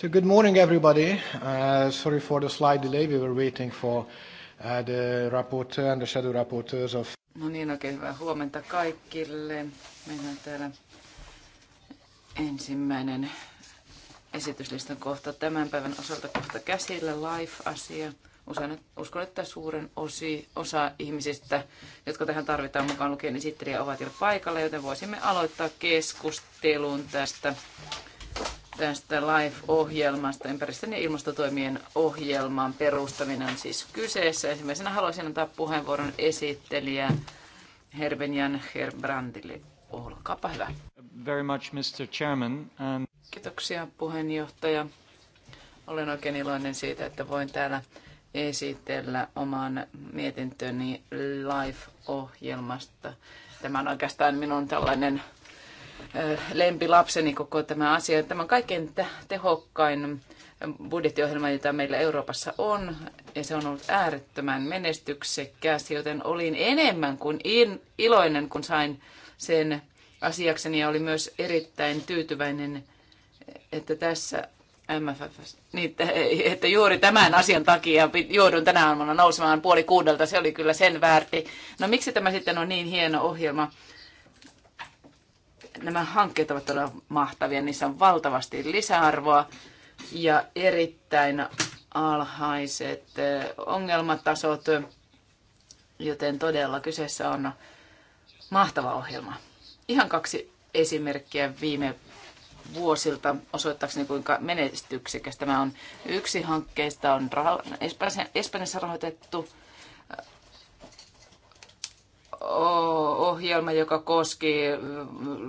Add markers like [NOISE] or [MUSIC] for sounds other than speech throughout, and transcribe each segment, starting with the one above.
So good morning, everybody. Uh, sorry for the slight delay. We were waiting for uh, the rapporteur and the shadow rapporteurs of... No niin, oikein hyvää huomenta kaikille. Meillä on täällä ensimmäinen esityslistan kohta tämän päivän osalta kohta käsillä live-asia. uskon, että suurin osa ihmisistä, jotka tähän tarvitaan mukaan lukien esittelijä, ovat jo paikalla, joten voisimme aloittaa keskustelun tästä tästä LIFE-ohjelmasta, ympäristön ja ilmastotoimien ohjelman perustaminen on siis kyseessä. Ensimmäisenä haluaisin antaa puheenvuoron esittelijä Herbenjan Herbrandille. Olkaapa hyvä. Very much, Mr. Chairman. And... Kiitoksia puheenjohtaja. Olen oikein iloinen siitä, että voin täällä esitellä oman mietintöni LIFE-ohjelmasta. Tämä on oikeastaan minun tällainen lempilapseni niin koko tämä asia. Tämä on kaikkein tehokkain budjettiohjelma, jota meillä Euroopassa on, ja se on ollut äärettömän menestyksekäs, joten olin enemmän kuin iloinen, kun sain sen asiakseni, ja olin myös erittäin tyytyväinen, että tässä MFF, niin, että juuri tämän asian takia joudun tänä aamuna nousemaan puoli kuudelta, se oli kyllä sen väärti. No miksi tämä sitten on niin hieno ohjelma? nämä hankkeet ovat todella mahtavia, niissä on valtavasti lisäarvoa ja erittäin alhaiset ongelmatasot, joten todella kyseessä on mahtava ohjelma. Ihan kaksi esimerkkiä viime vuosilta osoittaakseni, kuinka menestyksekäs tämä on. Yksi hankkeista on Espanjassa rahoitettu ohjelma, joka koski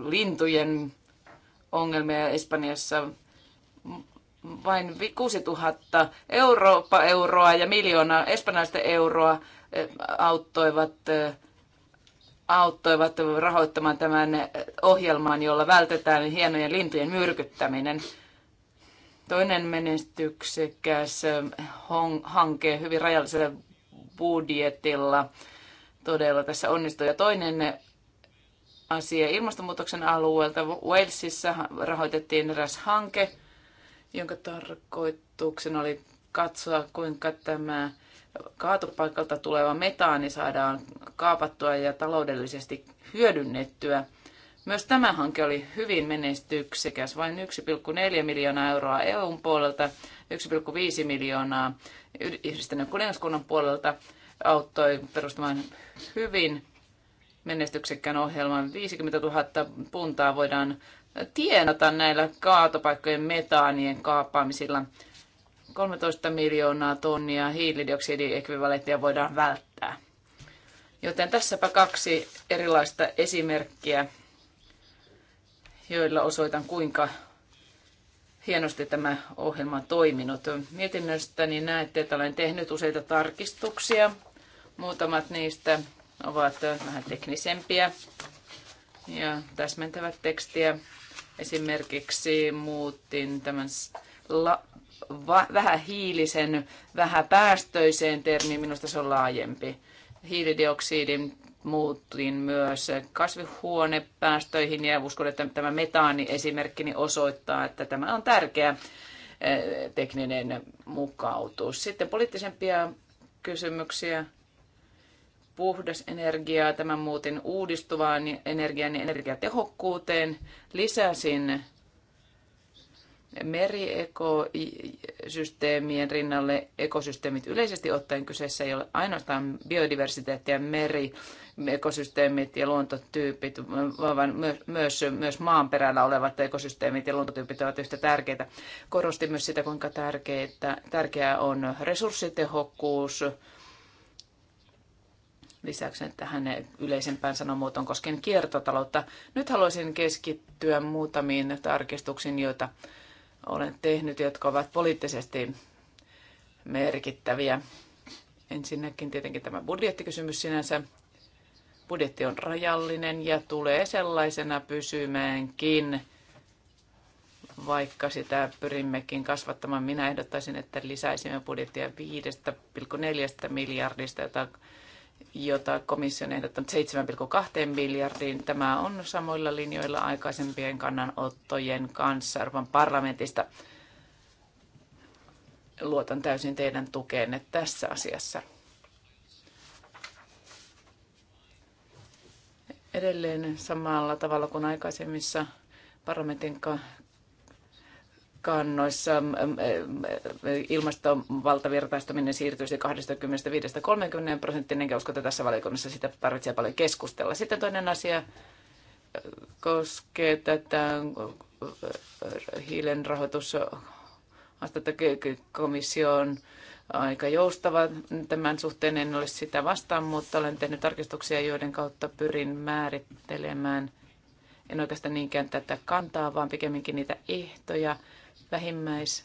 lintujen ongelmia Espanjassa. Vain 6000 Eurooppa euroa ja miljoona espanjalaista euroa eh, auttoivat, eh, auttoivat rahoittamaan tämän ohjelman, jolla vältetään hienojen lintujen myrkyttäminen. Toinen menestyksekäs eh, hanke hyvin rajallisella budjetilla todella tässä onnistui. Ja toinen asia ilmastonmuutoksen alueelta. Walesissa rahoitettiin eräs hanke, jonka tarkoituksena oli katsoa, kuinka tämä kaatopaikalta tuleva metaani saadaan kaapattua ja taloudellisesti hyödynnettyä. Myös tämä hanke oli hyvin menestyksekäs, vain 1,4 miljoonaa euroa EUn puolelta, 1,5 miljoonaa yhdistyneen kuningaskunnan puolelta auttoi perustamaan hyvin menestyksekkään ohjelman. 50 000 puntaa voidaan tienata näillä kaatopaikkojen metaanien kaappaamisilla. 13 miljoonaa tonnia hiilidioksidiekvivalenttia voidaan välttää. Joten tässäpä kaksi erilaista esimerkkiä, joilla osoitan kuinka hienosti tämä ohjelma on toiminut. Mietinnöstäni näette, että olen tehnyt useita tarkistuksia Muutamat niistä ovat vähän teknisempiä ja täsmentävät tekstiä. Esimerkiksi muutin tämän la, va, vähän päästöiseen termiin, minusta se on laajempi. Hiilidioksidin muuttiin myös kasvihuonepäästöihin ja uskon, että tämä metaani esimerkkini osoittaa, että tämä on tärkeä eh, tekninen mukautus. Sitten poliittisempia kysymyksiä puhdas energiaa, tämän muuten uudistuvaan energiaan ja energiatehokkuuteen. Lisäsin meriekosysteemien rinnalle ekosysteemit yleisesti ottaen kyseessä ei ole ainoastaan biodiversiteetti ja meri, ekosysteemit ja luontotyypit, vaan myös, myös maanperällä olevat ekosysteemit ja luontotyypit ovat yhtä tärkeitä. Korostin myös sitä, kuinka tärkeää, tärkeää on resurssitehokkuus, lisäyksen tähän yleisempään sanomuotoon koskien kiertotaloutta. Nyt haluaisin keskittyä muutamiin tarkistuksiin, joita olen tehnyt, jotka ovat poliittisesti merkittäviä. Ensinnäkin tietenkin tämä budjettikysymys sinänsä. Budjetti on rajallinen ja tulee sellaisena pysymäänkin, vaikka sitä pyrimmekin kasvattamaan. Minä ehdottaisin, että lisäisimme budjettia 5,4 miljardista, jota jota komissio on ehdottanut 7,2 miljardiin. Tämä on samoilla linjoilla aikaisempien kannanottojen kanssa Euroopan parlamentista. Luotan täysin teidän tukeenne tässä asiassa. Edelleen samalla tavalla kuin aikaisemmissa parlamentin kannoissa ilmaston valtavirtaistaminen siirtyisi 25-30 prosenttiin, enkä usko, että tässä valiokunnassa sitä tarvitsee paljon keskustella. Sitten toinen asia äh, koskee tätä äh, hiilen rahoitusastetta komission aika joustava tämän suhteen. En ole sitä vastaan, mutta olen tehnyt tarkistuksia, joiden kautta pyrin määrittelemään – en oikeastaan niinkään tätä kantaa, vaan pikemminkin niitä ehtoja, vähimmäis-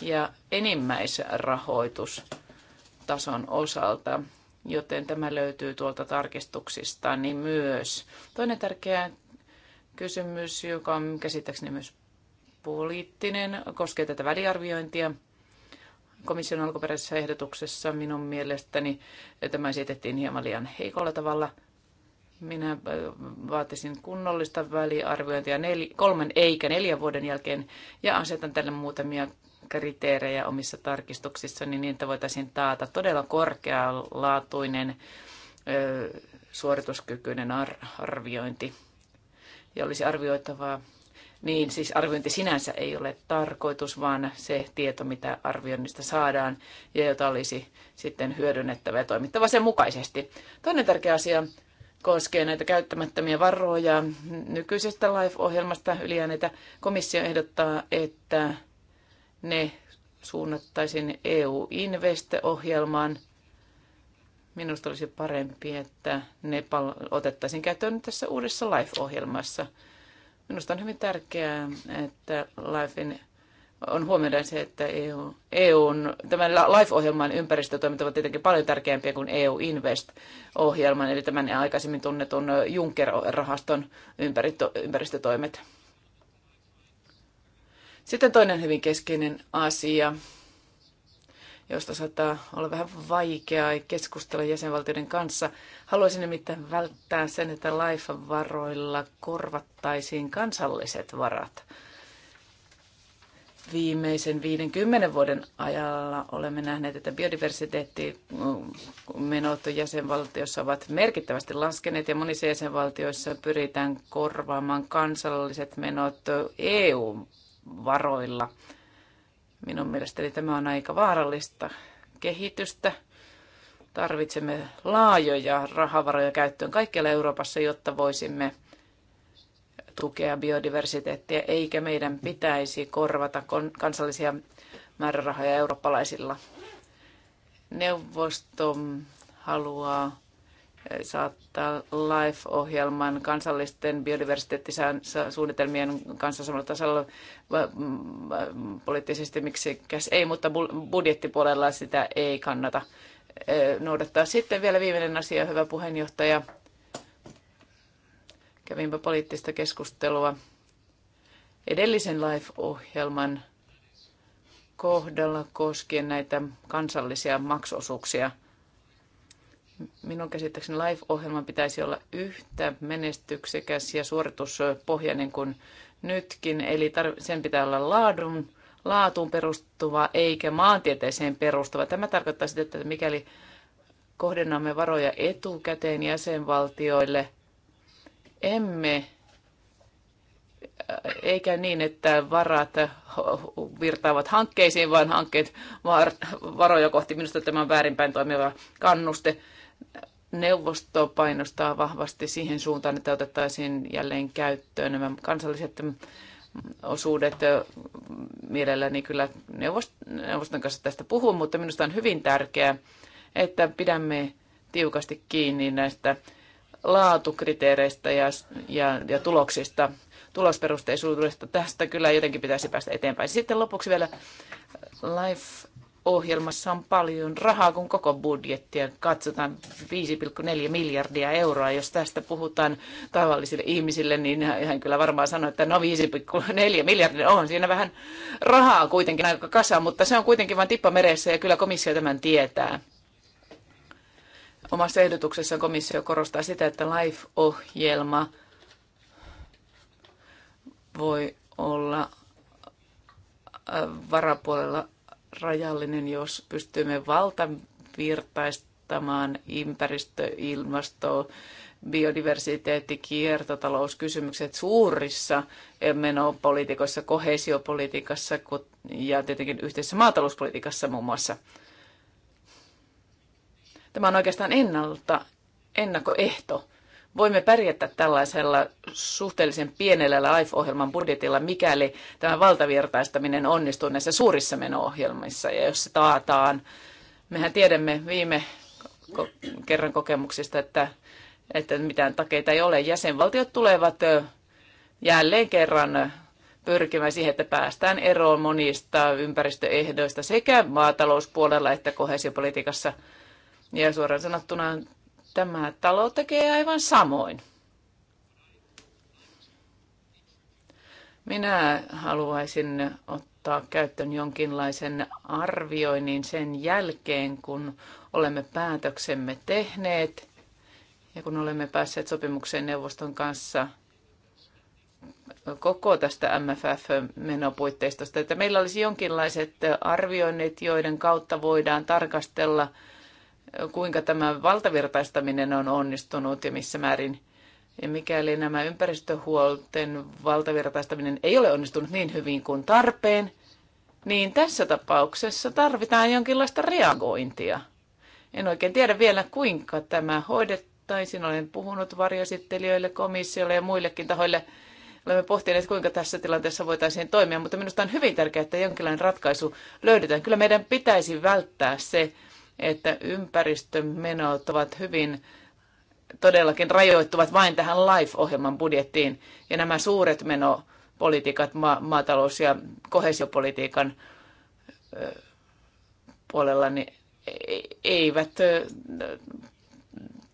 ja enimmäisrahoitustason osalta, joten tämä löytyy tuolta tarkistuksista niin myös. Toinen tärkeä kysymys, joka on käsittääkseni myös poliittinen, koskee tätä väliarviointia. Komission alkuperäisessä ehdotuksessa minun mielestäni tämä esitettiin hieman liian heikolla tavalla – minä äh, vaatisin kunnollista väliarviointia nel, kolmen eikä neljän vuoden jälkeen ja asetan tälle muutamia kriteerejä omissa tarkistuksissa, niin niitä voitaisiin taata todella korkealaatuinen suorituskykyinen arviointi. Ja olisi arvioitavaa, niin siis arviointi sinänsä ei ole tarkoitus, vaan se tieto, mitä arvioinnista saadaan ja jota olisi sitten hyödynnettävä ja toimittava sen mukaisesti. Toinen tärkeä asia koskee näitä käyttämättömiä varoja nykyisestä LIFE-ohjelmasta ylijääneitä. Komissio ehdottaa, että ne suunnattaisiin EU-investe-ohjelmaan. Minusta olisi parempi, että ne otettaisiin käyttöön tässä uudessa LIFE-ohjelmassa. Minusta on hyvin tärkeää, että LIFEin on huomioida se, että EU, EUn, tämän LIFE-ohjelman ympäristötoimet ovat tietenkin paljon tärkeämpiä kuin EU Invest-ohjelman, eli tämän aikaisemmin tunnetun Juncker-rahaston ympäristötoimet. Sitten toinen hyvin keskeinen asia, josta saattaa olla vähän vaikeaa keskustella jäsenvaltioiden kanssa. Haluaisin nimittäin välttää sen, että LIFE-varoilla korvattaisiin kansalliset varat – viimeisen 50 vuoden ajalla olemme nähneet, että biodiversiteetti mm, menot jäsenvaltiossa ovat merkittävästi laskeneet ja monissa jäsenvaltioissa pyritään korvaamaan kansalliset menot EU-varoilla. Minun mielestäni tämä on aika vaarallista kehitystä. Tarvitsemme laajoja rahavaroja käyttöön kaikkialla Euroopassa, jotta voisimme – tukea biodiversiteettiä, eikä meidän pitäisi korvata kansallisia määrärahoja eurooppalaisilla. Neuvosto haluaa eh, saattaa LIFE-ohjelman kansallisten biodiversiteettisuunnitelmien kanssa samalla tasolla poliittisesti, miksi ei, mutta budjettipuolella sitä ei kannata eh, noudattaa. Sitten vielä viimeinen asia, hyvä puheenjohtaja. Kävinpä poliittista keskustelua edellisen Life-ohjelman kohdalla koskien näitä kansallisia maksuosuuksia. Minun käsittääkseni Life-ohjelman pitäisi olla yhtä menestyksekäs ja suorituspohjainen niin kuin nytkin, eli sen pitää olla laadun, laatuun perustuva eikä maantieteeseen perustuva. Tämä tarkoittaa sitä, että mikäli kohdennamme varoja etukäteen jäsenvaltioille – emme äh, eikä niin, että varat virtaavat hankkeisiin, vaan hankkeet varoja kohti. Minusta tämä on väärinpäin toimiva kannuste. Neuvosto painostaa vahvasti siihen suuntaan, että otettaisiin jälleen käyttöön nämä kansalliset mm, osuudet. Mielelläni kyllä neuvoston kanssa tästä puhun, mutta minusta on hyvin tärkeää, että pidämme tiukasti kiinni näistä laatukriteereistä ja, ja, ja tuloksista, tulosperusteisuudesta. Tästä kyllä jotenkin pitäisi päästä eteenpäin. Sitten lopuksi vielä Life-ohjelmassa on paljon rahaa, kun koko budjettia katsotaan 5,4 miljardia euroa. Jos tästä puhutaan tavallisille ihmisille, niin hän kyllä varmaan sanoo, että no 5,4 miljardia on siinä vähän rahaa kuitenkin aika kasa, mutta se on kuitenkin vain tippa meressä ja kyllä komissio tämän tietää. Omassa ehdotuksessa komissio korostaa sitä, että LIFE-ohjelma voi olla äh, varapuolella rajallinen, jos pystymme valtavirtaistamaan ympäristö, ilmasto, biodiversiteetti, kiertotalouskysymykset suurissa eh, menopolitiikoissa, kohesiopolitiikassa ja tietenkin yhteisessä maatalouspolitiikassa muun muassa. Tämä on oikeastaan ennalta ennakkoehto. Voimme pärjätä tällaisella suhteellisen pienellä LIFE-ohjelman budjetilla, mikäli tämä valtavirtaistaminen onnistuu näissä suurissa meno-ohjelmissa ja jos se taataan. Mehän tiedämme viime kerran kokemuksista, että, että mitään takeita ei ole. Jäsenvaltiot tulevat jälleen kerran pyrkimään siihen, että päästään eroon monista ympäristöehdoista sekä maatalouspuolella että kohesiopolitiikassa – ja suoraan sanottuna tämä talo tekee aivan samoin. Minä haluaisin ottaa käyttöön jonkinlaisen arvioinnin sen jälkeen, kun olemme päätöksemme tehneet ja kun olemme päässeet sopimukseen neuvoston kanssa koko tästä MFF-menopuitteistosta, että meillä olisi jonkinlaiset arvioinnit, joiden kautta voidaan tarkastella – kuinka tämä valtavirtaistaminen on onnistunut ja missä määrin. Ja mikäli nämä ympäristöhuolten valtavirtaistaminen ei ole onnistunut niin hyvin kuin tarpeen, niin tässä tapauksessa tarvitaan jonkinlaista reagointia. En oikein tiedä vielä, kuinka tämä hoidettaisiin. Olen puhunut varjosittelijöille, komissiolle ja muillekin tahoille. Olemme pohtineet, kuinka tässä tilanteessa voitaisiin toimia, mutta minusta on hyvin tärkeää, että jonkinlainen ratkaisu löydetään. Kyllä meidän pitäisi välttää se, että ympäristömenot ovat hyvin todellakin rajoittuvat vain tähän LIFE-ohjelman budjettiin. Ja nämä suuret menopolitiikat, ma- maatalous- ja kohesiopolitiikan puolella, niin e-, eivät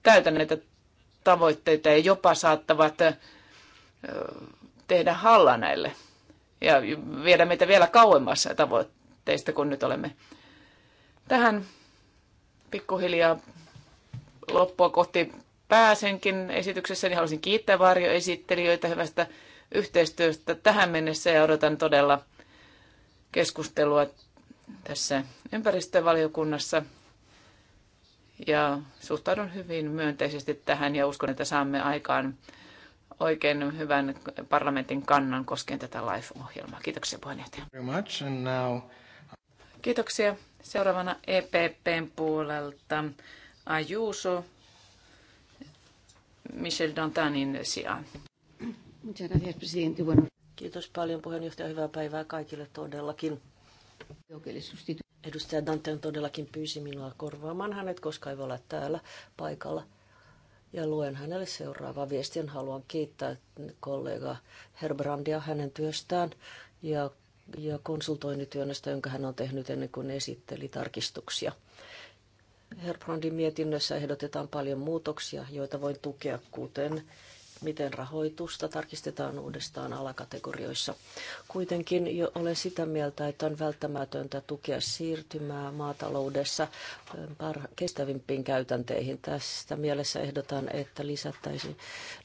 täytä näitä tavoitteita ja jopa saattavat tehdä halla näille ja viedä meitä vielä kauemmas tavoitteista kuin nyt olemme. Tähän pikkuhiljaa loppua kohti pääsenkin esityksessäni. Niin haluaisin kiittää varjoesittelijöitä hyvästä yhteistyöstä tähän mennessä ja odotan todella keskustelua tässä ympäristövaliokunnassa. Ja suhtaudun hyvin myönteisesti tähän ja uskon, että saamme aikaan oikein hyvän parlamentin kannan koskien tätä life ohjelmaa Kiitoksia puheenjohtaja. Kiitoksia. Seuraavana EPPn puolelta Ajuso Michel Dantanin sijaan. Kiitos paljon puheenjohtaja. Hyvää päivää kaikille todellakin. Edustaja Dante todellakin pyysi minua korvaamaan hänet, koska ei voi olla täällä paikalla. Ja luen hänelle seuraava viestin. Haluan kiittää kollega Herbrandia hänen työstään ja ja konsultoinnityönnöstä, jonka hän on tehnyt ennen kuin esitteli tarkistuksia. Herbrandin mietinnössä ehdotetaan paljon muutoksia, joita voin tukea, kuten miten rahoitusta tarkistetaan uudestaan alakategorioissa. Kuitenkin jo olen sitä mieltä, että on välttämätöntä tukea siirtymää maataloudessa kestävimpiin käytänteihin. Tästä mielessä ehdotan, että lisättäisiin,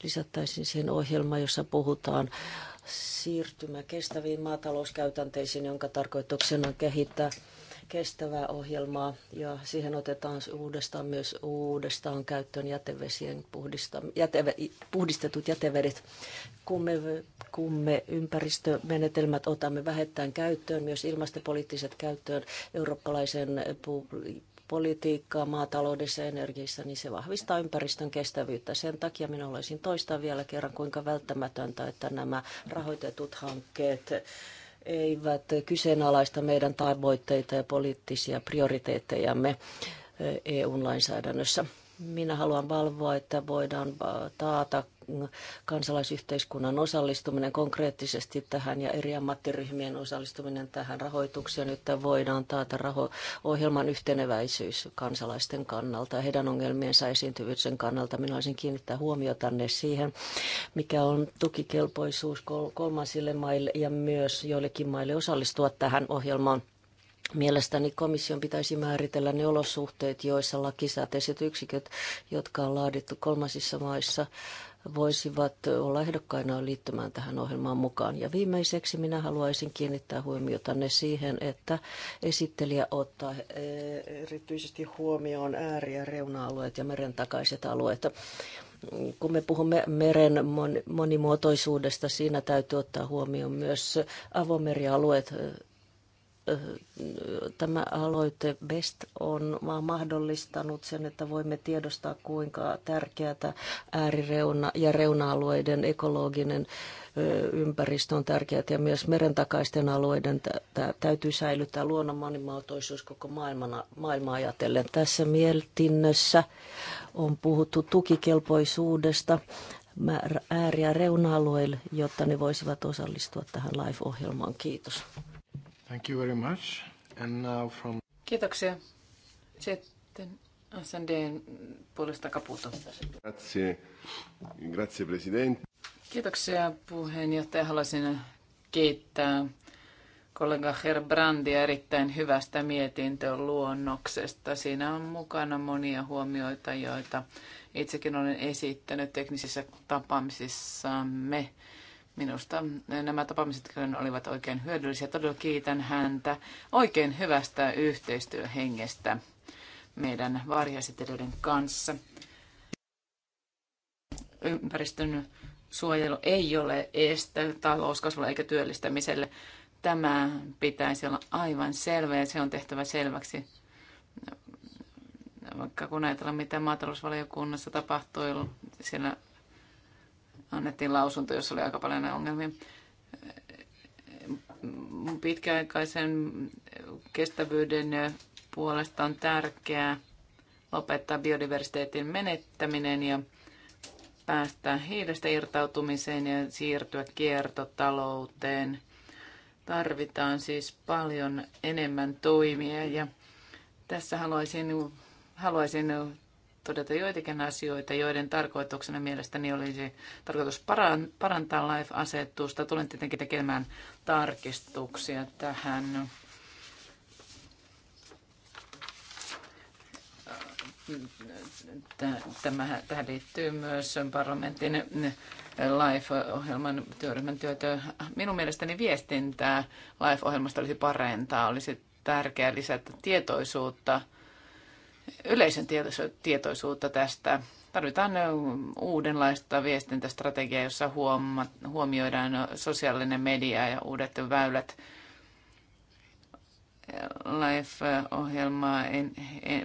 lisättäisiin siihen ohjelma, jossa puhutaan siirtymä kestäviin maatalouskäytänteisiin, jonka tarkoituksena on kehittää kestävää ohjelmaa ja siihen otetaan uudestaan myös uudestaan käyttöön jätevesien puhdista, jäteve, puhdistetut jätevedet. Kun me, kun me ympäristömenetelmät otamme vähettään käyttöön, myös ilmastopoliittiset käyttöön eurooppalaisen politiikkaa maataloudessa ja energiassa, niin se vahvistaa ympäristön kestävyyttä. Sen takia minä olisin toistaa vielä kerran, kuinka välttämätöntä, että nämä rahoitetut hankkeet eivät kyseenalaista meidän tavoitteita ja poliittisia prioriteettejamme EUn eh, e lainsäädännössä. Minä haluan valvoa, että voidaan taata kansalaisyhteiskunnan osallistuminen konkreettisesti tähän ja eri ammattiryhmien osallistuminen tähän rahoitukseen, että voidaan taata raho- ohjelman yhteneväisyys kansalaisten kannalta ja heidän ongelmiensa esiintyvyyden kannalta. Minä olisin kiinnittää huomiotanne siihen, mikä on tukikelpoisuus kolmansille maille ja myös joillekin maille osallistua tähän ohjelmaan Mielestäni komission pitäisi määritellä ne olosuhteet, joissa lakisääteiset yksiköt, jotka on laadittu kolmansissa maissa, voisivat olla ehdokkaina liittymään tähän ohjelmaan mukaan. Ja viimeiseksi minä haluaisin kiinnittää huomiota ne siihen, että esittelijä ottaa erityisesti huomioon ääri- ja reuna-alueet ja meren takaiset alueet kun me puhumme meren monimuotoisuudesta, siinä täytyy ottaa huomioon myös avomerialueet, tämä aloite BEST on mahdollistanut sen, että voimme tiedostaa, kuinka tärkeätä äärireuna- ja reuna-alueiden ekologinen ympäristö on tärkeää ja myös merentakaisten alueiden täytyy säilyttää luonnon monimuotoisuus koko maailmana, maailmaa ajatellen. Tässä mietinnössä on puhuttu tukikelpoisuudesta ääri- ja reuna-alueille, jotta ne voisivat osallistua tähän live-ohjelmaan. Kiitos. Thank you very much. And now from... Kiitoksia. Sitten SNDn puolesta Caputo. Grazie. Grazie, presidente. Kiitoksia puheenjohtaja. Haluaisin kiittää kollega Herbrandia erittäin hyvästä mietintön luonnoksesta. Siinä on mukana monia huomioita, joita itsekin olen esittänyt teknisissä tapaamisissamme. Minusta nämä tapaamiset olivat oikein hyödyllisiä. Todella kiitän häntä oikein hyvästä yhteistyöhengestä meidän varjaisitelijöiden kanssa. Ympäristön suojelu ei ole este talouskasvulle eikä työllistämiselle. Tämä pitäisi olla aivan selvä ja se on tehtävä selväksi. Vaikka kun ajatellaan, mitä maatalousvaliokunnassa tapahtui, siellä annettiin lausunto, jossa oli aika paljon ongelmia pitkäaikaisen kestävyyden puolesta on tärkeää lopettaa biodiversiteetin menettäminen ja päästä hiilestä irtautumiseen ja siirtyä kiertotalouteen. Tarvitaan siis paljon enemmän toimia ja tässä haluaisin, haluaisin todeta joitakin asioita, joiden tarkoituksena mielestäni olisi tarkoitus parantaa LIFE-asetusta. Tulen tietenkin tekemään tarkistuksia tähän. Tämä, tähän liittyy myös parlamentin LIFE-ohjelman työryhmän työtä. Minun mielestäni viestintää LIFE-ohjelmasta olisi parempaa. Olisi tärkeää lisätä tietoisuutta – Yleisen tietoisuutta tästä. Tarvitaan uudenlaista viestintästrategiaa, jossa huomioidaan sosiaalinen media ja uudet väylät. Life-ohjelmaa,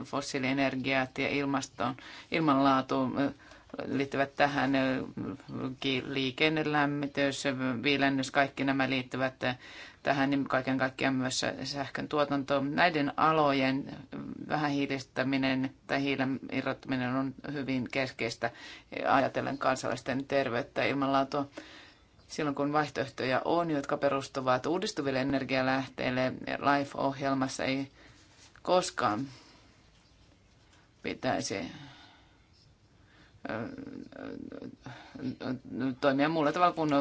fossiilienergiat ja ilmaston ilmanlaatu liittyvät tähän, liikennelämmitys, viilennys, kaikki nämä liittyvät tähän niin kaiken kaikkiaan myös sähkön tuotanto Näiden alojen vähähiilistäminen tai hiilen irrottaminen on hyvin keskeistä ajatellen kansalaisten terveyttä ja ilmanlaatua. Silloin kun vaihtoehtoja on, jotka perustuvat uudistuville energialähteille, LIFE-ohjelmassa ei koskaan pitäisi toimia muulla tavalla kuin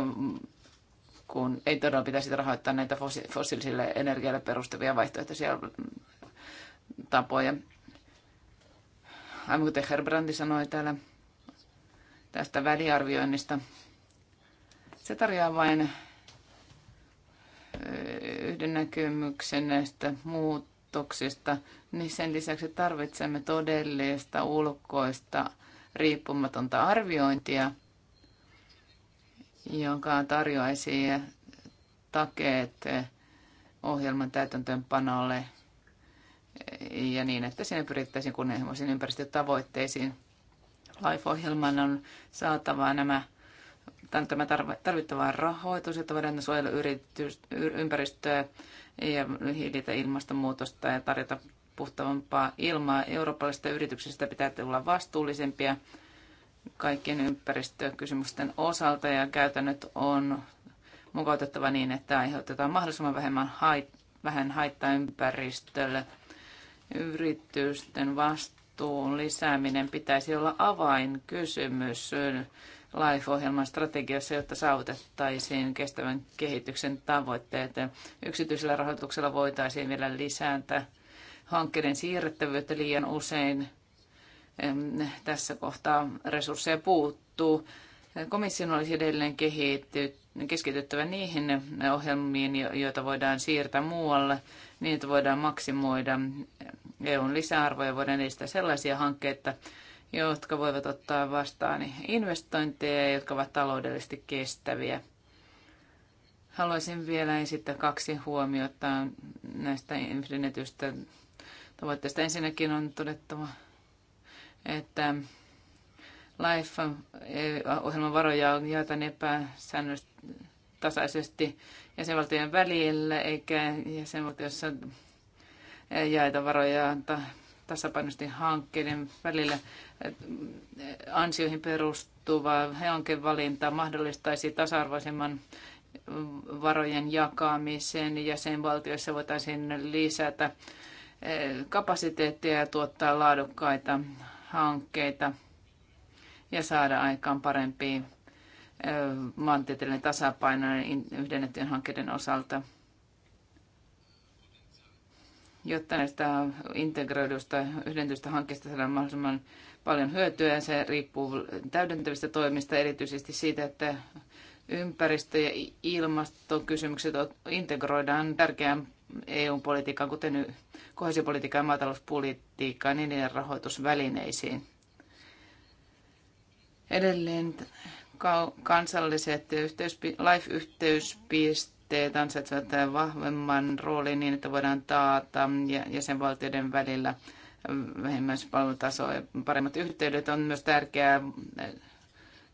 kun ei todella pitäisi rahoittaa näitä fossiilisille energialle perustuvia vaihtoehtoisia mm, tapoja. Aivan kuten Herbrandi sanoi täällä tästä väliarvioinnista, se tarjoaa vain yhden näkemyksen näistä muutoksista, niin sen lisäksi tarvitsemme todellista ulkoista riippumatonta arviointia – jonka tarjoaisi takeet ohjelman täytäntöönpanolle ja niin, että siinä pyrittäisiin kunnianhimoisiin ympäristötavoitteisiin. LIFE-ohjelman on saatava nämä tämä tarvittava rahoitus, että voidaan suojella yritys, ympäristöä ja hillitä ilmastonmuutosta ja tarjota puhtavampaa ilmaa. Eurooppalaisista yrityksistä pitää tulla vastuullisempia kaikkien ympäristökysymysten osalta ja käytännöt on mukautettava niin, että aiheutetaan mahdollisimman vähemmän hait, vähän haittaa ympäristölle. Yritysten vastuun lisääminen pitäisi olla avainkysymys LIFE-ohjelman strategiassa, jotta saavutettaisiin kestävän kehityksen tavoitteet. Yksityisellä rahoituksella voitaisiin vielä lisätä hankkeiden siirrettävyyttä liian usein tässä kohtaa resursseja puuttuu. Komission olisi edelleen keskityttävä niihin ohjelmiin, joita voidaan siirtää muualle, niin että voidaan maksimoida EUn lisäarvoja, voidaan edistää sellaisia hankkeita, jotka voivat ottaa vastaan investointeja, jotka ovat taloudellisesti kestäviä. Haluaisin vielä esittää kaksi huomiota näistä yhdennetystä tavoitteista. Ensinnäkin on todettava, että LIFE-ohjelman e, varoja jaetaan epäsäännöstasaisesti jäsenvaltojen välillä, eikä jäsenvaltioissa jaeta varoja tasapainoisesti hankkeiden välillä. Ansioihin perustuva hankevalinta mahdollistaisi tasa-arvoisemman varojen jakamisen jäsenvaltioissa voitaisiin lisätä e, kapasiteettia ja tuottaa laadukkaita hankkeita ja saada aikaan parempi maantieteellinen tasapaino yhdennettyjen hankkeiden osalta, jotta näistä integroidusta yhdentystä hankkeista saadaan mahdollisimman paljon hyötyä. Ja se riippuu täydentävistä toimista, erityisesti siitä, että ympäristö- ja ilmastokysymykset integroidaan tärkeään EU-politiikkaan, kuten kohesiopolitiikkaan ja maatalouspolitiikkaan, niiden rahoitusvälineisiin. Edelleen kansalliset yhteyspi- life-yhteyspisteet ansaitsevat vahvemman roolin niin, että voidaan taata jäsenvaltioiden välillä vähemmän palvelutasoa ja paremmat yhteydet on myös tärkeää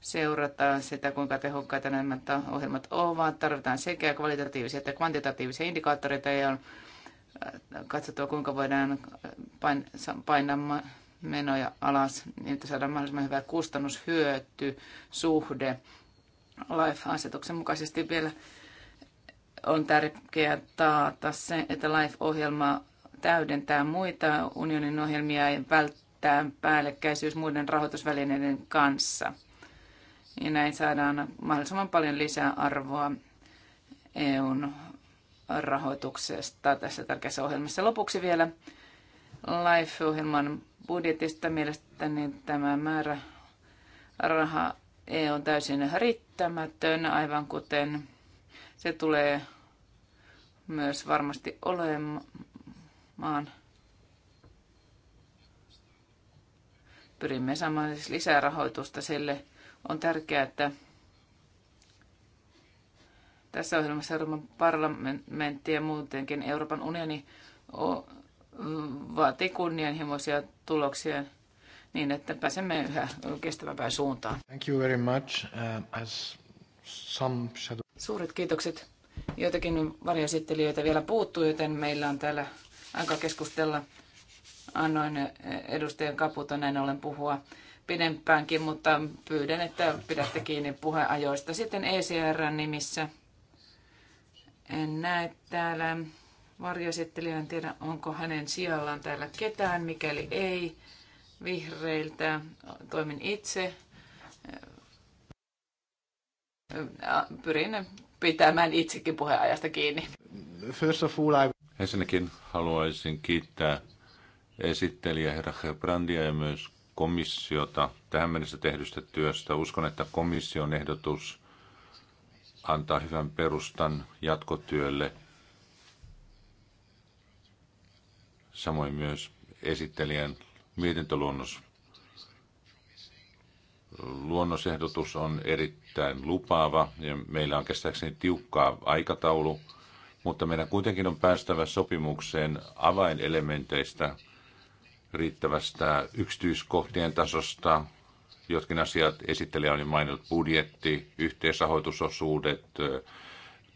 seurataan sitä, kuinka tehokkaita nämä ohjelmat ovat. Tarvitaan sekä kvalitatiivisia että kvantitatiivisia indikaattoreita ja on äh, katsottava, kuinka voidaan äh, painaa menoja alas, niin että saadaan mahdollisimman hyvä kustannushyöty-suhde. LIFE-asetuksen mukaisesti vielä on tärkeää taata se, että LIFE-ohjelma täydentää muita unionin ohjelmia ja välttää päällekkäisyys muiden rahoitusvälineiden kanssa – ja näin saadaan mahdollisimman paljon lisää arvoa EUn rahoituksesta tässä tärkeässä ohjelmassa. Lopuksi vielä LIFE-ohjelman budjetista mielestäni tämä määrä raha ei on täysin riittämätön, aivan kuten se tulee myös varmasti olemaan. Pyrimme saamaan siis lisää rahoitusta sille on tärkeää, että tässä ohjelmassa Euroopan parlamentti ja muutenkin Euroopan unioni vaatii kunnianhimoisia tuloksia niin, että pääsemme yhä kestävämpään suuntaan. Thank you very much. Uh, as some shadow... Suuret kiitokset. Joitakin varjoesittelijöitä vielä puuttuu, joten meillä on täällä aika keskustella. Annoin edustajan kaputa, näin ollen puhua pidempäänkin, mutta pyydän, että pidätte kiinni puheajoista. Sitten ECR-nimissä. En näe täällä varjoesittelijä, en tiedä onko hänen sijallaan täällä ketään, mikäli ei vihreiltä. Toimin itse. Pyrin pitämään itsekin puheajasta kiinni. First of all, I... Ensinnäkin haluaisin kiittää esittelijä herra Brandia ja myös komissiota tähän mennessä tehdystä työstä. Uskon, että komission ehdotus antaa hyvän perustan jatkotyölle. Samoin myös esittelijän mietintöluonnos. Luonnosehdotus on erittäin lupaava ja meillä on kestääkseni tiukkaa aikataulu, mutta meidän kuitenkin on päästävä sopimukseen avainelementeistä – riittävästä yksityiskohtien tasosta. Jotkin asiat esittelijä on jo maininnut, budjetti, yhteisrahoitusosuudet,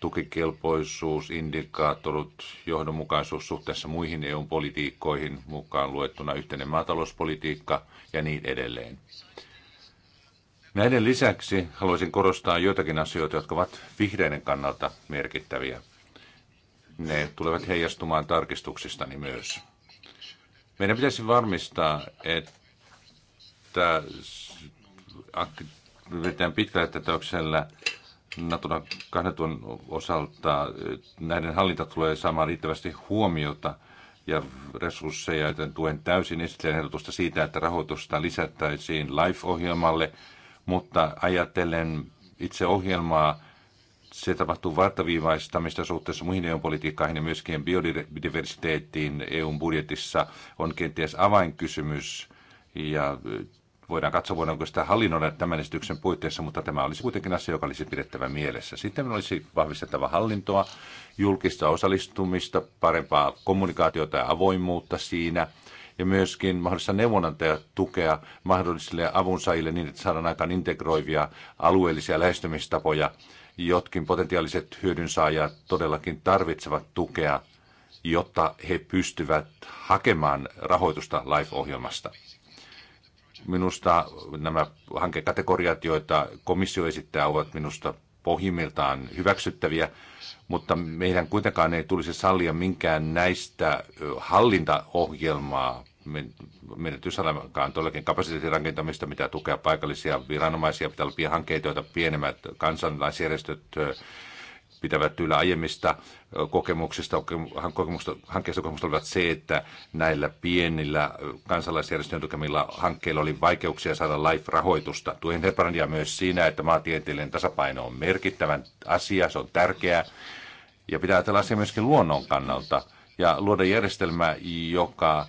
tukikelpoisuus, indikaattorit, johdonmukaisuus suhteessa muihin EU-politiikkoihin, mukaan luettuna yhteinen maatalouspolitiikka ja niin edelleen. Näiden lisäksi haluaisin korostaa joitakin asioita, jotka ovat vihreiden kannalta merkittäviä. Ne tulevat heijastumaan tarkistuksistani myös. Meidän pitäisi varmistaa, että yritetään pitkällä tätäyksellä Natura 2000 osalta näiden hallinta tulee saamaan riittävästi huomiota ja resursseja, joten tuen täysin esittelen ehdotusta siitä, että rahoitusta lisättäisiin LIFE-ohjelmalle, mutta ajatellen itse ohjelmaa se tapahtuu vartaviivaistamista suhteessa muihin EU politiikkaihin ja myöskin biodiversiteettiin EUn budjetissa on kenties avainkysymys ja äh, voidaan katsoa, voidaanko sitä hallinnoida tämän esityksen puitteissa, mutta tämä olisi kuitenkin asia, joka olisi pidettävä mielessä. Sitten olisi vahvistettava hallintoa, julkista osallistumista, parempaa kommunikaatiota ja avoimuutta siinä, ja myöskin mahdollista neuvonantaja tukea mahdollisille avunsaajille niin, että saadaan aikaan integroivia alueellisia lähestymistapoja jotkin potentiaaliset hyödynsaajat todellakin tarvitsevat tukea, jotta he pystyvät hakemaan rahoitusta LIFE-ohjelmasta. Minusta nämä hankekategoriat, joita komissio esittää, ovat minusta pohjimmiltaan hyväksyttäviä, mutta meidän kuitenkaan ei tulisi sallia minkään näistä hallintaohjelmaa menetys ainakaan tuollakin kapasiteetin rakentamista, mitä tukea paikallisia viranomaisia, pitää olla hankkeita, joita pienemmät kansalaisjärjestöt pitävät yllä aiemmista kokemuksista, kokemuksista hankkeista kokemusta olivat se, että näillä pienillä kansalaisjärjestöjen tukemilla hankkeilla oli vaikeuksia saada LIFE-rahoitusta. Tuen Herparandia myös siinä, että maantieteellinen tasapaino on merkittävän asia, se on tärkeää, ja pitää ajatella asia myöskin luonnon kannalta, ja luoda järjestelmä, joka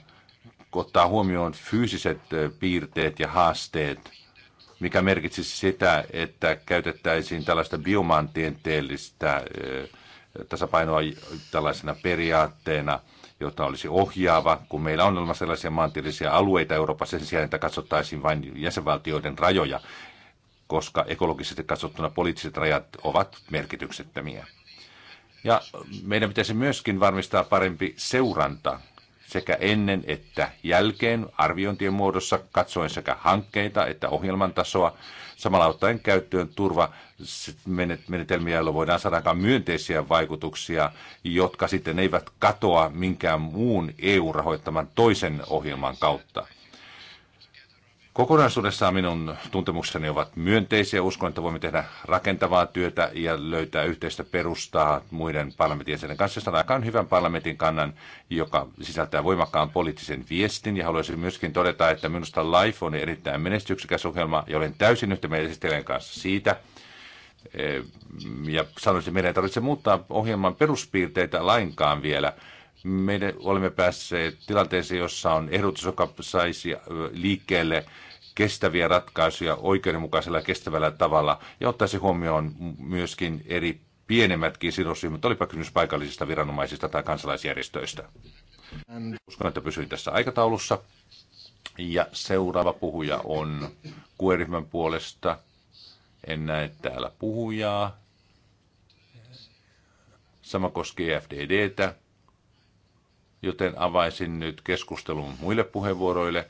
kun ottaa huomioon fyysiset piirteet ja haasteet, mikä merkitsisi sitä, että käytettäisiin tällaista biomaantieteellistä tasapainoa tällaisena periaatteena, jota olisi ohjaava, kun meillä on olemassa sellaisia maantieteellisiä alueita Euroopassa sen sijaan, että katsottaisiin vain jäsenvaltioiden rajoja, koska ekologisesti katsottuna poliittiset rajat ovat merkityksettömiä. Ja meidän pitäisi myöskin varmistaa parempi seuranta sekä ennen että jälkeen arviointien muodossa katsoen sekä hankkeita että ohjelman tasoa, samalla ottaen käyttöön turvamenetelmiä, joilla voidaan saada aikaan myönteisiä vaikutuksia, jotka sitten eivät katoa minkään muun EU-rahoittaman toisen ohjelman kautta. Kokonaisuudessaan minun tuntemukseni ovat myönteisiä. Uskon, että voimme tehdä rakentavaa työtä ja löytää yhteistä perustaa muiden parlamentin jäsenen kanssa. Saadaan aikaan hyvän parlamentin kannan, joka sisältää voimakkaan poliittisen viestin. Ja haluaisin myöskin todeta, että minusta Life on erittäin menestyksekäs ohjelma ja olen täysin yhtä mieltä kanssa siitä, eh, ja sanoisin, että meidän ei tarvitse muuttaa ohjelman peruspiirteitä lainkaan vielä. Meidän olemme päässeet tilanteeseen, jossa on ehdotus, joka saisi liikkeelle kestäviä ratkaisuja oikeudenmukaisella kestävällä tavalla ja ottaisi huomioon myöskin eri pienemmätkin sidosryhmät, olipa kysymys paikallisista viranomaisista tai kansalaisjärjestöistä. Uskon, että pysyin tässä aikataulussa. Ja seuraava puhuja on kueryhmän puolesta. En näe täällä puhujaa. Sama koskee FDDtä, joten avaisin nyt keskustelun muille puheenvuoroille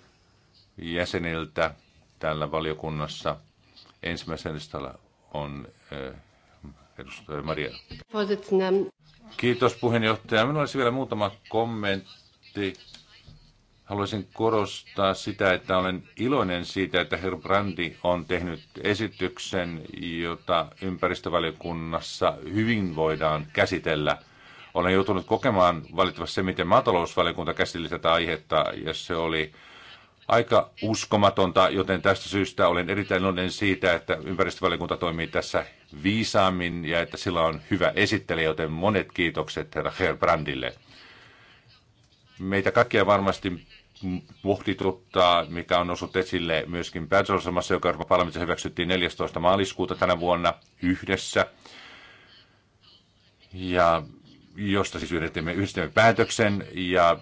jäseniltä täällä valiokunnassa. Ensimmäisen listalla on eh, edustaja Maria. Kiitos puheenjohtaja. Minulla olisi vielä muutama kommentti. Haluaisin korostaa sitä, että olen iloinen siitä, että Herr Brandi on tehnyt esityksen, jota ympäristövaliokunnassa hyvin voidaan käsitellä. Olen joutunut kokemaan valitettavasti se, miten maatalousvaliokunta käsitteli tätä aihetta, ja se oli aika uskomatonta, joten tästä syystä olen erittäin iloinen siitä, että ympäristövaliokunta toimii tässä viisaammin ja että sillä on hyvä esittely, joten monet kiitokset herra Herbrandille. Meitä kaikkia varmasti muhtituttaa, mikä on noussut esille myöskin päätösosamassa, joka Euroopan parlamentissa hyväksyttiin 14. maaliskuuta tänä vuonna yhdessä. Ja josta siis yritimme yhdistämme päätöksen, ja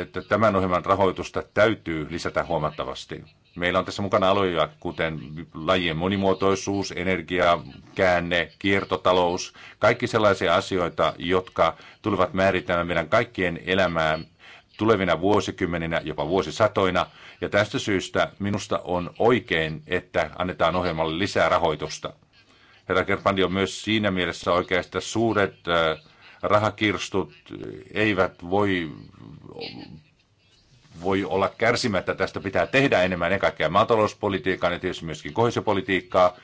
että tämän ohjelman rahoitusta täytyy lisätä huomattavasti. Meillä on tässä mukana aloja, kuten lajien monimuotoisuus, energia, käänne, kiertotalous, kaikki sellaisia asioita, jotka tulevat määrittämään meidän kaikkien elämää tulevina vuosikymmeninä, jopa vuosisatoina. Ja tästä syystä minusta on oikein, että annetaan ohjelmalle lisää rahoitusta. Herra Kerpandi on myös siinä mielessä oikeastaan suuret äh, rahakirstut eivät voi voi olla kärsimättä. Tästä pitää tehdä enemmän ennen kaikkea maatalouspolitiikkaa ja tietysti myöskin kohesiopolitiikkaa,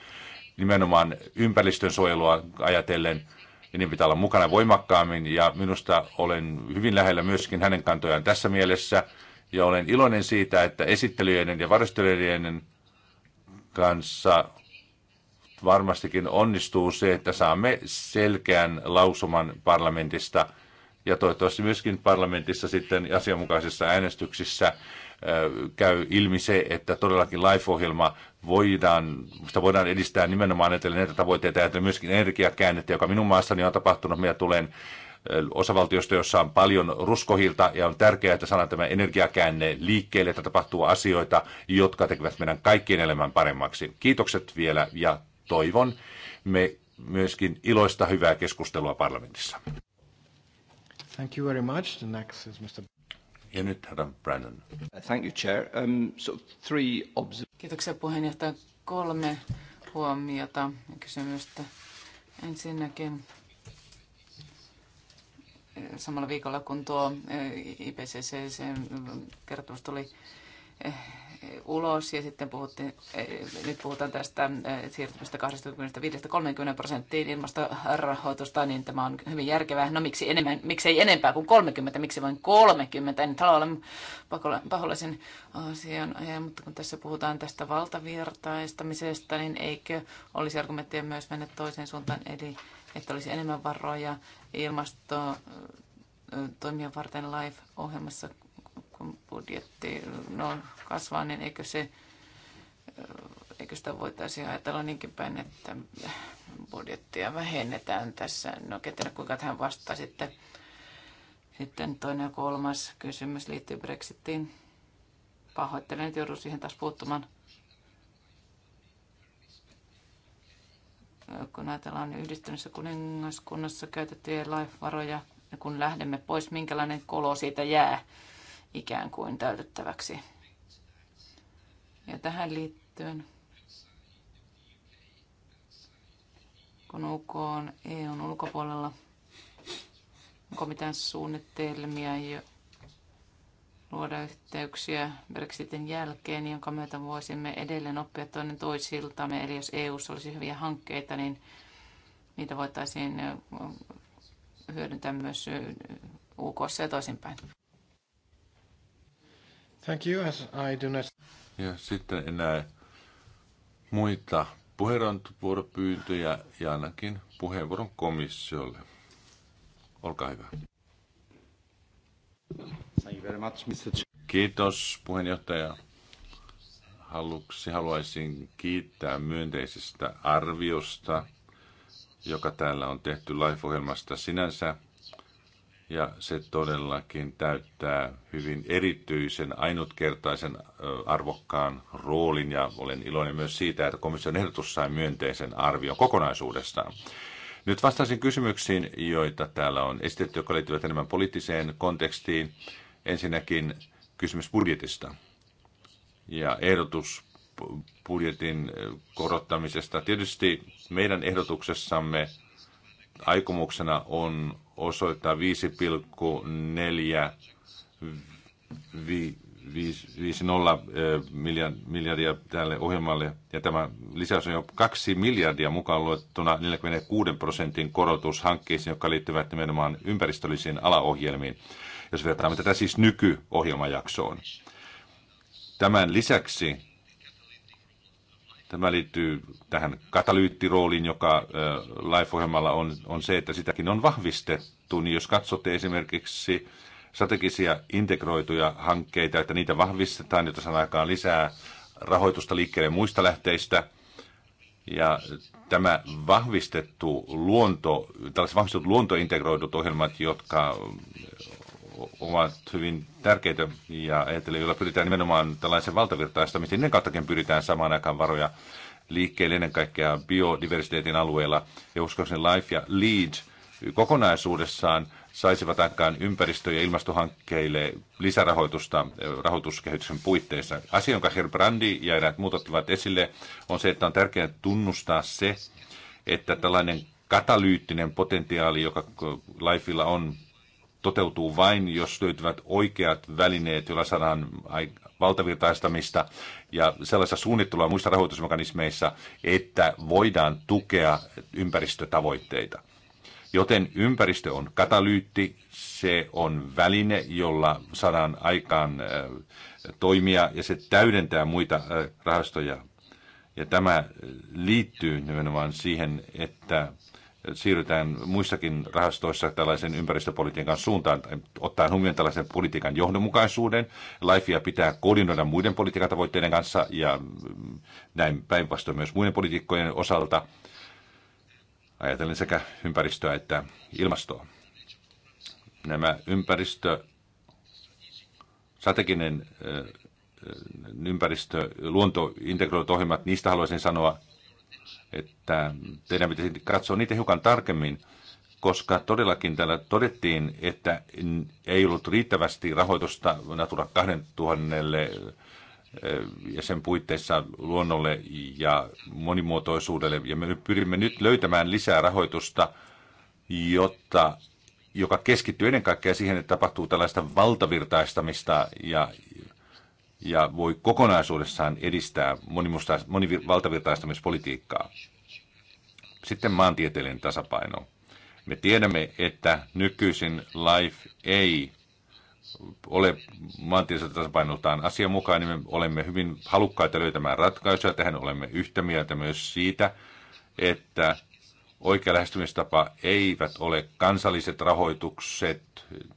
nimenomaan ympäristön suojelua ajatellen. Ja niin pitää olla mukana voimakkaammin ja minusta olen hyvin lähellä myöskin hänen kantojaan tässä mielessä. Ja olen iloinen siitä, että esittelyjen ja varustelujen kanssa varmastikin onnistuu se, että saamme selkeän lausuman parlamentista ja toivottavasti myöskin parlamentissa sitten asianmukaisissa äänestyksissä käy ilmi se, että todellakin LIFE-ohjelma voidaan, sitä voidaan edistää nimenomaan ajatellen näitä tavoitteita ja myöskin energiakäännettä, joka minun maassani on tapahtunut. Minä tulen osavaltiosta, jossa on paljon ruskohilta ja on tärkeää, että saadaan tämä energiakäänne liikkeelle, että tapahtuu asioita, jotka tekevät meidän kaikkien elämän paremmaksi. Kiitokset vielä ja toivon me myöskin iloista hyvää keskustelua parlamentissa. Thank you very much. The next is Mr. Ja nyt herra Brandon. Thank you, Chair. Um, so three obs- Kiitoksia puheenjohtaja. Kolme huomiota ja kysymystä. Ensinnäkin eh, samalla viikolla, kun tuo eh, IPCC kertomus tuli eh, ulos ja sitten puhuttiin, eh, nyt puhutaan tästä eh, siirtymistä 25-30 prosenttiin ilmastorahoitusta, niin tämä on hyvin järkevää. No miksi enemmän, miksei enempää kuin 30, miksi vain 30? En nyt halua olla paholaisen asian ajan, mutta kun tässä puhutaan tästä valtavirtaistamisesta, niin eikö olisi argumenttia myös mennä toiseen suuntaan, eli että olisi enemmän varoja ilmasto eh, toimia varten live-ohjelmassa budjetti no, kasvaa, niin eikö, se, eikö sitä voitaisiin ajatella niinkin päin, että budjettia vähennetään tässä. No, ketään kuinka tähän vastaa sitten. Sitten toinen ja kolmas kysymys liittyy Brexitiin. Pahoittelen, että joudun siihen taas puuttumaan. kun ajatellaan yhdistyneessä kuningaskunnassa käytettyjä life-varoja, kun lähdemme pois, minkälainen kolo siitä jää? ikään kuin täytettäväksi. Ja tähän liittyen, kun UK on EUn ulkopuolella, onko mitään suunnitelmia jo luoda yhteyksiä Brexitin jälkeen, jonka myötä voisimme edelleen oppia toinen toisiltamme. Eli jos EU olisi hyviä hankkeita, niin niitä voitaisiin hyödyntää myös UK ja toisinpäin. Thank you, as I do not... Ja sitten enää muita puheenvuoropyyntöjä ja ainakin puheenvuoron komissiolle. Olkaa hyvä. Thank you very much, Mr. Kiitos puheenjohtaja. Haluksi haluaisin kiittää myönteisestä arviosta, joka täällä on tehty live-ohjelmasta sinänsä ja se todellakin täyttää hyvin erityisen, ainutkertaisen, arvokkaan roolin ja olen iloinen myös siitä, että komission ehdotus sai myönteisen arvion kokonaisuudestaan. Nyt vastaisin kysymyksiin, joita täällä on esitetty, jotka liittyvät enemmän poliittiseen kontekstiin. Ensinnäkin kysymys budjetista ja ehdotus budjetin korottamisesta. Tietysti meidän ehdotuksessamme aikomuksena on osoittaa 5,4 5,0 eh, miljardia tälle ohjelmalle, ja tämä lisäys on jo 2 miljardia mukaan luettuna 46 prosentin korotus hankkeisiin, jotka liittyvät nimenomaan ympäristöllisiin alaohjelmiin, jos vertaamme tätä siis nykyohjelmajaksoon. Tämän lisäksi Tämä liittyy tähän katalyyttirooliin, joka LIFE-ohjelmalla on, on se, että sitäkin on vahvistettu. Niin jos katsotte esimerkiksi strategisia integroituja hankkeita, että niitä vahvistetaan, jotta saadaan aikaan lisää rahoitusta liikkeelle muista lähteistä. Ja tämä vahvistettu luonto, tällaiset vahvistetut luontointegroidut ohjelmat, jotka ovat hyvin tärkeitä ja ajattelen, joilla pyritään nimenomaan tällaisen valtavirtaistamiseen, niin kauttakin pyritään samaan aikaan varoja liikkeelle ennen kaikkea biodiversiteetin alueella. Ja uskoisin Life ja Lead kokonaisuudessaan saisivat aikaan ympäristö- ja ilmastohankkeille lisärahoitusta eh, rahoituskehityksen puitteissa. Asia, jonka Brandi ja eräät muut ottivat esille, on se, että on tärkeää tunnustaa se, että tällainen katalyyttinen potentiaali, joka Lifeilla on toteutuu vain, jos löytyvät oikeat välineet, joilla saadaan valtavirtaistamista ja sellaista suunnittelua muissa rahoitusmekanismeissa, että voidaan tukea ympäristötavoitteita. Joten ympäristö on katalyytti, se on väline, jolla saadaan aikaan toimia ja se täydentää muita rahastoja. Ja tämä liittyy nimenomaan siihen, että siirrytään muissakin rahastoissa tällaisen ympäristöpolitiikan suuntaan, ottaen huomioon tällaisen politiikan johdonmukaisuuden. Lifea pitää koordinoida muiden politiikan tavoitteiden kanssa ja mm, näin päinvastoin myös muiden politiikkojen osalta, ajatellen sekä ympäristöä että ilmastoa. Nämä ympäristö, strateginen ympäristö, luontointegroidut ohjelmat, niistä haluaisin sanoa, että teidän pitäisi katsoa niitä hiukan tarkemmin, koska todellakin täällä todettiin, että ei ollut riittävästi rahoitusta Natura 2000 eh, ja sen puitteissa luonnolle ja monimuotoisuudelle. Ja me pyrimme nyt löytämään lisää rahoitusta, jotta, joka keskittyy ennen kaikkea siihen, että tapahtuu tällaista valtavirtaistamista ja ja voi kokonaisuudessaan edistää monivaltavirtaistamispolitiikkaa. Sitten maantieteellinen tasapaino. Me tiedämme, että nykyisin LIFE ei ole maantieteelliseltä tasapainoltaan asianmukainen. Me olemme hyvin halukkaita löytämään ratkaisuja. Tähän olemme yhtä mieltä myös siitä, että oikea lähestymistapa eivät ole kansalliset rahoitukset,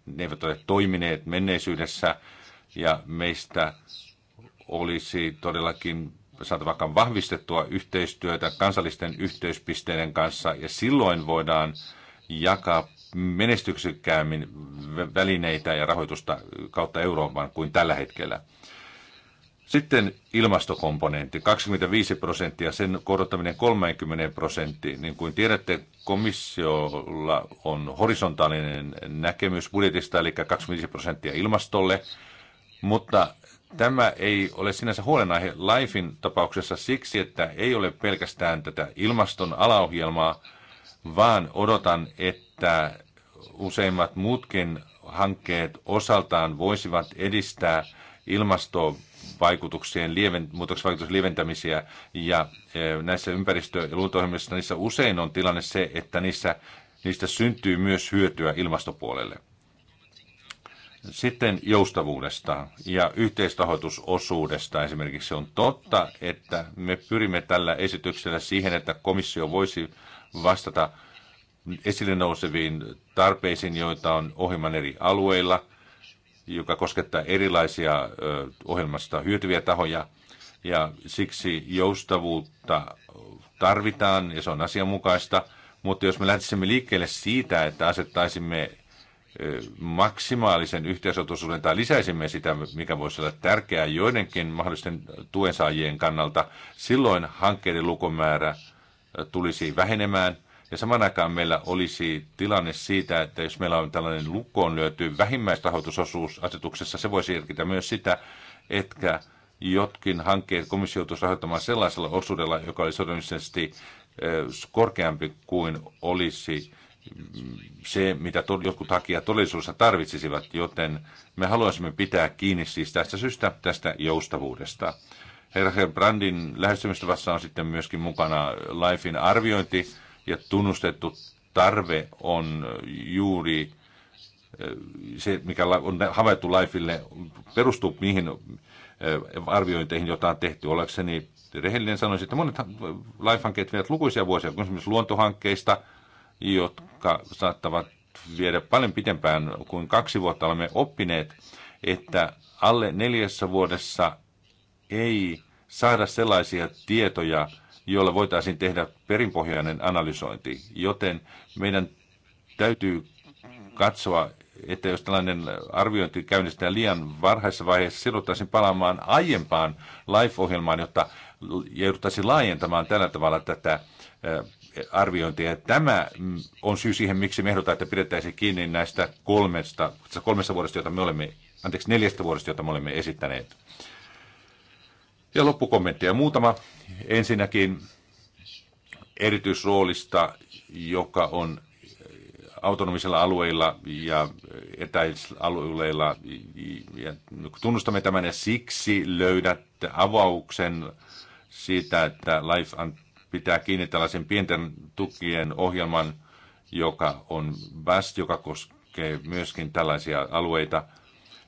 ne eivät ole toimineet menneisyydessä – ja meistä olisi todellakin vaikka vahvistettua yhteistyötä kansallisten yhteyspisteiden kanssa ja silloin voidaan jakaa menestyksekkäämmin välineitä ja rahoitusta kautta Euroopan kuin tällä hetkellä. Sitten ilmastokomponentti, 25 prosenttia, sen korottaminen 30 prosenttiin. Niin kuin tiedätte, komissiolla on horisontaalinen näkemys budjetista, eli 25 prosenttia ilmastolle, mutta tämä ei ole sinänsä huolenaihe Lifein tapauksessa siksi, että ei ole pelkästään tätä ilmaston alaohjelmaa, vaan odotan, että useimmat muutkin hankkeet osaltaan voisivat edistää ilmastovaikutuksien lieven, lieventämisiä. Ja e, näissä ympäristö- ja luonto niissä usein on tilanne se, että niissä, niistä syntyy myös hyötyä ilmastopuolelle. Sitten joustavuudesta ja yhteistahoitusosuudesta esimerkiksi on totta, että me pyrimme tällä esityksellä siihen, että komissio voisi vastata esille nouseviin tarpeisiin, joita on ohjelman eri alueilla, joka koskettaa erilaisia ohjelmasta hyötyviä tahoja. Ja siksi joustavuutta tarvitaan ja se on asianmukaista. Mutta jos me lähtisimme liikkeelle siitä, että asettaisimme maksimaalisen yhteisötosuuden tai lisäisimme sitä, mikä voisi olla tärkeää joidenkin mahdollisten tuensaajien kannalta, silloin hankkeiden lukumäärä tulisi vähenemään. Ja saman aikaan meillä olisi tilanne siitä, että jos meillä on tällainen lukkoon lyöty vähimmäisrahoitusosuus asetuksessa, se voisi merkitä myös sitä, että jotkin hankkeet komissio joutuisi rahoittamaan sellaisella osuudella, joka olisi todennäköisesti korkeampi kuin olisi se, mitä to, jotkut hakijat todellisuudessa tarvitsisivat, joten me haluaisimme pitää kiinni siis tästä syystä tästä joustavuudesta. Herra Brandin lähestymistavassa on sitten myöskin mukana Lifein arviointi ja tunnustettu tarve on juuri eh, se, mikä on havaittu Lifeille, perustuu niihin eh, arviointeihin, joita on tehty. Olekseni rehellinen sanoisin, että monet Life-hankkeet vievät lukuisia vuosia, kun esimerkiksi luontohankkeista – jotka saattavat viedä paljon pitempään kuin kaksi vuotta. Olemme oppineet, että alle neljässä vuodessa ei saada sellaisia tietoja, joilla voitaisiin tehdä perinpohjainen analysointi. Joten meidän täytyy katsoa, että jos tällainen arviointi käynnistetään liian varhaisessa vaiheessa, siirryttäisiin palaamaan aiempaan live-ohjelmaan, jotta jouduttaisiin laajentamaan tällä tavalla tätä arviointia. tämä mm, on syy siihen, miksi me ehdotaan, että pidettäisiin kiinni näistä kolmesta, kolmesta vuodesta, jota me olemme, anteeksi, neljästä vuodesta, jota me olemme esittäneet. Ja loppukommenttia muutama. Ensinnäkin erityisroolista, joka on äh, autonomisilla alueilla ja etäisalueilla. Ja tunnustamme tämän ja siksi löydät avauksen siitä, että Life pitää kiinni tällaisen pienten tukien ohjelman, joka on BAST, joka koskee myöskin tällaisia alueita.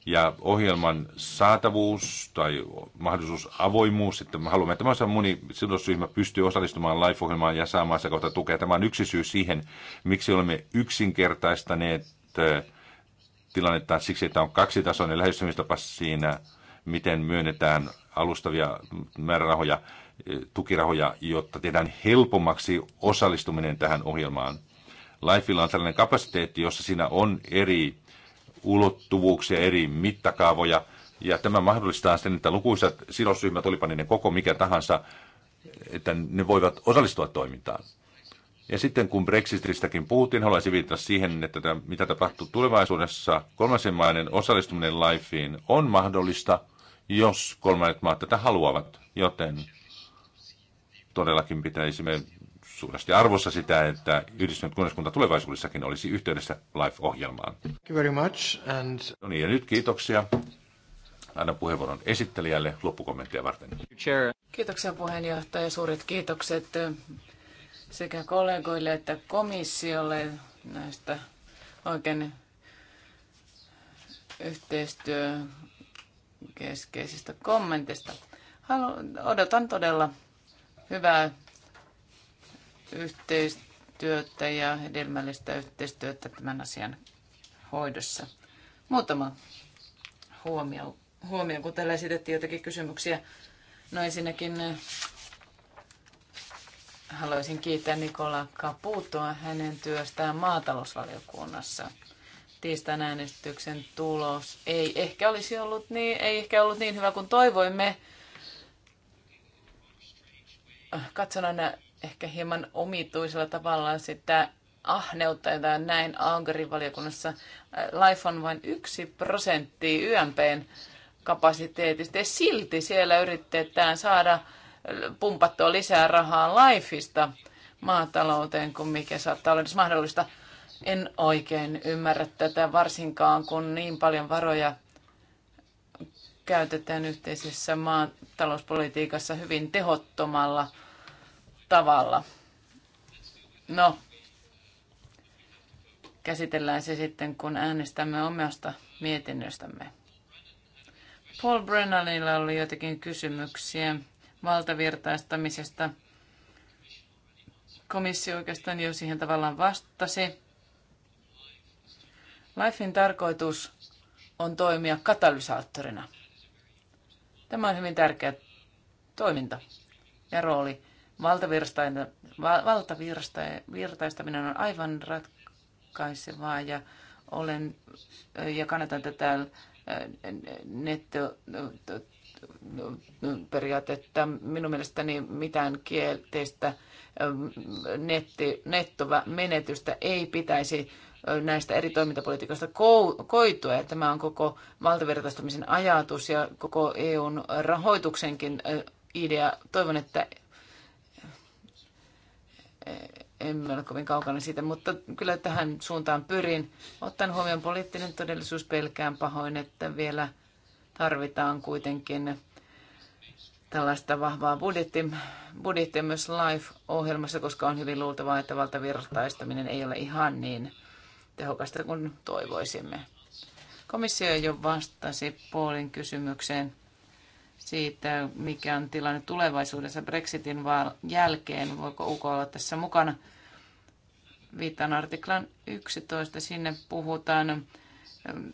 Ja ohjelman saatavuus tai mahdollisuus avoimuus, että me haluamme, että tämä moni sidosryhmä pystyy osallistumaan live-ohjelmaan ja saamaan sitä kautta tukea. Tämä on yksi syy siihen, miksi olemme yksinkertaistaneet eh, tilannetta siksi, että on kaksitasoinen lähestymistapa siinä, miten myönnetään alustavia määrärahoja tukirahoja, jotta tehdään helpommaksi osallistuminen tähän ohjelmaan. Lifeilla on tällainen kapasiteetti, jossa siinä on eri ulottuvuuksia, eri mittakaavoja, ja tämä mahdollistaa sen, että lukuisat sidosryhmät, olipa niiden koko mikä tahansa, että ne voivat osallistua toimintaan. Ja sitten kun Brexitistäkin puhuttiin, haluaisin viitata siihen, että tämä, mitä tapahtuu tulevaisuudessa. Kolmansien maiden osallistuminen LIFEiin on mahdollista, jos kolmannet maat tätä haluavat. Joten todellakin pitäisimme suuresti arvossa sitä, että yhdistynyt kuningaskunta tulevaisuudessakin olisi yhteydessä Life-ohjelmaan. Thank you very much and... No niin, ja nyt kiitoksia. Anna puheenvuoron esittelijälle loppukommentteja varten. Kiitoksia puheenjohtaja. Suuret kiitokset sekä kollegoille että komissiolle näistä oikein yhteistyökeskeisistä kommenteista. odotan todella hyvää yhteistyötä ja hedelmällistä yhteistyötä tämän asian hoidossa. Muutama huomio, huomio kun täällä esitettiin jotakin kysymyksiä. No ensinnäkin eh, haluaisin kiittää Nikola Kaputoa hänen työstään maatalousvaliokunnassa. Tiistain äänestyksen tulos ei ehkä olisi ollut niin, ei ehkä ollut niin hyvä kuin toivoimme, katson aina ehkä hieman omituisella tavalla sitä ahneutta, jota näin valiokunnassa. Äh, Life on vain yksi prosentti YMPn kapasiteetista ja silti siellä yritetään saada äh, pumpattua lisää rahaa Lifeista maatalouteen kuin mikä saattaa olla edes mahdollista. En oikein ymmärrä tätä, varsinkaan kun niin paljon varoja käytetään yhteisessä maatalouspolitiikassa hyvin tehottomalla tavalla. No, käsitellään se sitten, kun äänestämme omasta mietinnöstämme. Paul Brennanilla oli jotakin kysymyksiä valtavirtaistamisesta. Komissio oikeastaan jo siihen tavallaan vastasi. LIFEin tarkoitus on toimia katalysaattorina. Tämä on hyvin tärkeä toiminta ja rooli. Valtavirtaistaminen on aivan ratkaisevaa ja olen ja kannatan tätä äh, nettoperiaatetta. Minun mielestäni mitään kielteistä ähm, netti, nettomenetystä ei pitäisi näistä eri toimintapolitiikoista koitua. että tämä on koko valtavirtaistumisen ajatus ja koko EUn rahoituksenkin idea. Toivon, että emme ole kovin kaukana siitä, mutta kyllä tähän suuntaan pyrin. Ottaen huomioon poliittinen todellisuus pelkään pahoin, että vielä tarvitaan kuitenkin tällaista vahvaa budjetti, budjettia myös live-ohjelmassa, koska on hyvin luultavaa, että valtavirtaistaminen ei ole ihan niin tehokasta kuin toivoisimme. Komissio jo vastasi Paulin kysymykseen siitä, mikä on tilanne tulevaisuudessa Brexitin jälkeen. Voiko UK olla tässä mukana? Viitan artiklan 11. Sinne puhutaan ähm,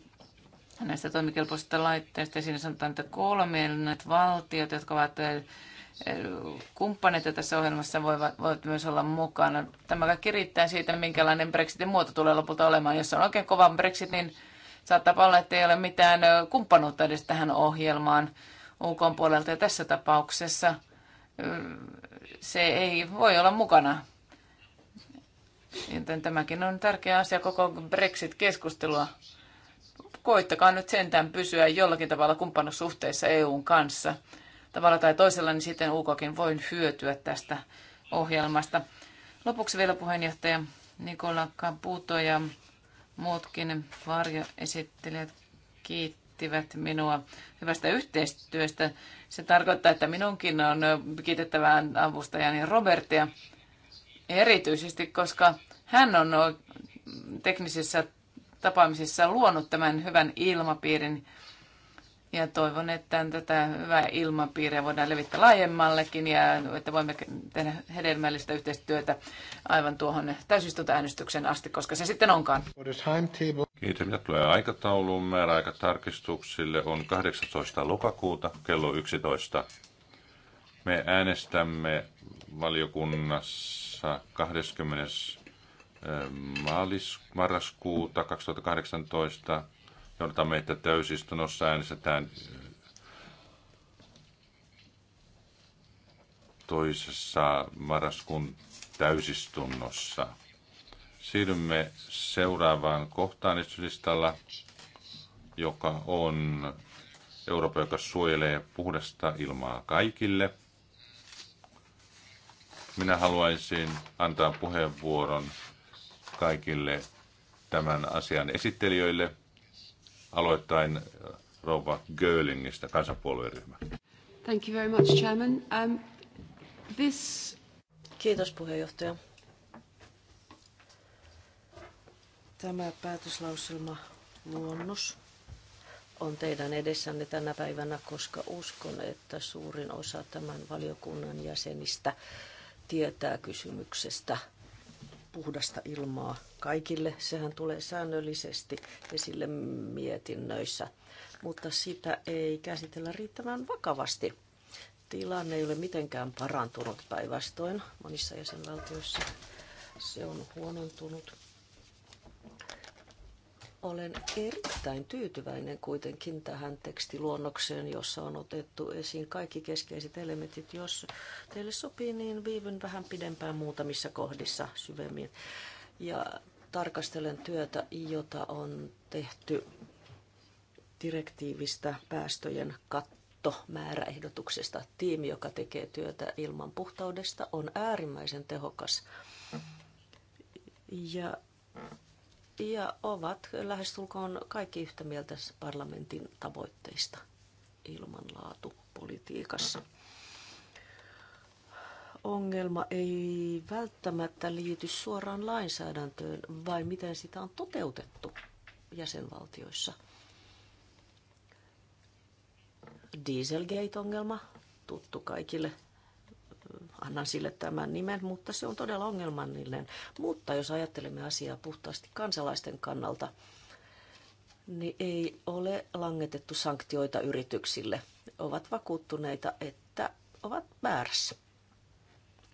näistä toimikelpoisista laitteista. Siinä sanotaan, että kolme valtiot, jotka ovat äh, kumppaneita tässä ohjelmassa voivat, voivat myös olla mukana. Tämä kaikki riittää siitä, minkälainen Brexitin muoto tulee lopulta olemaan. Jos on oikein kova Brexit, niin saattaa olla, että ei ole mitään kumppanuutta edes tähän ohjelmaan UK puolelta. Ja tässä tapauksessa mm, se ei voi olla mukana. Joten tämäkin on tärkeä asia koko Brexit-keskustelua. Koittakaa nyt sentään pysyä jollakin tavalla kumppanussuhteissa EUn kanssa tavalla tai toisella, niin sitten UKkin voi hyötyä tästä ohjelmasta. Lopuksi vielä puheenjohtaja Nikola Kaputo ja muutkin varjoesittelijät kiittivät minua hyvästä yhteistyöstä. Se tarkoittaa, että minunkin on kiitettävää avustajani Robertia erityisesti, koska hän on teknisissä tapaamisissa luonut tämän hyvän ilmapiirin ja toivon, että tätä hyvää ilmapiiriä voidaan levittää laajemmallekin ja että voimme tehdä hedelmällistä yhteistyötä aivan tuohon täysistuntoäänestyksen asti, koska se sitten onkaan. Kiitos. Mitä tulee aikatauluun? Määräaika tarkistuksille on 18. lokakuuta kello 11. Me äänestämme valiokunnassa 20. Eh, maalis, marraskuuta 2018 jota että täysistunnossa äänestetään äh, toisessa marraskuun täysistunnossa. Siirrymme seuraavaan kohtaan esityslistalla, joka on Eurooppa, joka suojelee puhdasta ilmaa kaikille. Minä haluaisin antaa puheenvuoron kaikille tämän asian esittelijöille – aloittain äh, rouva Görlingistä, kansanpuolueryhmä. Thank you very much, Chairman. Um, this... Kiitos puheenjohtaja. Tämä päätöslauselma luonnos on teidän edessänne tänä päivänä, koska uskon, että suurin osa tämän valiokunnan jäsenistä tietää kysymyksestä – puhdasta ilmaa kaikille. Sehän tulee säännöllisesti esille mietinnöissä, mutta sitä ei käsitellä riittävän vakavasti. Tilanne ei ole mitenkään parantunut päinvastoin monissa jäsenvaltioissa. Se on huonontunut olen erittäin tyytyväinen kuitenkin tähän tekstiluonnokseen, jossa on otettu esiin kaikki keskeiset elementit. Jos teille sopii, niin viivyn vähän pidempään muutamissa kohdissa syvemmin. Ja tarkastelen työtä, jota on tehty direktiivistä päästöjen kattomääräehdotuksesta. Tiimi, joka tekee työtä ilman puhtaudesta, on äärimmäisen tehokas. Ja ja ovat lähestulkoon kaikki yhtä mieltä parlamentin tavoitteista ilmanlaatupolitiikassa. Ongelma ei välttämättä liity suoraan lainsäädäntöön, vai miten sitä on toteutettu jäsenvaltioissa. Dieselgate-ongelma, tuttu kaikille – annan sille tämän nimen, mutta se on todella ongelmallinen. Mutta jos ajattelemme asiaa puhtaasti kansalaisten kannalta, niin ei ole langetettu sanktioita yrityksille. Ovat vakuuttuneita, että ovat väärässä,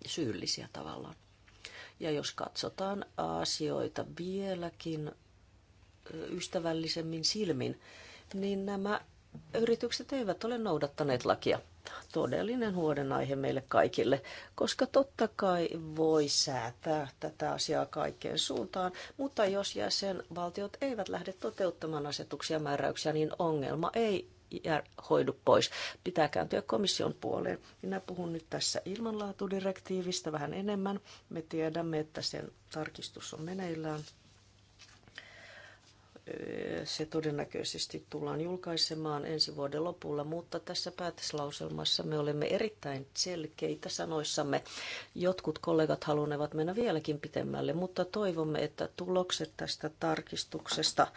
syyllisiä tavallaan. Ja jos katsotaan asioita vieläkin ystävällisemmin silmin, niin nämä yritykset eivät ole noudattaneet lakia – todellinen huolenaihe meille kaikille, koska totta kai voi säätää tätä asiaa kaikkeen suuntaan, mutta jos jäsenvaltiot eivät lähde toteuttamaan asetuksia ja määräyksiä, niin ongelma ei hoidu pois. Pitää kääntyä komission puoleen. Minä puhun nyt tässä ilmanlaatudirektiivistä vähän enemmän. Me tiedämme, että sen tarkistus on meneillään se todennäköisesti tullaan julkaisemaan ensi vuoden lopulla, mutta tässä päätöslauselmassa me olemme erittäin selkeitä sanoissamme. Jotkut kollegat halunnevat mennä vieläkin pitemmälle, mutta toivomme, että tulokset tästä tarkistuksesta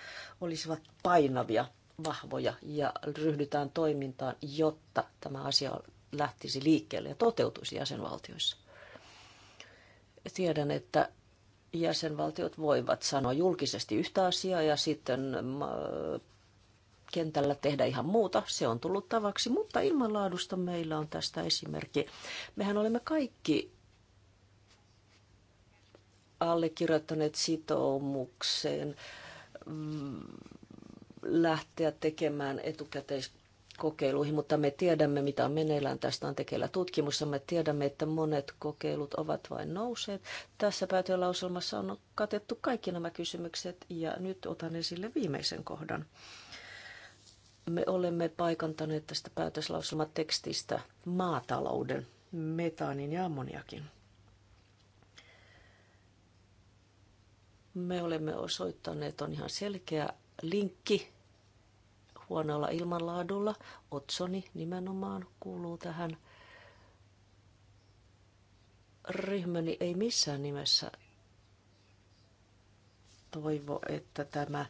olisivat painavia, vahvoja ja ryhdytään toimintaan, jotta tämä asia lähtisi liikkeelle ja toteutuisi jäsenvaltioissa. Tiedän, että jäsenvaltiot voivat sanoa julkisesti yhtä asiaa ja sitten kentällä tehdä ihan muuta. Se on tullut tavaksi, mutta ilmanlaadusta meillä on tästä esimerkki. Mehän olemme kaikki allekirjoittaneet sitoumukseen mm, lähteä tekemään etukäteis kokeiluihin, mutta me tiedämme, mitä on meneillään. Tästä on tekeillä tutkimus, me tiedämme, että monet kokeilut ovat vain nousseet. Tässä päätelauselmassa on katettu kaikki nämä kysymykset, ja nyt otan esille viimeisen kohdan. Me olemme paikantaneet tästä päätöslauselmatekstistä maatalouden, metaanin ja ammoniakin. Me olemme osoittaneet, on ihan selkeä linkki huonolla ilmanlaadulla. Otsoni nimenomaan kuuluu tähän. Ryhmäni ei missään nimessä toivo, että tämä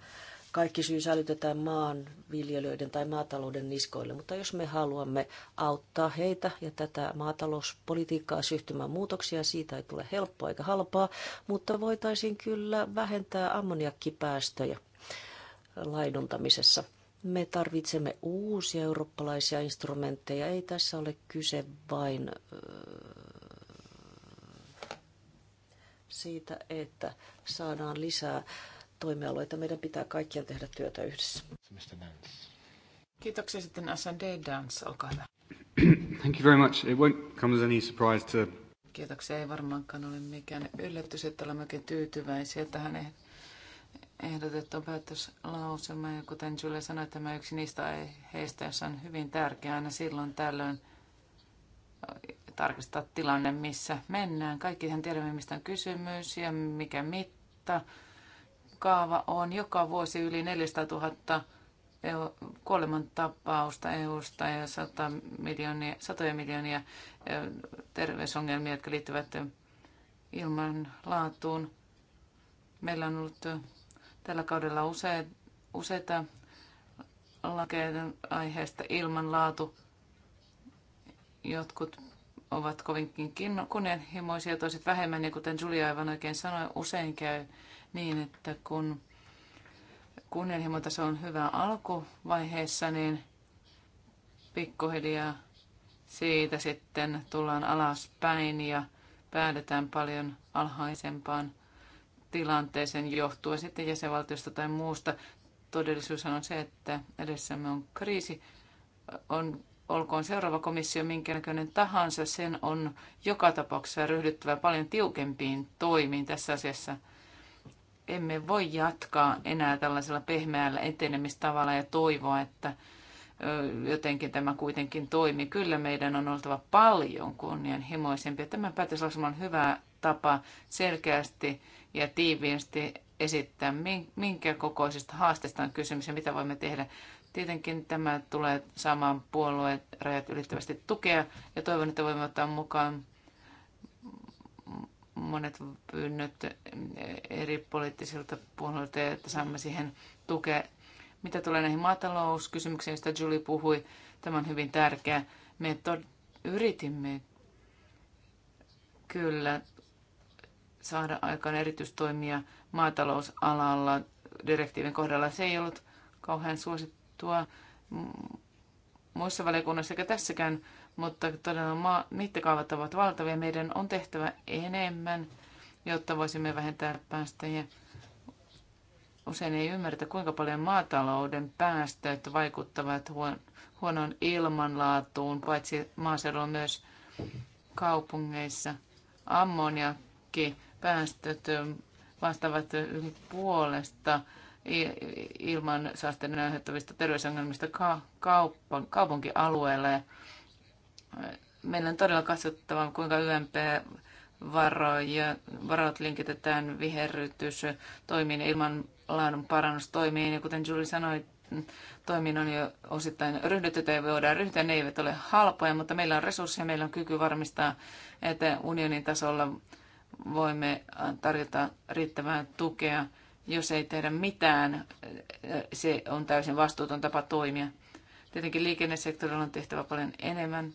kaikki syy sälytetään maanviljelijöiden tai maatalouden niskoille, mutta jos me haluamme auttaa heitä ja tätä maatalouspolitiikkaa syhtymään muutoksia, siitä ei tule helppoa eikä halpaa, mutta voitaisiin kyllä vähentää ammoniakkipäästöjä laiduntamisessa. Me tarvitsemme uusia eurooppalaisia instrumentteja. Ei tässä ole kyse vain siitä, että saadaan lisää toimialoita. Meidän pitää kaikkien tehdä työtä yhdessä. Kiitoksia sitten S&D Dance, olkaa hyvä. [CLEARS THROAT] Thank you very much. It won't come as any surprise to... Kiitoksia. Ei varmaankaan ole mikään yllätys, että olemme oikein tyytyväisiä tähän ehdotettu päätöslauselma. Ja kuten Julia sanoi, tämä yksi niistä aiheista, jossa on hyvin tärkeää aina silloin tällöin tarkistaa tilanne, missä mennään. Kaikkihan tiedämme, mistä on kysymys ja mikä mitta. Kaava on joka vuosi yli 400 000 kuolemantapausta EU-sta ja miljoonia, satoja miljoonia terveysongelmia, jotka liittyvät ilmanlaatuun. Meillä on ollut tällä kaudella use, useita lakeja aiheesta ilmanlaatu. Jotkut ovat kovinkin kunnianhimoisia, toiset vähemmän, ja kuten Julia aivan oikein sanoi, usein käy niin, että kun kunnianhimotaso on hyvä alkuvaiheessa, niin pikkuhiljaa siitä sitten tullaan alaspäin ja päädytään paljon alhaisempaan tilanteeseen johtuen sitten jäsenvaltiosta tai muusta. Todellisuushan on se, että edessämme on kriisi. On, olkoon seuraava komissio minkä näköinen tahansa, sen on joka tapauksessa ryhdyttävä paljon tiukempiin toimiin tässä asiassa. Emme voi jatkaa enää tällaisella pehmeällä etenemistavalla ja toivoa, että jotenkin tämä kuitenkin toimii. Kyllä meidän on oltava paljon kunnianhimoisempia. Tämän päätöslausuma on hyvä tapa selkeästi ja tiiviisti esittää, minkä kokoisista haasteista on kysymys ja mitä voimme tehdä. Tietenkin tämä tulee saamaan puolueet rajat ylittävästi tukea ja toivon, että voimme ottaa mukaan monet pyynnöt eri poliittisilta puolueilta, että saamme siihen tukea. Mitä tulee näihin maatalouskysymyksiin, joista Julie puhui, tämä on hyvin tärkeä. Me tod- yritimme kyllä saada aikaan erityistoimia maatalousalalla direktiivin kohdalla. Se ei ollut kauhean suosittua muissa valiokunnissa eikä tässäkään, mutta todella maa, mittakaavat ovat valtavia. Meidän on tehtävä enemmän, jotta voisimme vähentää päästöjä. Usein ei ymmärretä, kuinka paljon maatalouden päästöt vaikuttavat huon, huonoon ilmanlaatuun, paitsi maaseudulla myös kaupungeissa. Ammoniakki päästöt vastaavat yli puolesta ilman saasteiden aiheuttavista terveysongelmista kaupan, kaupunkialueella. Meillä on todella katsottava, kuinka YMP varoja, varat linkitetään viherrytys toimiin ilman laadun parannustoimiin. Ja kuten Julie sanoi, toimiin on jo osittain ryhdytty tai voidaan ryhtyä. Ne eivät ole halpoja, mutta meillä on resursseja, meillä on kyky varmistaa, että unionin tasolla voimme tarjota riittävää tukea. Jos ei tehdä mitään, äh, se on täysin vastuuton tapa toimia. Tietenkin liikennesektorilla on tehtävä paljon enemmän.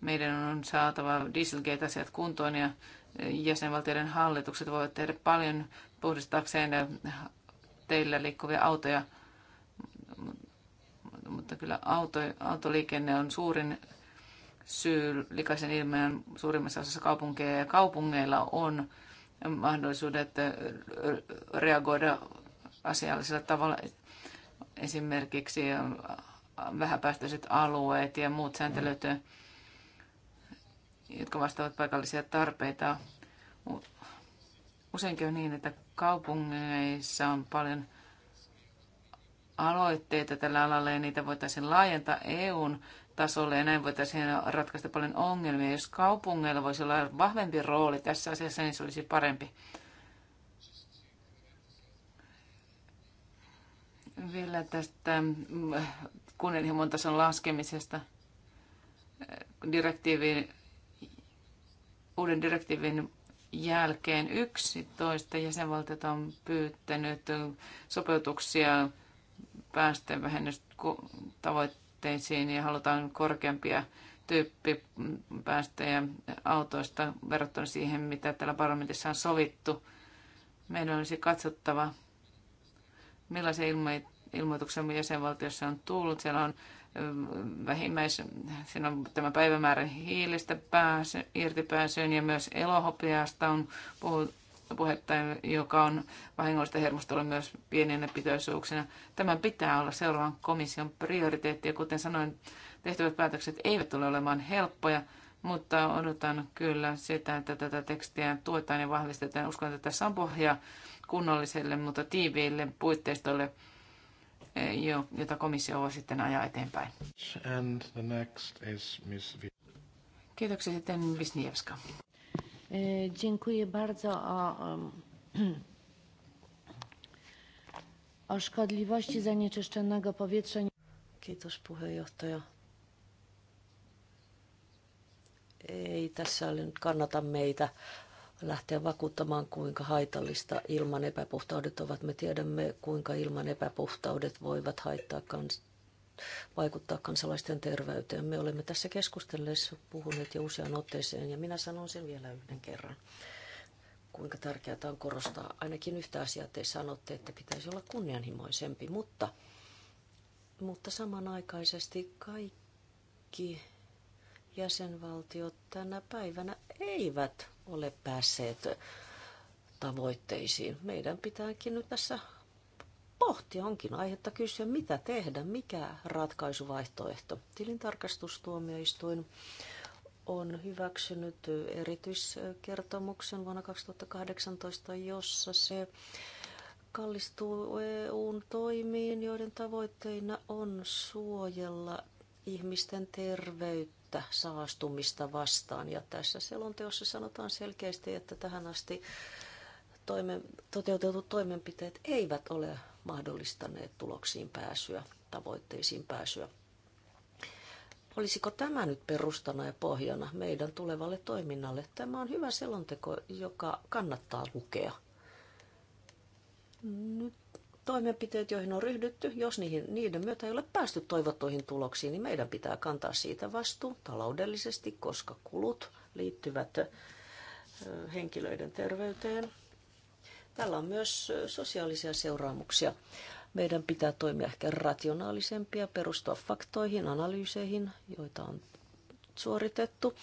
Meidän on saatava dieselgate-asiat kuntoon ja äh, jäsenvaltioiden hallitukset voivat tehdä paljon puhdistakseen äh, teillä liikkuvia autoja. Mutta kyllä auto, autoliikenne on suurin syy likaisen ilmeen suurimmassa osassa kaupunkeja ja kaupungeilla on mahdollisuudet äh, reagoida asiallisella tavalla. Esimerkiksi äh, vähäpäästöiset alueet ja muut sääntelyt, äh, jotka vastaavat paikallisia tarpeita. Useinkin on niin, että kaupungeissa on paljon aloitteita tällä alalla ja niitä voitaisiin laajentaa EUn tasolle ja näin voitaisiin ratkaista paljon ongelmia. Jos kaupungeilla voisi olla vahvempi rooli tässä asiassa, niin se olisi parempi. Vielä tästä kunnianhimon tason laskemisesta direktiivin, uuden direktiivin jälkeen 11 jäsenvaltiota on pyytänyt sopeutuksia päästövähennystavoitteisiin tavoitteisiin ja halutaan korkeampia tyyppipäästöjä autoista verrattuna siihen, mitä täällä parlamentissa on sovittu. Meidän olisi katsottava, millaisia ilmo- ilmoituksia jäsenvaltiossa on tullut. Siellä on vähimmäis, siinä on tämä päivämäärä hiilistä pääsy, irtipääsyyn ja myös elohopeasta on puhetta, joka on vahingollista hermostolle myös pienenä pitoisuuksina. Tämän pitää olla seuraavan komission prioriteetti ja kuten sanoin, tehtävät päätökset eivät tule olemaan helppoja, mutta odotan kyllä sitä, että tätä tekstiä tuetaan ja vahvistetaan. Uskon, että tässä on pohja kunnolliselle, mutta tiiviille puitteistolle, e, jota komissio voi sitten ajaa eteenpäin. And the next is Miss Kiitoksia sitten Visnievska. E, dziękuję bardzo o, o szkodliwości zanieczyszczonego powietrza. Kiitos puheenjohtaja. Ei tässä ole nyt kannata meitä lähteä vakuuttamaan, kuinka haitallista ilman epäpuhtaudet ovat. Me tiedämme, kuinka ilman epäpuhtaudet voivat haittaa kans vaikuttaa kansalaisten terveyteen. Me olemme tässä keskustelleessa puhuneet jo useaan otteeseen ja minä sanon sen vielä yhden kerran kuinka tärkeää on korostaa. Ainakin yhtä asiaa te sanotte, että pitäisi olla kunnianhimoisempi, mutta, mutta samanaikaisesti kaikki jäsenvaltiot tänä päivänä eivät ole päässeet tavoitteisiin. Meidän pitääkin nyt tässä pohti onkin aihetta kysyä, mitä tehdä, mikä ratkaisuvaihtoehto. Tilintarkastustuomioistuin on hyväksynyt erityiskertomuksen vuonna 2018, jossa se kallistuu EUn toimiin, joiden tavoitteena on suojella ihmisten terveyttä saastumista vastaan. Ja tässä selonteossa sanotaan selkeästi, että tähän asti toimen, toteutetut toimenpiteet eivät ole mahdollistaneet tuloksiin pääsyä, tavoitteisiin pääsyä. Olisiko tämä nyt perustana ja pohjana meidän tulevalle toiminnalle? Tämä on hyvä selonteko, joka kannattaa lukea. Nyt toimenpiteet, joihin on ryhdytty, jos niihin, niiden myötä ei ole päästy toivottuihin tuloksiin, niin meidän pitää kantaa siitä vastuu taloudellisesti, koska kulut liittyvät henkilöiden terveyteen, Tällä on myös sosiaalisia seuraamuksia. Meidän pitää toimia ehkä rationaalisempia, perustua faktoihin, analyyseihin, joita on suoritettu.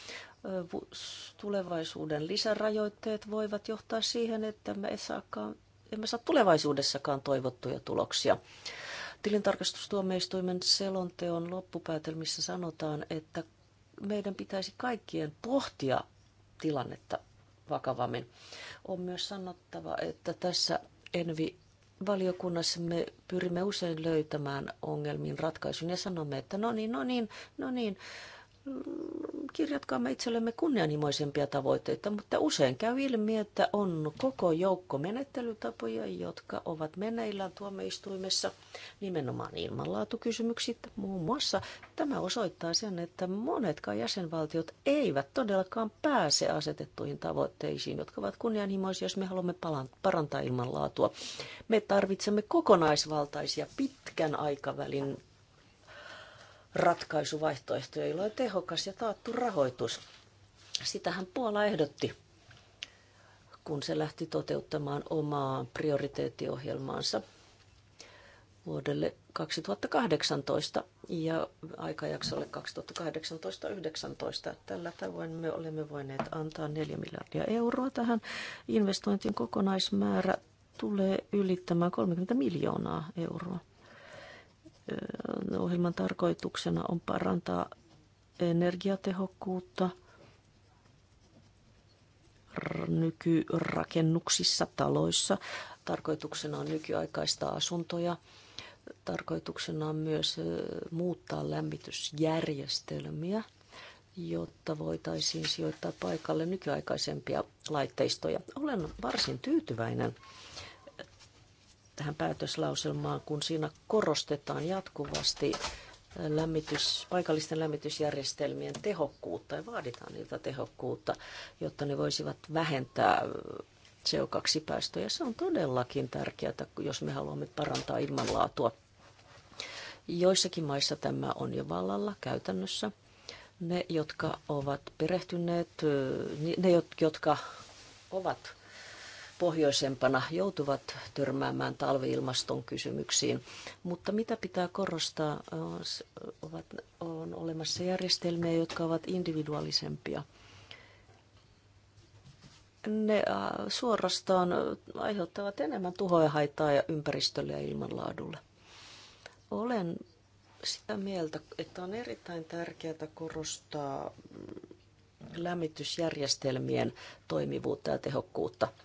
Tulevaisuuden lisärajoitteet voivat johtaa siihen, että me saakaan, emme saa tulevaisuudessakaan toivottuja tuloksia. Tilintarkastustuomioistuimen selonteon loppupäätelmissä sanotaan, että meidän pitäisi kaikkien pohtia tilannetta vakavammin. On myös sanottava, että tässä Envi valiokunnassa me pyrimme usein löytämään ongelmiin ratkaisun ja sanomme, että no niin, no niin, no niin, Mm, kirjatkaamme itsellemme kunnianhimoisempia tavoitteita, mutta usein käy ilmi, että on koko joukko menettelytapoja, jotka ovat meneillään tuomioistuimessa nimenomaan ilmanlaatukysymyksit muun muassa. Tämä osoittaa sen, että monetkaan jäsenvaltiot eivät todellakaan pääse asetettuihin tavoitteisiin, jotka ovat kunnianhimoisia, jos me haluamme parantaa ilmanlaatua. Me tarvitsemme kokonaisvaltaisia pitkän aikavälin ratkaisuvaihtoehto, joilla on tehokas ja taattu rahoitus. Sitähän Puola ehdotti, kun se lähti toteuttamaan omaa prioriteettiohjelmaansa vuodelle 2018 ja aikajaksolle 2018-2019. Tällä tavoin me olemme voineet antaa 4 miljardia euroa tähän. Investointien kokonaismäärä tulee ylittämään 30 miljoonaa euroa. Ohjelman tarkoituksena on parantaa energiatehokkuutta nykyrakennuksissa, taloissa. Tarkoituksena on nykyaikaista asuntoja. Tarkoituksena on myös muuttaa lämmitysjärjestelmiä, jotta voitaisiin sijoittaa paikalle nykyaikaisempia laitteistoja. Olen varsin tyytyväinen tähän päätöslauselmaan, kun siinä korostetaan jatkuvasti lämmitys, paikallisten lämmitysjärjestelmien tehokkuutta ja vaaditaan niitä tehokkuutta, jotta ne voisivat vähentää CO2-päästöjä. Se on todellakin tärkeää, jos me haluamme parantaa ilmanlaatua. Joissakin maissa tämä on jo vallalla käytännössä. Ne, jotka ovat perehtyneet, ne, jotka ovat pohjoisempana joutuvat törmäämään talviilmaston kysymyksiin. Mutta mitä pitää korostaa, on olemassa järjestelmiä, jotka ovat individuaalisempia. Ne suorastaan aiheuttavat enemmän tuhoja ja haittaa ja ympäristölle ja ilmanlaadulle. Olen sitä mieltä, että on erittäin tärkeää korostaa lämmitysjärjestelmien toimivuutta ja tehokkuutta –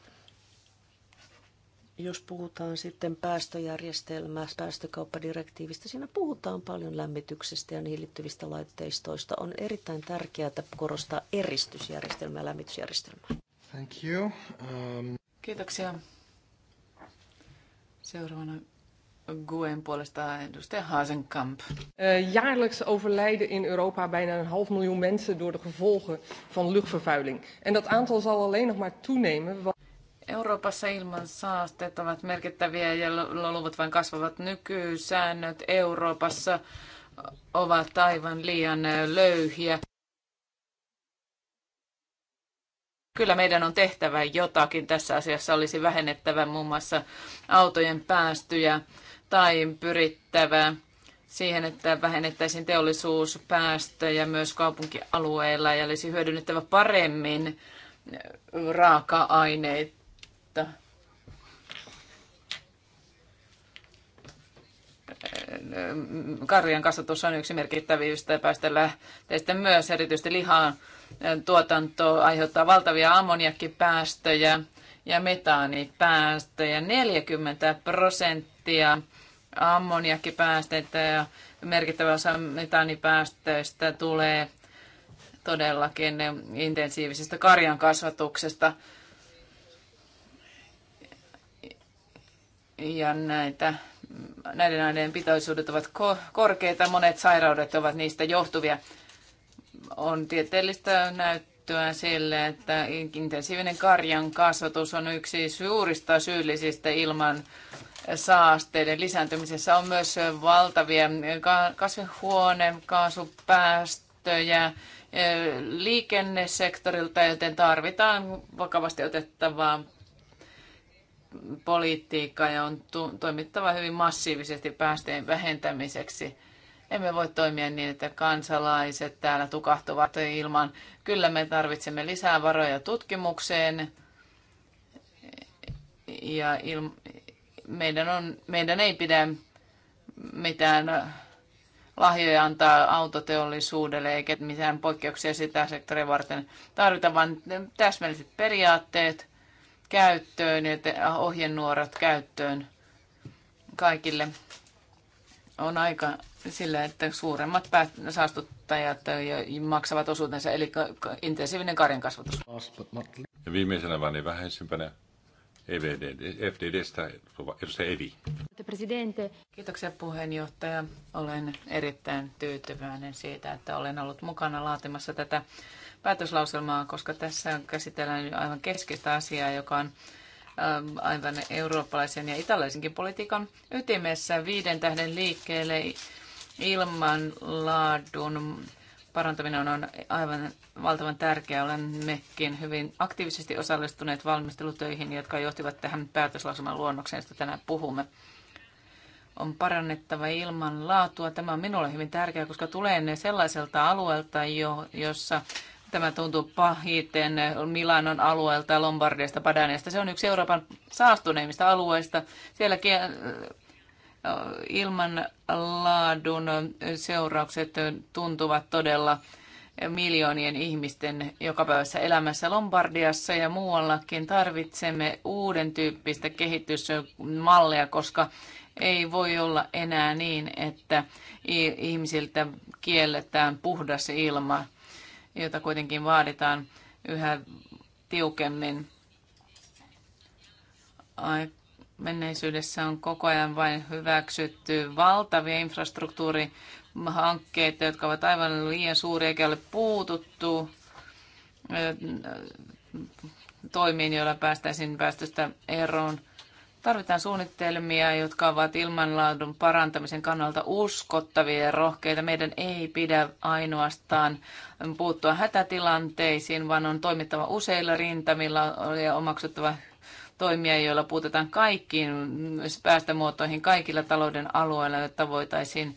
jos puhutaan sitten päästöjärjestelmästä, päästökauppadirektiivistä, siinä puhutaan paljon lämmityksestä ja niihin liittyvistä laitteistoista. On erittäin tärkeää että korostaa eristysjärjestelmää ja lämmitysjärjestelmää. Thank you. Um... Kiitoksia. Seuraavana Guen puolesta edustaja Hazenkamp. Eh, jaarlijks overlijden in Europa bijna een half miljoen mensen door de gevolgen van luchtvervuiling. En dat aantal zal alleen nog maar toenemen. Want... Euroopassa ilman saasteet ovat merkittäviä ja luvut vain kasvavat. Nykysäännöt Euroopassa ovat aivan liian löyhiä. Kyllä meidän on tehtävä jotakin. Tässä asiassa olisi vähennettävä muun muassa autojen päästöjä tai pyrittävä siihen, että vähennettäisiin teollisuuspäästöjä myös kaupunkialueilla ja olisi hyödynnettävä paremmin raaka aineita mutta äh, karjan kasvatus on yksi merkittävistä Teistä myös, erityisesti lihaan äh, tuotanto aiheuttaa valtavia ammoniakkipäästöjä ja metaanipäästöjä. 40 prosenttia ammoniakkipäästöitä ja merkittävä osa metaanipäästöistä tulee todellakin intensiivisestä karjan kasvatuksesta. ja näitä, näiden aineiden pitoisuudet ovat ko- korkeita. Monet sairaudet ovat niistä johtuvia. On tieteellistä näyttöä sille, että intensiivinen karjan kasvatus on yksi suurista syyllisistä ilman saasteiden lisääntymisessä. On myös valtavia kasvihuonekaasupäästöjä eh, liikennesektorilta, joten tarvitaan vakavasti otettavaa politiikkaa ja on toimittava hyvin massiivisesti päästöjen vähentämiseksi. Emme voi toimia niin, että kansalaiset täällä tukahtuvat ilman. Kyllä me tarvitsemme lisää varoja tutkimukseen ja il- meidän, on, meidän ei pidä mitään lahjoja antaa autoteollisuudelle eikä mitään poikkeuksia sitä sektoria varten tarvita, vaan täsmälliset periaatteet – käyttöön ja ohjenuorat käyttöön kaikille. On aika sillä, että suuremmat saastuttajat maksavat osuutensa, eli intensiivinen karjankasvatus. Ja viimeisenä vaan niin vähäisimpänä EVD, FDDstä edustaja Evi. Kiitoksia puheenjohtaja. Olen erittäin tyytyväinen siitä, että olen ollut mukana laatimassa tätä päätöslauselmaa, koska tässä käsitellään aivan keskeistä asiaa, joka on ähm, aivan eurooppalaisen ja italaisenkin politiikan ytimessä viiden tähden liikkeelle ilman laadun parantaminen on aivan valtavan tärkeää. Olemmekin hyvin aktiivisesti osallistuneet valmistelutöihin, jotka johtivat tähän päätöslauselman luonnokseen, josta tänään puhumme. On parannettava ilman laatua. Tämä on minulle hyvin tärkeää, koska tulee sellaiselta alueelta, jo, jossa Tämä tuntuu pahiten Milanon alueelta, Lombardiasta, Padaneesta. Se on yksi Euroopan saastuneimmista alueista. Siellä äh, ilmanlaadun seuraukset tuntuvat todella miljoonien ihmisten jokapäiväisessä elämässä Lombardiassa ja muuallakin tarvitsemme uuden tyyppistä kehitysmallia, koska ei voi olla enää niin, että ihmisiltä kielletään puhdas ilma jota kuitenkin vaaditaan yhä tiukemmin. Menneisyydessä on koko ajan vain hyväksytty valtavia infrastruktuurihankkeita, jotka ovat aivan liian suuria, eikä ole puututtu toimiin, joilla päästäisiin päästöstä eroon. Tarvitaan suunnitelmia, jotka ovat ilmanlaadun parantamisen kannalta uskottavia ja rohkeita. Meidän ei pidä ainoastaan puuttua hätätilanteisiin, vaan on toimittava useilla rintamilla ja omaksuttava toimia, joilla puutetaan kaikkiin päästömuotoihin kaikilla talouden alueilla, jotta voitaisiin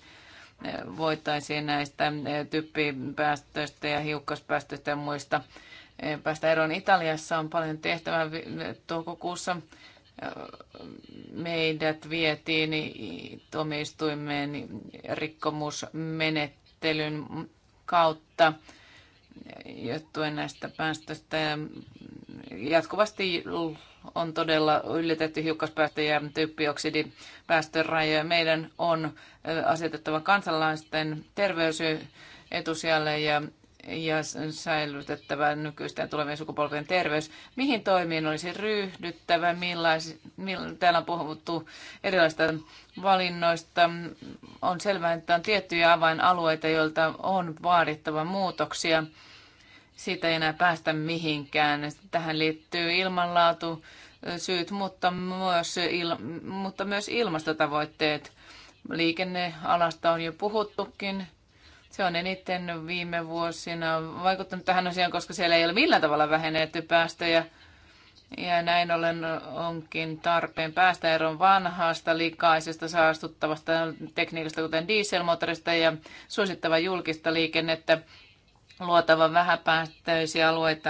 voitaisiin näistä typpipäästöistä ja hiukkaspäästöistä ja muista päästä eroon. Italiassa on paljon tehtävää toukokuussa meidät vietiin tuomioistuimeen rikkomusmenettelyn kautta johtuen näistä päästöistä. Jatkuvasti on todella ylitetty hiukkaspäästöjä ja typpioksidipäästörajoja. Meidän on asetettava kansalaisten terveys etusijalle ja ja säilytettävä nykyisten ja tulevien sukupolvien terveys. Mihin toimiin olisi ryhdyttävä? mill, täällä on puhuttu erilaisista valinnoista. On selvää, että on tiettyjä avainalueita, joilta on vaadittava muutoksia. Siitä ei enää päästä mihinkään. Tähän liittyy ilmanlaatu, syyt, mutta myös, il, mutta myös ilmastotavoitteet. Liikennealasta on jo puhuttukin se on eniten viime vuosina vaikuttanut tähän asiaan, koska siellä ei ole millään tavalla vähennetty päästöjä. Ja näin ollen onkin tarpeen päästä eroon vanhaasta, likaisesta, saastuttavasta tekniikasta, kuten dieselmotorista, ja suosittava julkista liikennettä, luotava vähäpäästöisiä alueita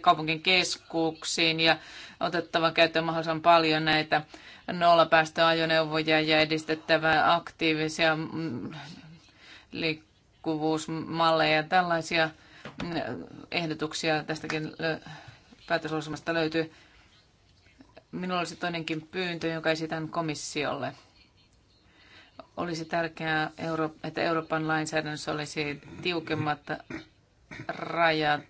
kaupunkin keskuksiin ja otettava käyttöön mahdollisimman paljon näitä nollapäästöajoneuvoja ja edistettävä aktiivisia mm, liikkeitä liikkuvuusmalleja. Tällaisia mm, ehdotuksia tästäkin päätöslausumasta löytyy. Minulla olisi toinenkin pyyntö, jonka esitän komissiolle. Olisi tärkeää, että Euroopan lainsäädännössä olisi tiukemmat rajat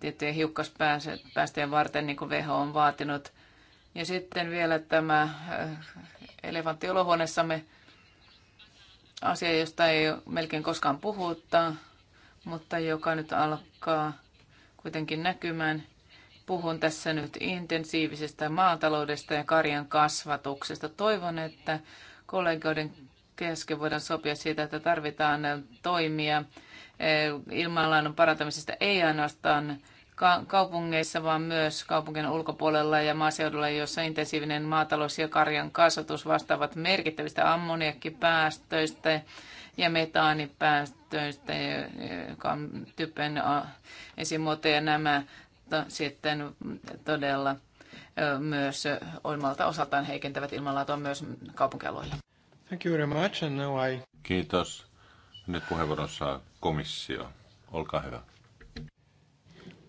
tiettyjen hiukkaspäästöjen varten, niin kuin WHO on vaatinut. Ja sitten vielä tämä elefantti olohuoneessamme asia, josta ei melkein koskaan puhuta, mutta joka nyt alkaa kuitenkin näkymään. Puhun tässä nyt intensiivisestä maataloudesta ja karjan kasvatuksesta. Toivon, että kollegoiden kesken voidaan sopia siitä, että tarvitaan toimia eh, ilmanlaadun parantamisesta ei ainoastaan kaupungeissa, vaan myös kaupunkien ulkopuolella ja maaseudulla, jossa intensiivinen maatalous ja karjan kasvatus vastaavat merkittävistä ammoniakkipäästöistä ja metaanipäästöistä, joka on typen esimuoto, ja nämä to, sitten todella myös omalta osaltaan heikentävät ilmanlaatua myös kaupunkialueilla. Thank you very much, and now I... Kiitos. Nyt puheenvuoron saa komissio. Olkaa hyvä.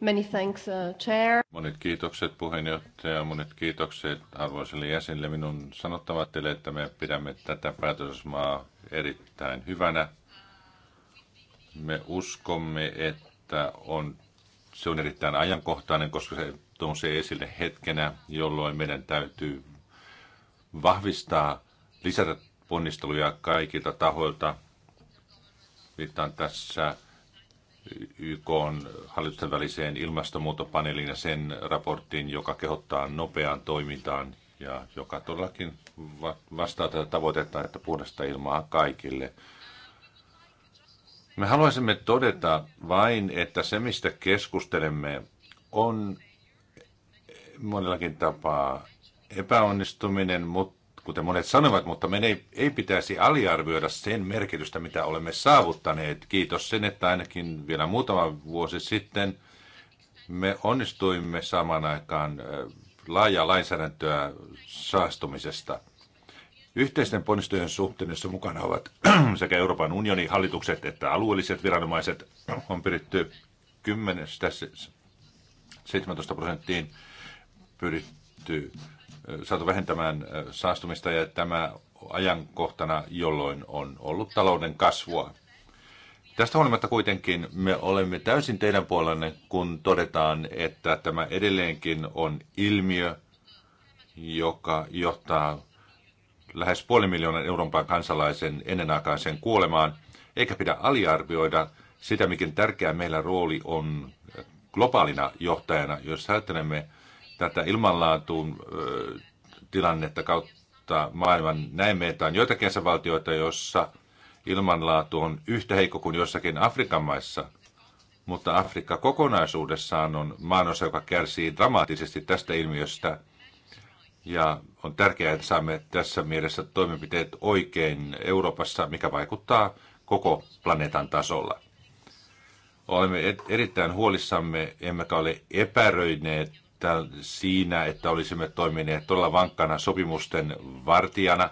Many thanks, uh, chair. Monet kiitokset puheenjohtaja, monet kiitokset arvoisille jäsenille. Minun sanottava teille, että me pidämme tätä päätösmaa erittäin hyvänä. Me uskomme, että on, se on erittäin ajankohtainen, koska se nousee esille hetkenä, jolloin meidän täytyy vahvistaa, lisätä ponnisteluja kaikilta tahoilta. Viittaan tässä YK on hallitusten väliseen ilmastonmuutopaneeliin ja sen raporttiin, joka kehottaa nopeaan toimintaan ja joka todellakin vastaa tätä tavoitetta, että puhdasta ilmaa kaikille. Me haluaisimme todeta vain, että se mistä keskustelemme on monellakin tapaa epäonnistuminen, mutta kuten monet sanovat, mutta me ei, ei pitäisi aliarvioida sen merkitystä, mitä olemme saavuttaneet. Kiitos sen, että ainakin vielä muutama vuosi sitten me onnistuimme saman aikaan laajaa lainsäädäntöä saastumisesta. Yhteisten ponnistujen suhteen, jossa mukana ovat [CLEARS THROAT] sekä Euroopan unionin hallitukset että alueelliset viranomaiset, on pyritty 10-17 prosenttiin pyritty saatu vähentämään saastumista ja tämä ajankohtana, jolloin on ollut talouden kasvua. Tästä huolimatta kuitenkin me olemme täysin teidän puolenne, kun todetaan, että tämä edelleenkin on ilmiö, joka johtaa lähes puoli miljoonan Euroopan kansalaisen ennenaikaiseen kuolemaan, eikä pidä aliarvioida sitä, mikä tärkeä meillä rooli on globaalina johtajana, jos ajattelemme tätä ilmanlaatuun tilannetta kautta maailman. Näemme, että on joitakin jäsenvaltioita, joissa ilmanlaatu on yhtä heikko kuin jossakin Afrikan maissa, mutta Afrikka kokonaisuudessaan on maanosa, joka kärsii dramaattisesti tästä ilmiöstä. Ja on tärkeää, että saamme tässä mielessä toimenpiteet oikein Euroopassa, mikä vaikuttaa koko planeetan tasolla. Olemme erittäin huolissamme, emmekä ole epäröineet siinä, että olisimme toimineet todella vankkana sopimusten vartijana.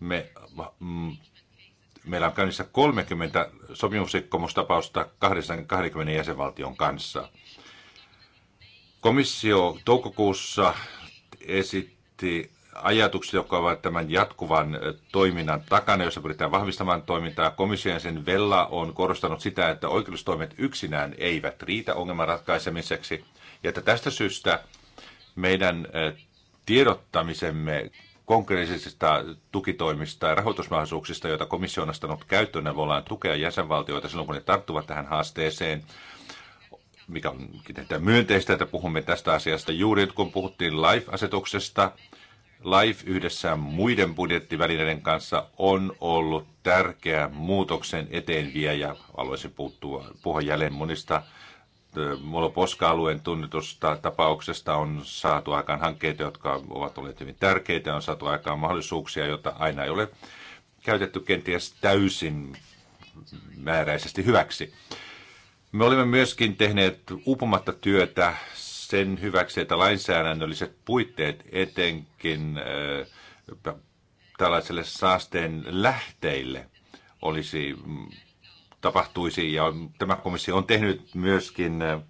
Me, mm, meillä on käynnissä 30 sopimusrikkomustapausta 20 jäsenvaltion kanssa. Komissio toukokuussa esitti ajatuksia, jotka ovat tämän jatkuvan toiminnan takana, jossa pyritään vahvistamaan toimintaa. Komission sen Vella on korostanut sitä, että oikeustoimet yksinään eivät riitä ongelman ratkaisemiseksi. Ja että tästä syystä meidän tiedottamisemme konkreettisista tukitoimista ja rahoitusmahdollisuuksista, joita komissio on astanut käyttöön, ne voidaan tukea jäsenvaltioita silloin, kun ne tarttuvat tähän haasteeseen, mikä on myönteistä, että puhumme tästä asiasta juuri kun puhuttiin LIFE-asetuksesta. LIFE yhdessä muiden budjettivälineiden kanssa on ollut tärkeä muutoksen eteenviejä. Haluaisin puuttua, puhua jälleen monista Moloposka-alueen tunnetusta tapauksesta on saatu aikaan hankkeita, jotka ovat olleet hyvin tärkeitä, on saatu aikaan mahdollisuuksia, joita aina ei ole käytetty kenties täysin määräisesti hyväksi. Me olemme myöskin tehneet upomatta työtä sen hyväksi, että lainsäädännölliset puitteet etenkin äh, tällaiselle saasteen lähteille olisi tapahtuisi. Ja tämä komissio on tehnyt myöskin äh,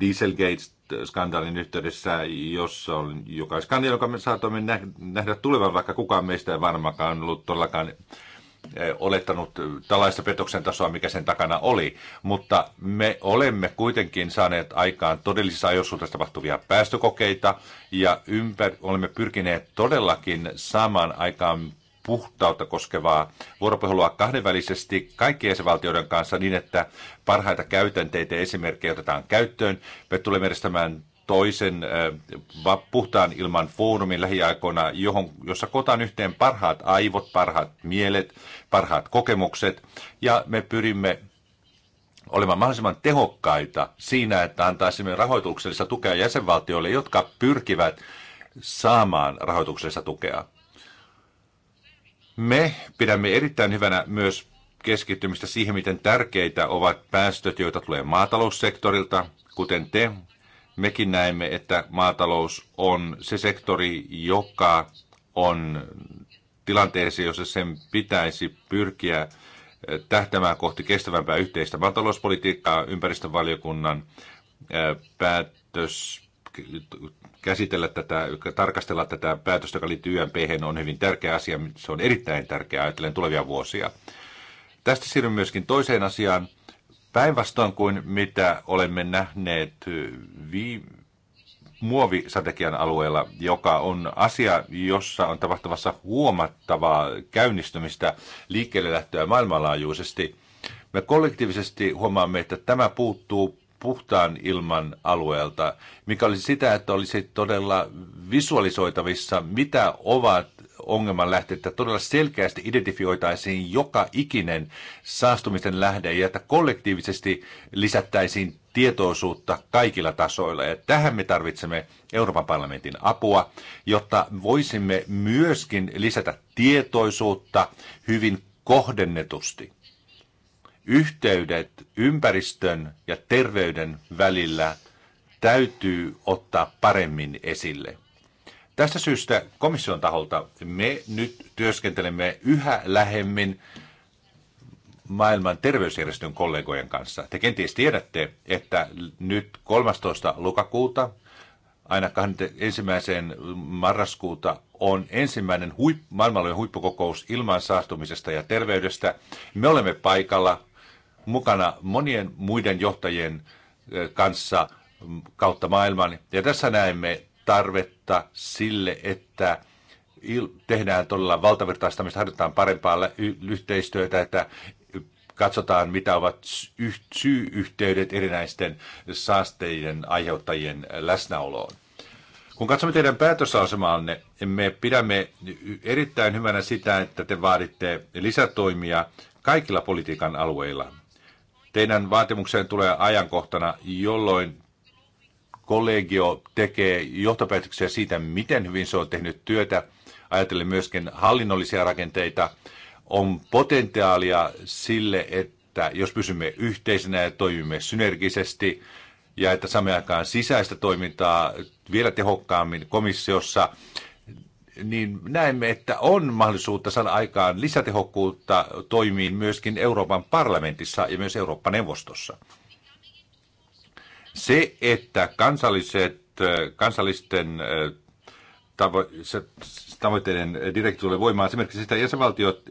Dieselgate-skandaalin yhteydessä, jossa on joka skandaali, joka me saatamme nähdä tulevan, vaikka kukaan meistä ei varmaankaan ollut todellakaan äh, olettanut tällaista petoksen tasoa, mikä sen takana oli, mutta me olemme kuitenkin saaneet aikaan todellisissa ajoissuhteissa tapahtuvia päästökokeita ja ympär- olemme pyrkineet todellakin saamaan aikaan puhtautta koskevaa vuoropuhelua kahdenvälisesti kaikkien jäsenvaltioiden kanssa niin, että parhaita käytänteitä ja esimerkkejä otetaan käyttöön. Me tulemme järjestämään toisen puhtaan ilman foorumin lähiaikoina, johon, jossa kotaan yhteen parhaat aivot, parhaat mielet, parhaat kokemukset ja me pyrimme olemaan mahdollisimman tehokkaita siinä, että antaisimme rahoituksellista tukea jäsenvaltioille, jotka pyrkivät saamaan rahoituksellista tukea. Me pidämme erittäin hyvänä myös keskittymistä siihen, miten tärkeitä ovat päästöt, joita tulee maataloussektorilta, kuten te. Mekin näemme, että maatalous on se sektori, joka on tilanteessa, jossa sen pitäisi pyrkiä eh, tähtämään kohti kestävämpää yhteistä maatalouspolitiikkaa. Ympäristövaliokunnan eh, päätös käsitellä tätä, tarkastella tätä päätöstä, joka liittyy YMP, on hyvin tärkeä asia. Se on erittäin tärkeä ajatellen tulevia vuosia. Tästä siirryn myöskin toiseen asiaan. Päinvastoin kuin mitä olemme nähneet vi- alueella, joka on asia, jossa on tapahtuvassa huomattavaa käynnistymistä liikkeelle lähtöä maailmanlaajuisesti. Me kollektiivisesti huomaamme, että tämä puuttuu puhtaan ilman alueelta, mikä olisi sitä, että olisi todella visualisoitavissa, mitä ovat ongelman lähteet, että todella selkeästi identifioitaisiin joka ikinen saastumisen lähde ja että kollektiivisesti lisättäisiin tietoisuutta kaikilla tasoilla. Ja tähän me tarvitsemme Euroopan parlamentin apua, jotta voisimme myöskin lisätä tietoisuutta hyvin kohdennetusti yhteydet ympäristön ja terveyden välillä täytyy ottaa paremmin esille. Tästä syystä komission taholta me nyt työskentelemme yhä lähemmin maailman terveysjärjestön kollegojen kanssa. Te kenties tiedätte, että nyt 13. lokakuuta aina ensimmäiseen marraskuuta on ensimmäinen huip, maailmanlaajuinen huippukokous ilman saastumisesta ja terveydestä. Me olemme paikalla mukana monien muiden johtajien kanssa kautta maailman. Ja tässä näemme tarvetta sille, että tehdään todella valtavirtaistamista, harjoitetaan parempaa yhteistyötä, että katsotaan, mitä ovat syy-yhteydet erinäisten saasteiden aiheuttajien läsnäoloon. Kun katsomme teidän päätösasemaanne, me pidämme erittäin hyvänä sitä, että te vaaditte lisätoimia kaikilla politiikan alueilla. Teidän vaatimukseen tulee ajankohtana, jolloin kollegio tekee johtopäätöksiä siitä, miten hyvin se on tehnyt työtä. Ajatellen myöskin hallinnollisia rakenteita. On potentiaalia sille, että jos pysymme yhteisenä ja toimimme synergisesti, ja että samaan aikaan sisäistä toimintaa vielä tehokkaammin komissiossa – niin näemme, että on mahdollisuutta saada aikaan lisätehokkuutta toimiin myöskin Euroopan parlamentissa ja myös Eurooppa-neuvostossa. Se, että kansalliset, kansallisten eh, tavo- tavoitteiden direktiivi tulee voimaan, esimerkiksi sitä jäsenvaltiot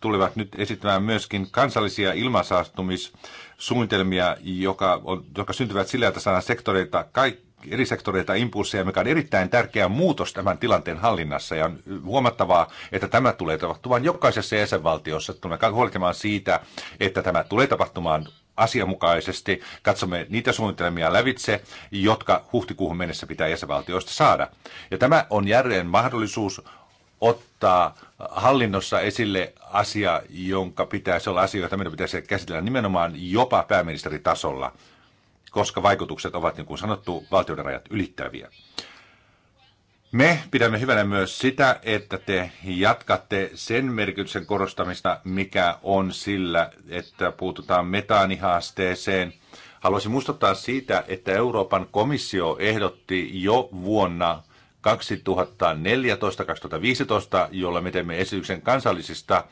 tulevat nyt esittämään myöskin kansallisia ilmansaastumissuunnitelmia, joka on, jotka syntyvät sillä, että saadaan sektoreita kaikki eri sektoreita impulsseja, mikä on erittäin tärkeä muutos tämän tilanteen hallinnassa. Ja on huomattavaa, että tämä tulee tapahtumaan jokaisessa jäsenvaltiossa. Tulemme huolehtimaan siitä, että tämä tulee tapahtumaan asianmukaisesti. Katsomme niitä suunnitelmia lävitse, jotka huhtikuuhun mennessä pitää jäsenvaltioista saada. Ja tämä on järjen mahdollisuus ottaa hallinnossa esille asia, jonka pitäisi olla asia, jota meidän pitäisi käsitellä nimenomaan jopa pääministeritasolla – koska vaikutukset ovat, niin kuin sanottu, valtioiden rajat ylittäviä. Me pidämme hyvänä myös sitä, että te jatkatte sen merkityksen korostamista, mikä on sillä, että puututaan metaanihaasteeseen. Haluaisin muistuttaa siitä, että Euroopan komissio ehdotti jo vuonna 2014-2015, jolla me teemme esityksen kansallisista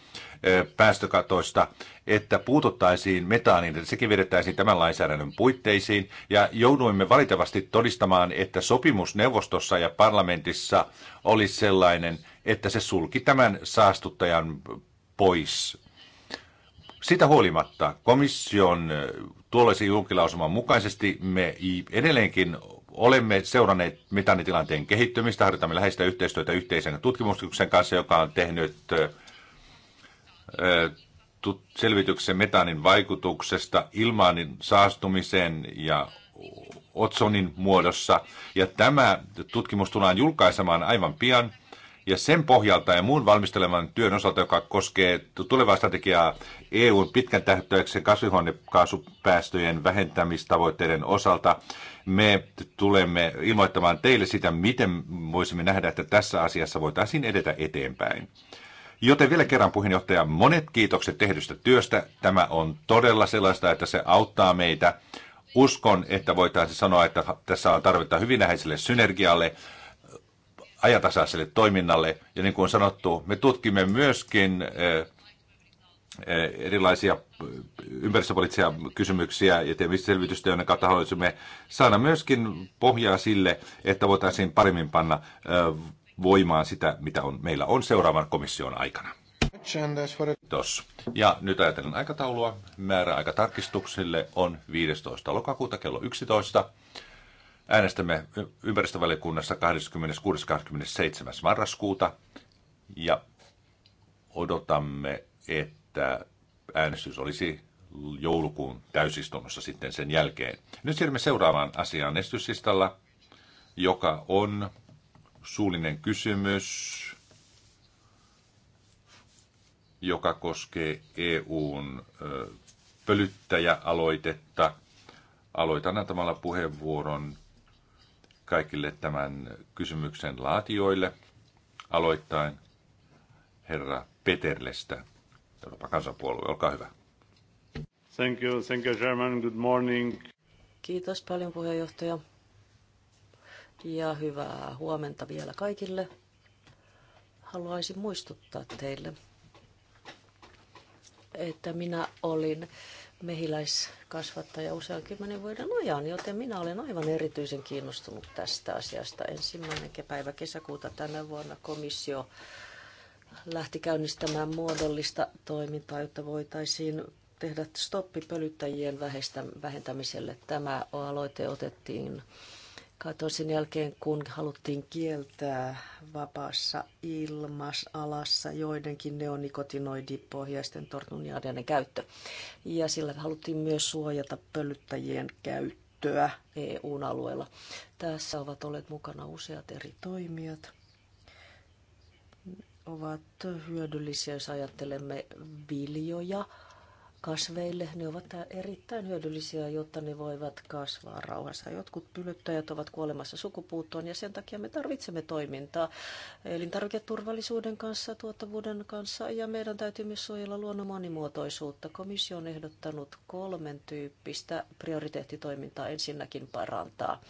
päästökatoista, että puututtaisiin metaaniin, että sekin vedettäisiin tämän lainsäädännön puitteisiin. Ja jouduimme valitettavasti todistamaan, että sopimus neuvostossa ja parlamentissa oli sellainen, että se sulki tämän saastuttajan pois. Sitä huolimatta komission tuollaisen julkilausuman mukaisesti me edelleenkin olemme seuranneet metaanitilanteen kehittymistä, harjoitamme läheistä yhteistyötä yhteisen tutkimuksen kanssa, joka on tehnyt selvityksen metaanin vaikutuksesta ilmaanin saastumiseen ja otsonin muodossa. Ja tämä tutkimus tullaan julkaisemaan aivan pian. Ja sen pohjalta ja muun valmisteleman työn osalta, joka koskee tulevaa strategiaa EUn pitkän tähtäyksen kasvihuonekaasupäästöjen vähentämistavoitteiden osalta, me tulemme ilmoittamaan teille sitä, miten voisimme nähdä, että tässä asiassa voitaisiin edetä eteenpäin. Joten vielä kerran puheenjohtaja, monet kiitokset tehdystä työstä. Tämä on todella sellaista, että se auttaa meitä. Uskon, että voitaisiin sanoa, että tässä on tarvetta hyvin läheiselle synergialle, ajatasaiselle toiminnalle. Ja niin kuin on sanottu, me tutkimme myöskin eh, eh, erilaisia ympäristöpoliittisia kysymyksiä ja teemme selvitystä, jonne kautta haluaisimme saada myöskin pohjaa sille, että voitaisiin paremmin panna eh, voimaan sitä, mitä on, meillä on seuraavan komission aikana. Kiitos. Ja nyt ajatellen aikataulua. Määräaika tarkistuksille on 15. lokakuuta kello 11. Äänestämme ympäristövaliokunnassa 26.–27. marraskuuta ja odotamme, että äänestys olisi joulukuun täysistunnossa sitten sen jälkeen. Nyt siirrymme seuraavaan asiaan esityslistalla, joka on suullinen kysymys, joka koskee EUn pölyttäjäaloitetta. Aloitan antamalla puheenvuoron kaikille tämän kysymyksen laatijoille, aloittain herra Peterlestä, Euroopan kansanpuolue. Olkaa hyvä. Thank you, thank you, Chairman. Good morning. Kiitos paljon puheenjohtaja ja hyvää huomenta vielä kaikille. Haluaisin muistuttaa teille, että minä olin mehiläiskasvattaja usean kymmenen vuoden ajan, joten minä olen aivan erityisen kiinnostunut tästä asiasta. Ensimmäinen päivä kesäkuuta tänä vuonna komissio lähti käynnistämään muodollista toimintaa, jotta voitaisiin tehdä stoppi pölyttäjien vähentämiselle. Tämä aloite otettiin Katosin jälkeen, kun haluttiin kieltää vapaassa ilmasalassa joidenkin neonikotinoidipohjaisten tortuniaiden käyttö. Ja sillä haluttiin myös suojata pölyttäjien käyttöä eu alueella. Tässä ovat olleet mukana useat eri toimijat ovat hyödyllisiä, jos ajattelemme viljoja, kasveille. Ne ovat erittäin hyödyllisiä, jotta ne voivat kasvaa rauhassa. Jotkut pyllyttäjät ovat kuolemassa sukupuuttoon ja sen takia me tarvitsemme toimintaa elintarviketurvallisuuden kanssa, tuottavuuden kanssa ja meidän täytyy myös suojella luonnon monimuotoisuutta. Komissio on ehdottanut kolmen tyyppistä prioriteettitoimintaa ensinnäkin parantaa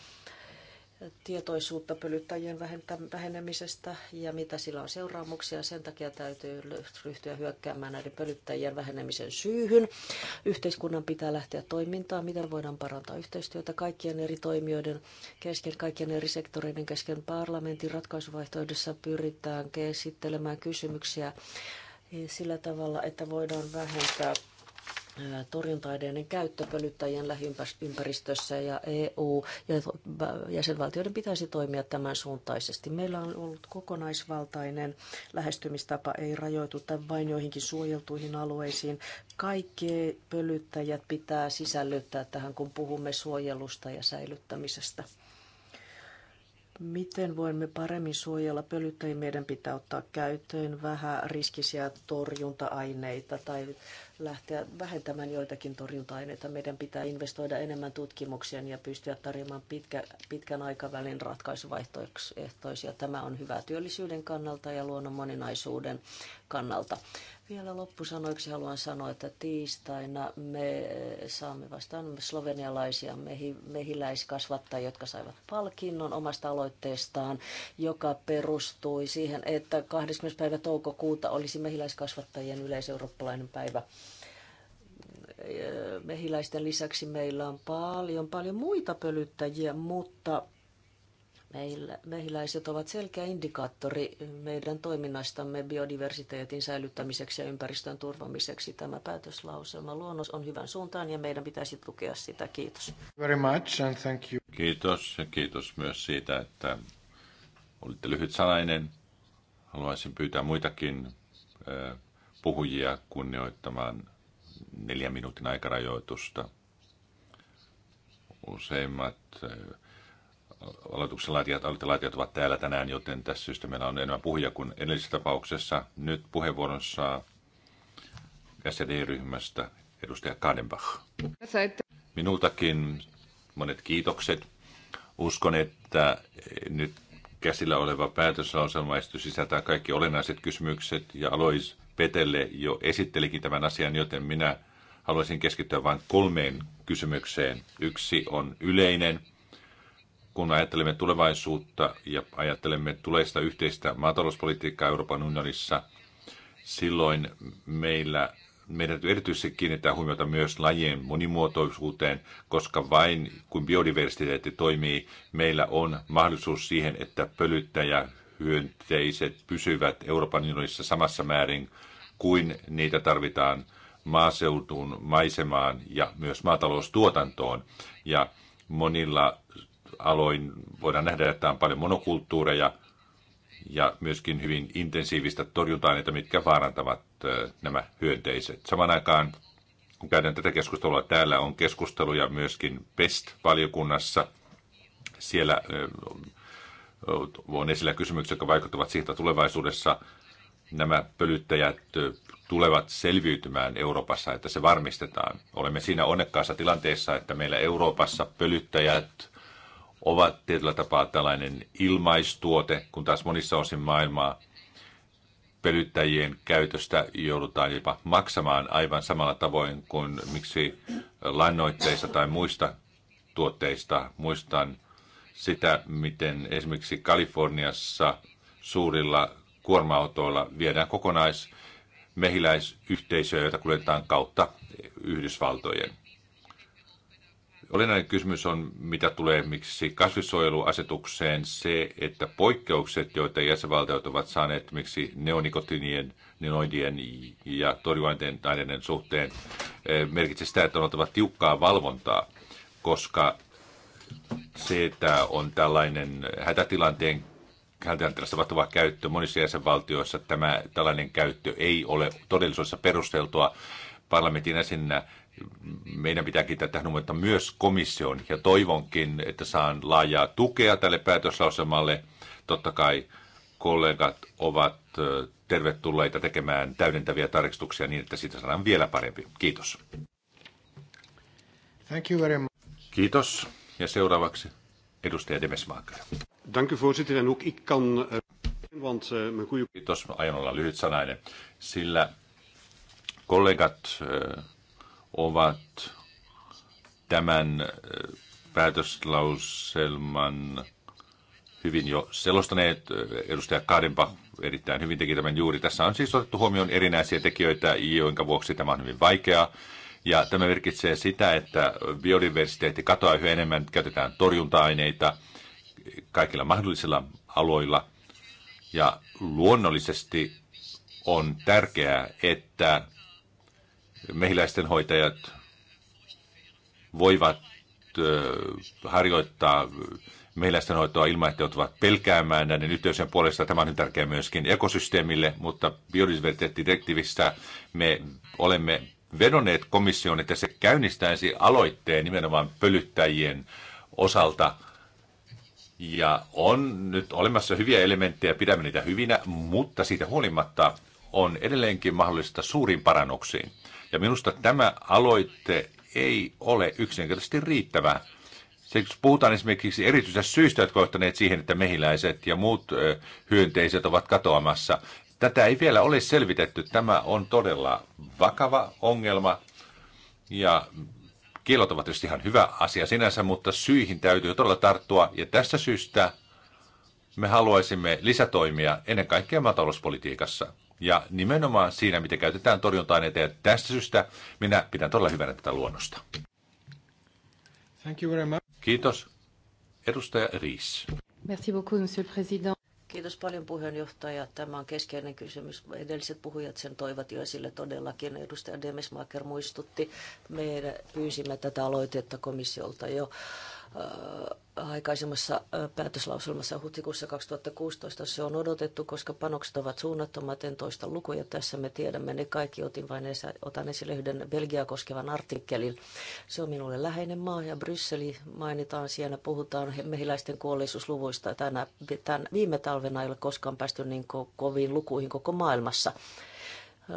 tietoisuutta pölyttäjien vähenemisestä ja mitä sillä on seuraamuksia. Sen takia täytyy ryhtyä hyökkäämään näiden pölyttäjien vähenemisen syyhyn. Yhteiskunnan pitää lähteä toimintaan, miten voidaan parantaa yhteistyötä kaikkien eri toimijoiden kesken, kaikkien eri sektoreiden kesken. Parlamentin ratkaisuvaihtoehdossa pyritään käsittelemään kysymyksiä sillä tavalla, että voidaan vähentää torjunta-aineiden käyttö pölyttäjien lähiympäristössä ja EU ja jäsenvaltioiden pitäisi toimia tämän suuntaisesti. Meillä on ollut kokonaisvaltainen lähestymistapa, ei rajoitu tämän vain joihinkin suojeltuihin alueisiin. Kaikki pölyttäjät pitää sisällyttää tähän, kun puhumme suojelusta ja säilyttämisestä. Miten voimme paremmin suojella pölyttäjiä? Meidän pitää ottaa käyttöön vähän riskisiä torjunta-aineita tai lähteä vähentämään joitakin torjunta-aineita. Meidän pitää investoida enemmän tutkimukseen ja pystyä tarjoamaan pitkä, pitkän aikavälin ratkaisuvaihtoehtoisia. Tämä on hyvä työllisyyden kannalta ja luonnon moninaisuuden kannalta. Vielä loppusanoiksi haluan sanoa, että tiistaina me saamme vastaan slovenialaisia mehi, mehiläiskasvattajia, jotka saivat palkinnon omasta aloitteestaan, joka perustui siihen, että 20. päivä toukokuuta olisi mehiläiskasvattajien yleiseurooppalainen päivä mehiläisten lisäksi meillä on paljon, paljon muita pölyttäjiä, mutta Meillä, mehiläiset ovat selkeä indikaattori meidän toiminnastamme biodiversiteetin säilyttämiseksi ja ympäristön turvamiseksi. Tämä päätöslauselma luonnos on hyvän suuntaan ja meidän pitäisi tukea sitä. Kiitos. Very much and thank you. Kiitos ja kiitos myös siitä, että olitte lyhyt sanainen. Haluaisin pyytää muitakin puhujia kunnioittamaan neljän minuutin aikarajoitusta. Useimmat aloituksen laatijat, aloitelaatijat ovat täällä tänään, joten tässä syystä meillä on enemmän puhuja kuin edellisessä tapauksessa. Nyt puheenvuoron saa sd ryhmästä edustaja Kadenbach. Minultakin monet kiitokset. Uskon, että nyt käsillä oleva päätöslauselma sisältää kaikki olennaiset kysymykset ja Alois Petelle jo esittelikin tämän asian, joten minä haluaisin keskittyä vain kolmeen kysymykseen. Yksi on yleinen – kun ajattelemme tulevaisuutta ja ajattelemme tuleista yhteistä maatalouspolitiikkaa Euroopan unionissa, silloin meillä meidän täytyy erityisesti kiinnittää huomiota myös lajien monimuotoisuuteen, koska vain kun biodiversiteetti toimii, meillä on mahdollisuus siihen, että pölyttäjähyönteiset pysyvät Euroopan unionissa samassa määrin kuin niitä tarvitaan maaseutuun, maisemaan ja myös maataloustuotantoon. Ja monilla aloin voidaan nähdä, että on paljon monokulttuureja ja myöskin hyvin intensiivistä torjunta-aineita, mitkä vaarantavat nämä hyönteiset. Saman aikaan, kun käydään tätä keskustelua, täällä on keskusteluja myöskin PEST-valiokunnassa. Siellä on esillä kysymyksiä, jotka vaikuttavat siitä tulevaisuudessa nämä pölyttäjät tulevat selviytymään Euroopassa, että se varmistetaan. Olemme siinä onnekkaassa tilanteessa, että meillä Euroopassa pölyttäjät ovat tietyllä tapaa tällainen ilmaistuote, kun taas monissa osin maailmaa pölyttäjien käytöstä joudutaan jopa maksamaan aivan samalla tavoin kuin miksi lannoitteista tai muista tuotteista. Muistan sitä, miten esimerkiksi Kaliforniassa suurilla kuorma-autoilla viedään kokonaismehiläisyhteisöjä, joita kuljetaan kautta Yhdysvaltojen. Olennainen kysymys on, mitä tulee miksi kasvissuojeluasetukseen, se, että poikkeukset, joita jäsenvaltiot ovat saaneet, miksi neonikotinien, neonoidien ja aineiden suhteen, eh, merkitsee sitä, että on oltava tiukkaa valvontaa, koska se, että on tällainen hätätilanteen hätätilanteessa tapahtuva käyttö monissa jäsenvaltioissa, tämä tällainen käyttö ei ole todellisuudessa perusteltua. Parlamentin esinnä meidän pitää kiittää tähän huomiota myös komission ja toivonkin, että saan laajaa tukea tälle päätöslausemalle. Totta kai kollegat ovat tervetulleita tekemään täydentäviä tarkistuksia niin, että siitä saadaan vielä parempi. Kiitos. Thank you very much. Kiitos. Ja seuraavaksi edustaja Demesmaaker. Dank u voorzitter. En ook ik kan... Eh, want, eh, Kiitos. Aion olla lyhyt sanainen, sillä kollegat eh, ovat tämän äh, päätöslauselman hyvin jo selostaneet. Edustaja Kadenpa erittäin hyvin teki tämän juuri. Tässä on siis otettu huomioon erinäisiä tekijöitä, joiden vuoksi tämä on hyvin vaikeaa. Ja tämä merkitsee sitä, että biodiversiteetti katoaa yhä enemmän, käytetään torjunta-aineita kaikilla mahdollisilla aloilla. Ja luonnollisesti on tärkeää, että mehiläisten hoitajat voivat harjoittaa mehiläisten hoitoa ilman, että joutuvat pelkäämään näiden yhteisöjen puolesta. Tämä on tärkeää myöskin ekosysteemille, mutta biodiversiteettidirektiivistä me olemme vedonneet komission, että se käynnistäisi aloitteen nimenomaan pölyttäjien osalta. Ja on nyt olemassa hyviä elementtejä, pidämme niitä hyvinä, mutta siitä huolimatta on edelleenkin mahdollista suuriin parannuksiin. Ja minusta tämä aloitte ei ole yksinkertaisesti riittävä. Siksi puhutaan esimerkiksi erityisistä syistä, jotka ovat siihen, että mehiläiset ja muut hyönteiset ovat katoamassa. Tätä ei vielä ole selvitetty. Tämä on todella vakava ongelma ja kielot ovat tietysti ihan hyvä asia sinänsä, mutta syihin täytyy todella tarttua ja tästä syystä me haluaisimme lisätoimia ennen kaikkea maatalouspolitiikassa ja nimenomaan siinä, miten käytetään torjunta-aineita. Ja tästä syystä minä pidän todella hyvänä tätä luonnosta. Thank you very much. Kiitos. Edustaja Riis. Merci beaucoup, monsieur président. Kiitos paljon puheenjohtaja. Tämä on keskeinen kysymys. Edelliset puhujat sen toivat jo esille todellakin. Edustaja Demesmaker muistutti. Me pyysimme tätä aloitetta komissiolta jo Äh, aikaisemmassa äh, päätöslauselmassa huhtikuussa 2016. Se on odotettu, koska panokset ovat suunnattomat. En toista lukuja tässä, me tiedämme ne kaikki. Otin vain esä, otan esille yhden Belgiaa koskevan artikkelin. Se on minulle läheinen maa ja Brysseli mainitaan siellä. Puhutaan mehiläisten kuolleisuusluvuista. Tänä, tämän, viime talvena ei ole koskaan päästy niin ko- koviin lukuihin koko maailmassa.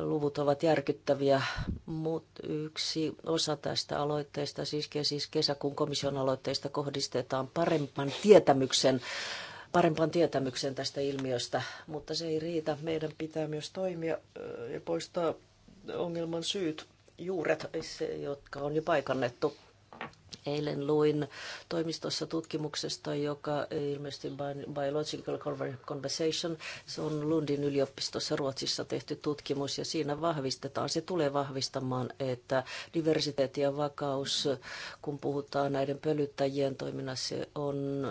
Luvut ovat järkyttäviä, mutta yksi osa tästä aloitteesta, siis, siis kesäkuun komission aloitteista, kohdistetaan parempaan tietämyksen parempaan tietämykseen tästä ilmiöstä, mutta se ei riitä. Meidän pitää myös toimia ja poistaa ongelman syyt, juuret, se, jotka on jo paikannettu. Eilen luin toimistossa tutkimuksesta, joka ilmestyi Biological Conversation. Se on Lundin yliopistossa Ruotsissa tehty tutkimus ja siinä vahvistetaan, se tulee vahvistamaan, että diversiteetti ja vakaus, kun puhutaan näiden pölyttäjien toiminnassa, se on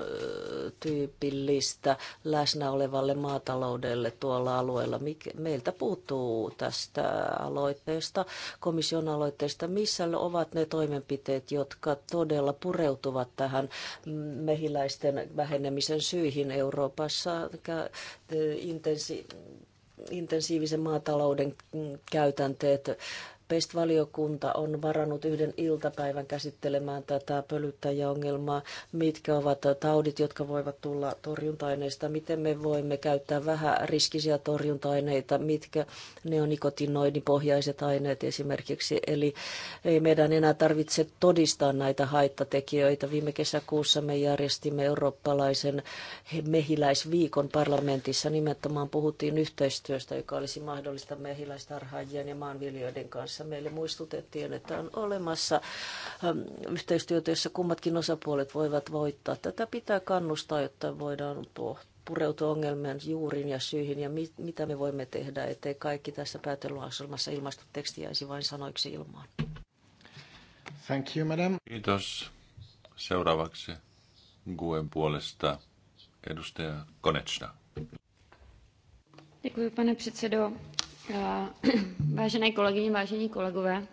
tyypillistä läsnä olevalle maataloudelle tuolla alueella. Meiltä puuttuu tästä aloitteesta, komission aloitteesta, missä ovat ne toimenpiteet, jotka to todella pureutuvat tähän mehiläisten vähenemisen syihin Euroopassa eh, intensi, intensiivisen maatalouden mm, käytänteet PEST-valiokunta on varannut yhden iltapäivän käsittelemään tätä pölyttäjäongelmaa, mitkä ovat taudit, jotka voivat tulla torjunta-aineista, miten me voimme käyttää vähän riskisiä torjunta-aineita, mitkä neonikotinoidipohjaiset aineet esimerkiksi. Eli ei meidän enää tarvitse todistaa näitä haittatekijöitä. Viime kesäkuussa me järjestimme eurooppalaisen mehiläisviikon parlamentissa. Nimenomaan puhuttiin yhteistyöstä, joka olisi mahdollista mehiläistarhaajien ja maanviljelijöiden kanssa jossa meille muistutettiin, että on olemassa ähm, yhteistyötä, jossa kummatkin osapuolet voivat voittaa. Tätä pitää kannustaa, jotta voidaan pohtia pureutua ongelmien juurin ja syihin ja mit, mitä me voimme tehdä, ettei kaikki tässä päätelmäasemassa ilmastoteksti jäisi vain sanoiksi ilmaan. Thank you, madam. Kiitos. Seuraavaksi Guen puolesta edustaja Konechna. Děkuji, pane předsedo. [CLEARS THROAT] Vážené kolegyně, vážení kolegové.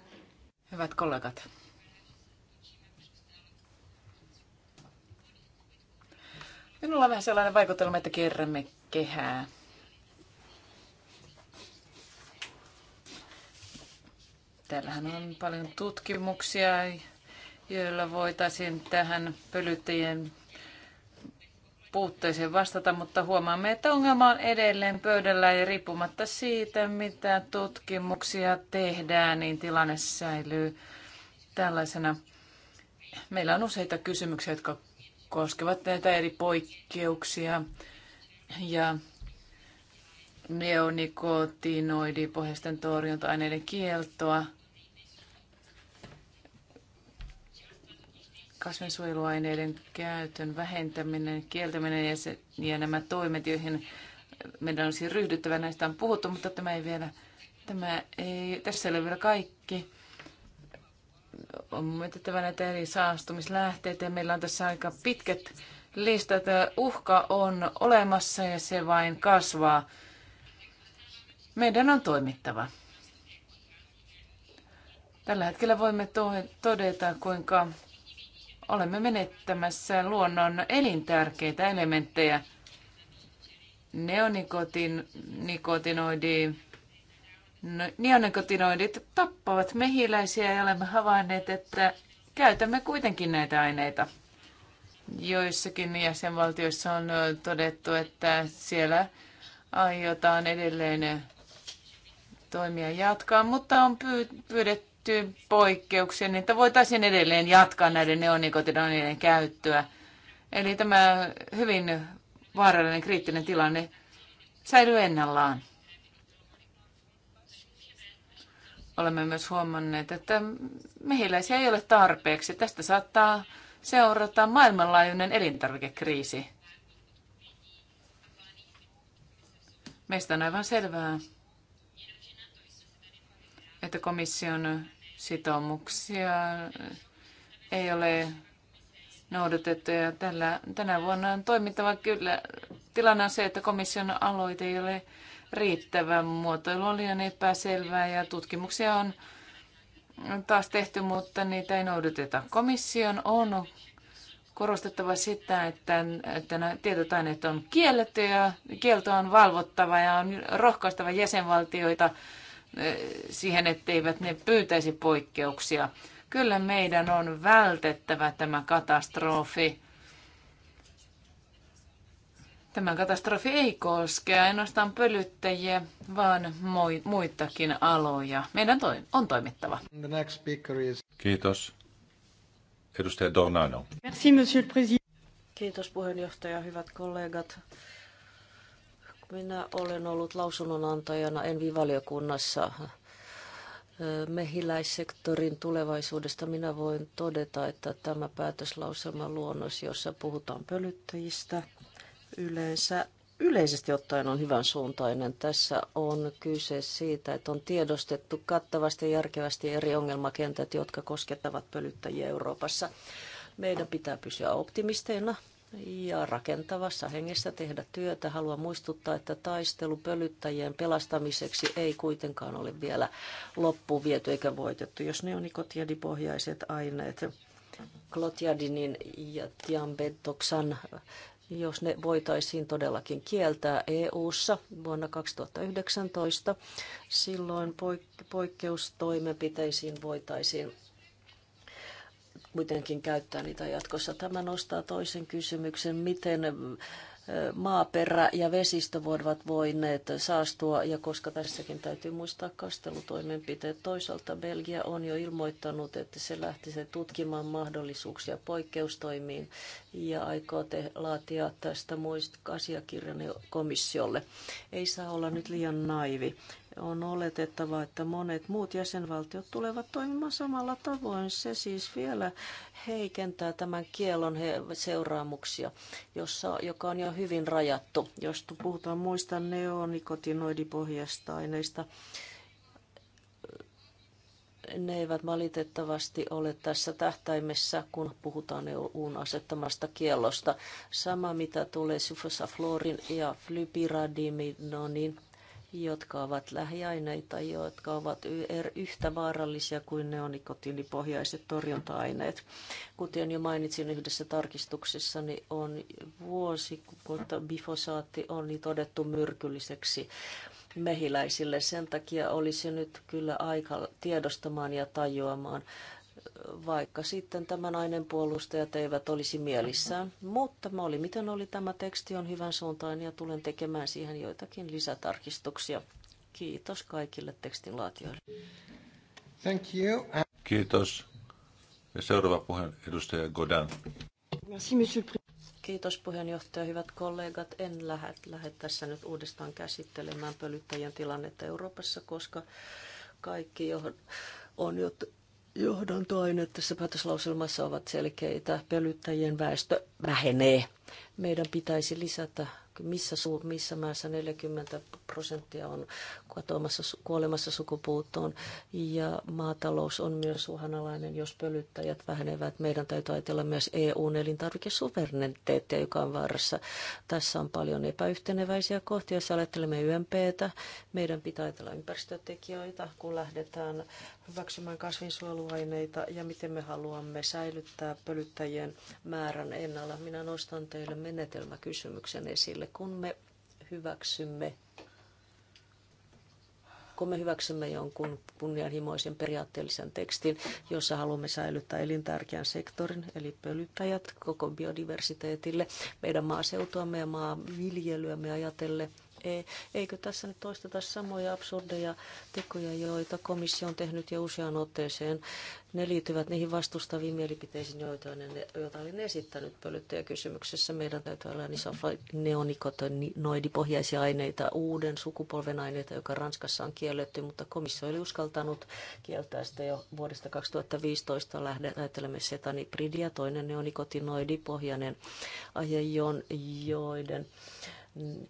Hyvät kollegat. Minulla on vähän sellainen vaikutelma, että kierrämme kehää. Täällähän on paljon tutkimuksia, joilla voitaisiin tähän pölyttäjien puutteeseen vastata, mutta huomaamme, että ongelma on edelleen pöydällä ja riippumatta siitä, mitä tutkimuksia tehdään, niin tilanne säilyy tällaisena. Meillä on useita kysymyksiä, jotka koskevat näitä eri poikkeuksia ja neonikotinoidipohjaisten torjunta-aineiden kieltoa – kasvinsuojeluaineiden käytön vähentäminen, kieltäminen ja, se, ja nämä toimet, joihin meidän olisi ryhdyttävä, näistä on puhuttu, mutta tämä ei vielä, tämä ei, tässä ei ole vielä kaikki. On mietittävä näitä eri saastumislähteitä ja meillä on tässä aika pitkät listat. Uhka on olemassa ja se vain kasvaa. Meidän on toimittava. Tällä hetkellä voimme to- todeta, kuinka olemme menettämässä luonnon elintärkeitä elementtejä. Neonikotin, nikotinoidi, no, neonikotinoidit tappavat mehiläisiä ja olemme havainneet, että käytämme kuitenkin näitä aineita. Joissakin jäsenvaltioissa on todettu, että siellä aiotaan edelleen toimia jatkaa, mutta on pyydetty tehty poikkeuksia, niin että voitaisiin edelleen jatkaa näiden neonikotinoidien käyttöä. Eli tämä hyvin vaarallinen kriittinen tilanne säilyy ennallaan. Olemme myös huomanneet, että mehiläisiä ei ole tarpeeksi. Tästä saattaa seurata maailmanlaajuinen elintarvikekriisi. Meistä on aivan selvää, että komission sitoumuksia ei ole noudatettu. Ja tällä, tänä vuonna on toimittava kyllä. Tilanne on se, että komission aloite ei ole riittävä. Muotoilu on niin liian epäselvää ja tutkimuksia on taas tehty, mutta niitä ei noudateta. Komission on korostettava sitä, että, että nämä tietyt aineet on kielletty ja kielto on valvottava ja on rohkaistava jäsenvaltioita siihen, etteivät ne pyytäisi poikkeuksia. Kyllä meidän on vältettävä tämä katastrofi. Tämä katastrofi ei koske ainoastaan pölyttäjiä, vaan muitakin aloja. Meidän toi, on toimittava. The next speaker is... Kiitos. Edustaja Donano. Merci, monsieur le président. Kiitos puheenjohtaja, hyvät kollegat. Minä olen ollut lausunnonantajana Envi-valiokunnassa mehiläissektorin tulevaisuudesta. Minä voin todeta, että tämä päätöslauselma luonnos, jossa puhutaan pölyttäjistä, yleensä yleisesti ottaen on hyvän suuntainen. Tässä on kyse siitä, että on tiedostettu kattavasti ja järkevästi eri ongelmakentät, jotka koskettavat pölyttäjiä Euroopassa. Meidän pitää pysyä optimisteina ja rakentavassa hengessä tehdä työtä. Haluan muistuttaa, että taistelu pölyttäjien pelastamiseksi ei kuitenkaan ole vielä loppuun viety eikä voitettu. Jos nikotiadipohjaiset aineet, klotiadinin ja tiambetoksan jos ne voitaisiin todellakin kieltää EU-ssa vuonna 2019, silloin poik- poikkeustoimenpiteisiin voitaisiin kuitenkin käyttää niitä jatkossa. Tämä nostaa toisen kysymyksen, miten maaperä ja vesistö voivat voineet saastua, ja koska tässäkin täytyy muistaa kastelutoimenpiteet. Toisaalta Belgia on jo ilmoittanut, että se se tutkimaan mahdollisuuksia poikkeustoimiin ja aikoo te laatia tästä muist asiakirjan komissiolle. Ei saa olla nyt liian naivi on oletettava, että monet muut jäsenvaltiot tulevat toimimaan samalla tavoin. Se siis vielä heikentää tämän kielon seuraamuksia, jossa, joka on jo hyvin rajattu. Jos puhutaan muista neonikotinoidipohjasta aineista, ne eivät valitettavasti ole tässä tähtäimessä, kun puhutaan EUn asettamasta kiellosta. Sama mitä tulee sufosaflorin ja flypiradiminonin jotka ovat lähiaineita, jotka ovat er-, yhtä vaarallisia kuin ne on torjunta-aineet. Kuten jo mainitsin yhdessä tarkistuksessa, niin on vuosi, kun bifosaatti on niin todettu myrkylliseksi mehiläisille. Sen takia olisi nyt kyllä aika tiedostamaan ja tajuamaan vaikka sitten tämän aineen puolustajat eivät olisi mielissään. Mutta mä oli, miten oli, tämä teksti on hyvän suuntaan ja tulen tekemään siihen joitakin lisätarkistuksia. Kiitos kaikille tekstin laatijoille. Thank you. Kiitos. Ja seuraava puheen edustaja Godin. Merci, monsieur Kiitos puheenjohtaja. Hyvät kollegat, en lähde, lähde tässä nyt uudestaan käsittelemään pölyttäjien tilannetta Euroopassa, koska kaikki on jo johdantoaineet tässä päätöslauselmassa ovat selkeitä. Pölyttäjien väestö vähenee. Meidän pitäisi lisätä, missä, su, missä määrässä 40 prosenttia on katoamassa, kuolemassa sukupuuttoon. Ja maatalous on myös uhanalainen, jos pölyttäjät vähenevät. Meidän täytyy ajatella myös EUn elintarvikesuvereniteettia, joka on vaarassa. Tässä on paljon epäyhteneväisiä kohtia, jos ajattelemme YMPtä. Meidän pitää ajatella ympäristötekijöitä, kun lähdetään hyväksymään kasvinsuojeluaineita ja miten me haluamme säilyttää pölyttäjien määrän ennalla. Minä nostan teille menetelmäkysymyksen esille. Kun me hyväksymme kun me hyväksymme jonkun kunnianhimoisen periaatteellisen tekstin, jossa haluamme säilyttää elintärkeän sektorin, eli pölyttäjät koko biodiversiteetille, meidän maaseutuamme ja maanviljelyämme ajatelle, ei. Eikö tässä nyt toisteta samoja absurdeja tekoja, joita komissio on tehnyt jo useaan otteeseen? Ne liittyvät niihin vastustaviin mielipiteisiin, joita, ne, joita olin esittänyt pölyttäjäkysymyksessä. Meidän täytyy olla niin neonikotinoidipohjaisia aineita, uuden sukupolven aineita, joka Ranskassa on kielletty, mutta komissio oli uskaltanut kieltää sitä jo vuodesta 2015 lähden. Ajattelemme setanipridia, toinen neonikotinoidipohjainen aihe, joiden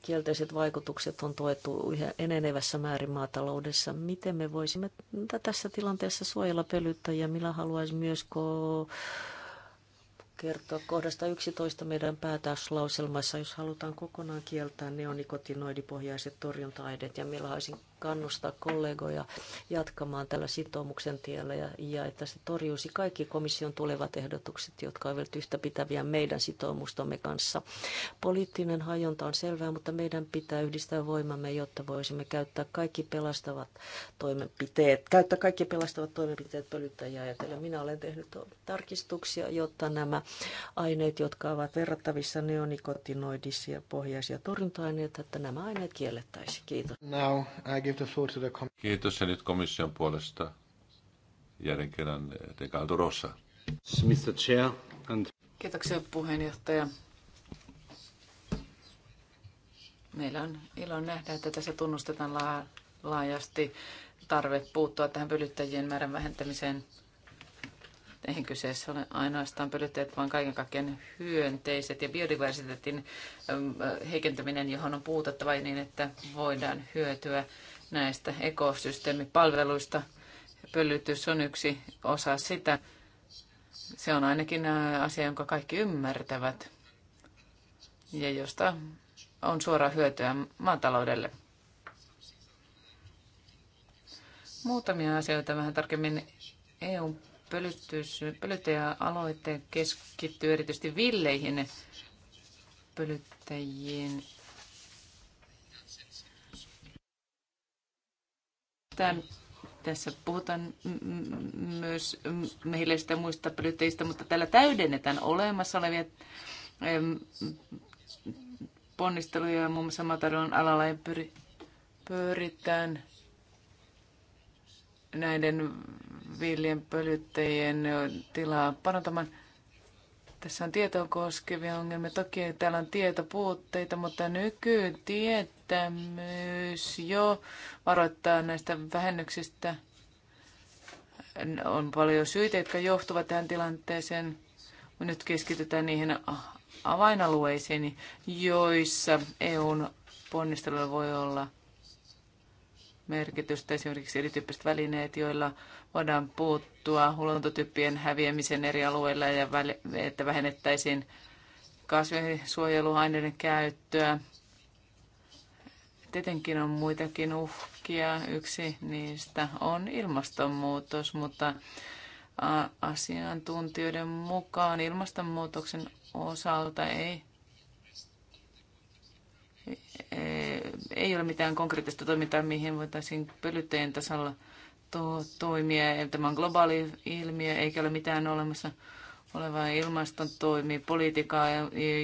kielteiset vaikutukset on tuettu yhä enenevässä määrin maataloudessa. Miten me voisimme tässä tilanteessa suojella pölyttäjiä? Millä haluaisin myös ko- kertoa kohdasta 11 meidän päätäyslauselmassa, jos halutaan kokonaan kieltää neonikotinoidipohjaiset torjunta-aineet. Ja minä haluaisin kannustaa kollegoja jatkamaan tällä sitoumuksen tiellä ja, ja että se torjuisi kaikki komission tulevat ehdotukset, jotka ovat yhtä pitäviä meidän sitoumustamme kanssa. Poliittinen hajonta on selvää, mutta meidän pitää yhdistää voimamme, jotta voisimme käyttää kaikki pelastavat toimenpiteet, käyttää kaikki pelastavat toimenpiteet pölyttäjiä ajatellen. Minä olen tehnyt tarkistuksia, jotta nämä aineet, jotka ovat verrattavissa neonikotinoidisia pohjaisia torjunta-aineita, että nämä aineet kiellettäisiin. Kiitos. Now, I Kiitos ja nyt komission puolesta jälleen kerran Dekaldo eh, Rossa. Mr. Chair Kiitoksia puheenjohtaja. Meillä on ilo nähdä, että tässä tunnustetaan la- laajasti tarve puuttua tähän pölyttäjien määrän vähentämiseen. Eihän kyseessä ole ainoastaan pölyttäjät, vaan kaiken kaikkiaan hyönteiset ja biodiversiteetin heikentäminen, johon on puututtava niin, että voidaan hyötyä näistä ekosysteemipalveluista. Pölytys on yksi osa sitä. Se on ainakin asia, jonka kaikki ymmärtävät ja josta on suoraa hyötyä maataloudelle. Muutamia asioita vähän tarkemmin. EUn pölyttäjäaloite keskittyy erityisesti villeihin pölyttäjiin tästä. Tässä puhutaan myös mehiläisistä muista pölyttäjistä, mutta täällä täydennetään olemassa olevia ponnisteluja muun muassa maatalouden alalla ja pyri, pyritään näiden viljen pölyttäjien tilaa parantamaan. Tässä on tietoa koskevia ongelmia. Toki täällä on tietopuutteita, mutta nykytiet yrittämyys jo varoittaa näistä vähennyksistä. On paljon syitä, jotka johtuvat tähän tilanteeseen. Nyt keskitytään niihin avainalueisiin, joissa EUn ponnisteluilla voi olla merkitystä. Esimerkiksi erityyppiset välineet, joilla voidaan puuttua luontotyyppien häviämisen eri alueilla ja että vähennettäisiin kasvinsuojeluaineiden käyttöä Tietenkin on muitakin uhkia. Yksi niistä on ilmastonmuutos, mutta asiantuntijoiden mukaan ilmastonmuutoksen osalta ei, e, ei ole mitään konkreettista toimintaa, mihin voitaisiin pölyttäjien tasolla to- toimia. Tämä on globaali ilmiö, eikä ole mitään olemassa olevaa ilmastontoimipolitiikkaa,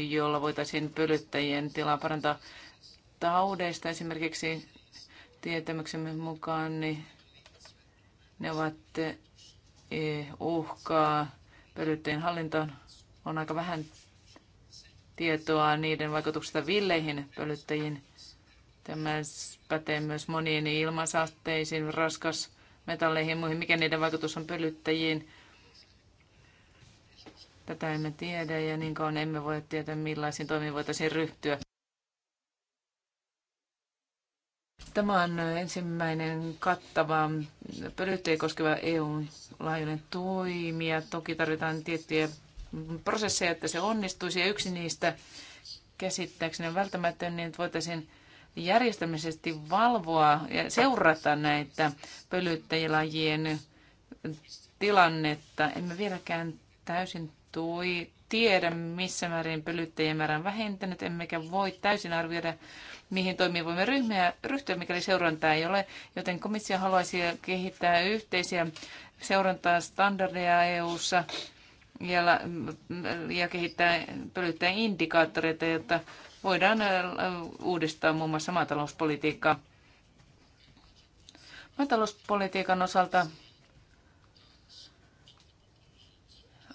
jolla voitaisiin pölyttäjien tilaa parantaa taudeista esimerkiksi tietämyksemme mukaan, niin ne ovat e, uhkaa pölytteen hallintoon. On aika vähän tietoa niiden vaikutuksesta villeihin pölyttäjiin. Tämä pätee myös moniin ilmansaatteisiin, raskas metalleihin ja muihin. Mikä niiden vaikutus on pölyttäjiin? Tätä emme tiedä ja niin kauan emme voi tietää, millaisiin toimiin voitaisiin ryhtyä. Tämä on ensimmäinen kattava pölyttäjä koskeva EU-laajuinen toimi ja toki tarvitaan tiettyjä prosesseja, että se onnistuisi ja yksi niistä käsittääkseni on välttämätön, niin että voitaisiin järjestelmisesti valvoa ja seurata näitä pölyttäjälajien tilannetta. Emme vieläkään täysin tiedä, missä määrin pölyttäjien määrä on vähentänyt, emmekä voi täysin arvioida, mihin toimiin voimme ryhmiä, ryhtyä, mikäli seurantaa ei ole. Joten komissio haluaisi kehittää yhteisiä seurantaa standardeja EU-ssa ja, ja kehittää pölyttäjien indikaattoreita, jotta voidaan uudistaa muun muassa maatalouspolitiikkaa. Maatalouspolitiikan osalta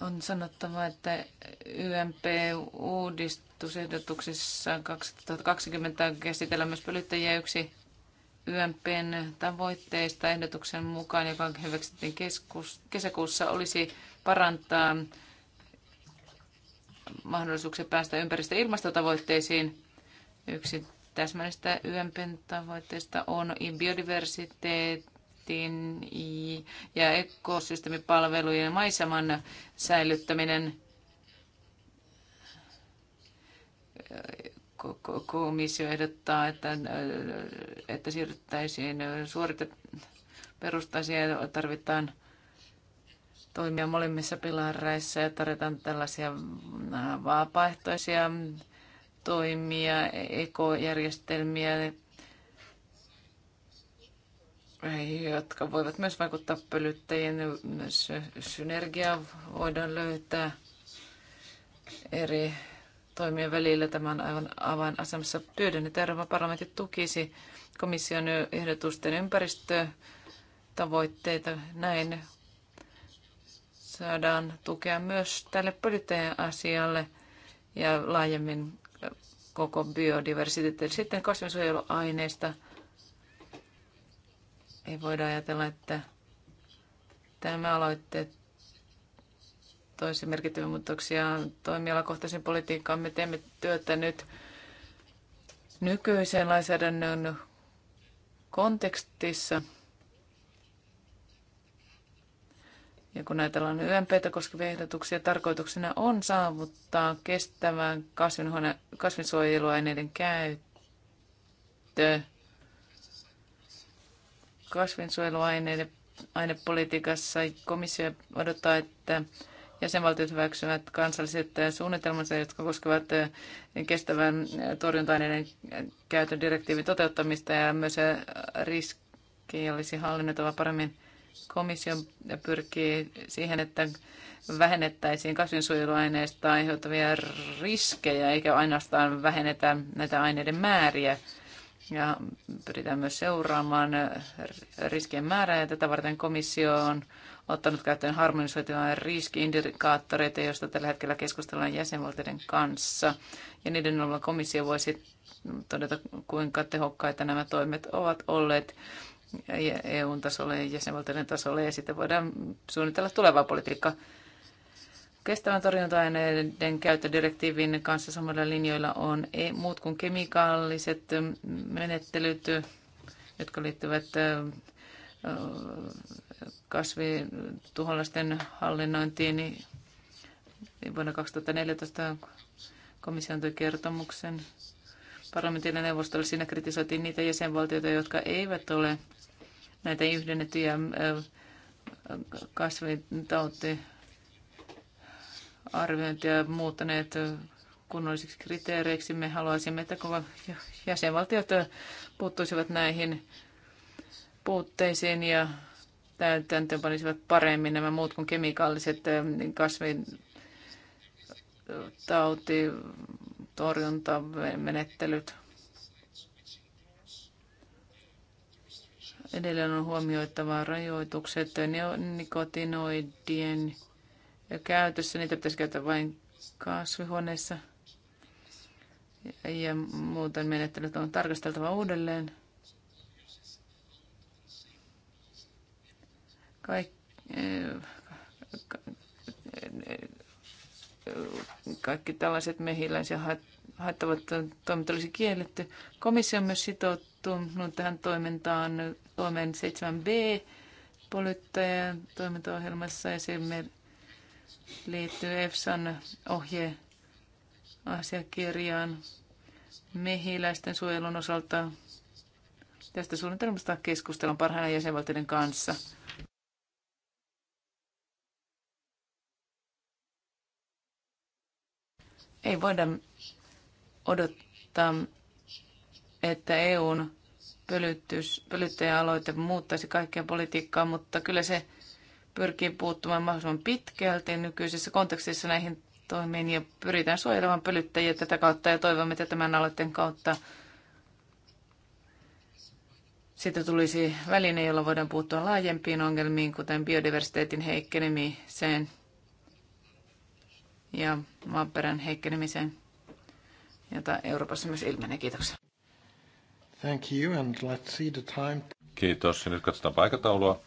On sanottava, että YMP-uudistusehdotuksessa 2020 käsitellään myös pölyttäjiä yksi YMPn tavoitteista ehdotuksen mukaan, joka hyväksyttiin kesäkuussa, olisi parantaa mahdollisuuksia päästä ympäristö- ja ilmastotavoitteisiin. Yksi täsmällistä YMPn tavoitteista on biodiversiteetti pakettiin ja ekosysteemipalvelujen maiseman säilyttäminen komissio ehdottaa, että, että siirryttäisiin perustaisia ja tarvitaan toimia molemmissa pilareissa ja tarvitaan tällaisia äh, vapaaehtoisia toimia, ekojärjestelmiä, jotka voivat myös vaikuttaa pölyttäjien. Myös synergia voidaan löytää eri toimien välillä. Tämä on aivan avainasemassa. Pyydän, että Euroopan parlamentti tukisi komission ehdotusten ympäristötavoitteita. Näin saadaan tukea myös tälle pölyttäjän asialle ja laajemmin koko biodiversiteetille. Sitten kasvinsuojeluaineista. aineista ei voida ajatella, että tämä aloitte toisi merkittäviä muutoksia toimialakohtaisen politiikkaan. Me teemme työtä nyt nykyisen lainsäädännön kontekstissa. Ja kun ajatellaan YMPtä koskevia ehdotuksia, tarkoituksena on saavuttaa kestävän kasvinsuojeluaineiden käyttö kasvinsuojeluaineiden ainepolitiikassa komissio odottaa, että jäsenvaltiot hyväksyvät kansalliset suunnitelmansa, jotka koskevat kestävän torjunta-aineiden käytön direktiivin toteuttamista ja myös riski olisi hallinnettava paremmin. Komissio pyrkii siihen, että vähennettäisiin kasvinsuojeluaineista aiheutuvia riskejä, eikä ainoastaan vähennetä näitä aineiden määriä ja pyritään myös seuraamaan riskien määrää ja tätä varten komissio on ottanut käyttöön harmonisoituja riskiindikaattoreita, joista tällä hetkellä keskustellaan jäsenvaltioiden kanssa. Ja niiden olla komissio voisi todeta, kuinka tehokkaita nämä toimet ovat olleet EUn e tasolle ja jäsenvaltioiden tasolle, ja sitten voidaan suunnitella tulevaa politiikkaa. Kestävän torjunta-aineiden käyttödirektiivin kanssa samalla linjoilla on e- muut kuin kemikaaliset menettelyt, jotka liittyvät kasvituholaisten hallinnointiin. Niin vuonna 2014 komissio antoi kertomuksen parlamentille neuvostolle. Siinä kritisoitiin niitä jäsenvaltioita, jotka eivät ole näitä yhdennettyjä kasvitauti arviointia muuttaneet kunnollisiksi kriteereiksi. Me haluaisimme, että kun jäsenvaltiot puuttuisivat näihin puutteisiin ja täytäntöön panisivat paremmin nämä muut kuin kemikaaliset äh, niin kasvitautitorjuntamenettelyt. Edelleen on huomioitava rajoitukset nikotinoidien niin käytössä. Niitä pitäisi käyttää vain kasvihuoneissa. Ja muuten menettelyt on tarkasteltava uudelleen. Kaik, kaikki tällaiset mehiläisiä haittavat toimet olisi kielletty. Komissio on myös sitoutunut tähän toimintaan toimen 7b polyttajan toimintaohjelmassa ja se liittyy EFSAn ohje asiakirjaan mehiläisten suojelun osalta. Tästä suunnitelmasta keskustellaan parhaillaan jäsenvaltioiden kanssa. Ei voida odottaa, että EUn pölyttäjäaloite muuttaisi kaikkea politiikkaa, mutta kyllä se pyrkii puuttumaan mahdollisimman pitkälti nykyisessä kontekstissa näihin toimiin ja pyritään suojelemaan pölyttäjiä tätä kautta ja toivomme, että tämän aloitteen kautta siitä tulisi väline, jolla voidaan puuttua laajempiin ongelmiin, kuten biodiversiteetin heikkenemiseen ja maaperän heikkenemiseen, jota Euroopassa myös ilmenee. Kiitoksia. Thank you and let's see the time. Kiitos. Ja nyt katsotaan paikataulua.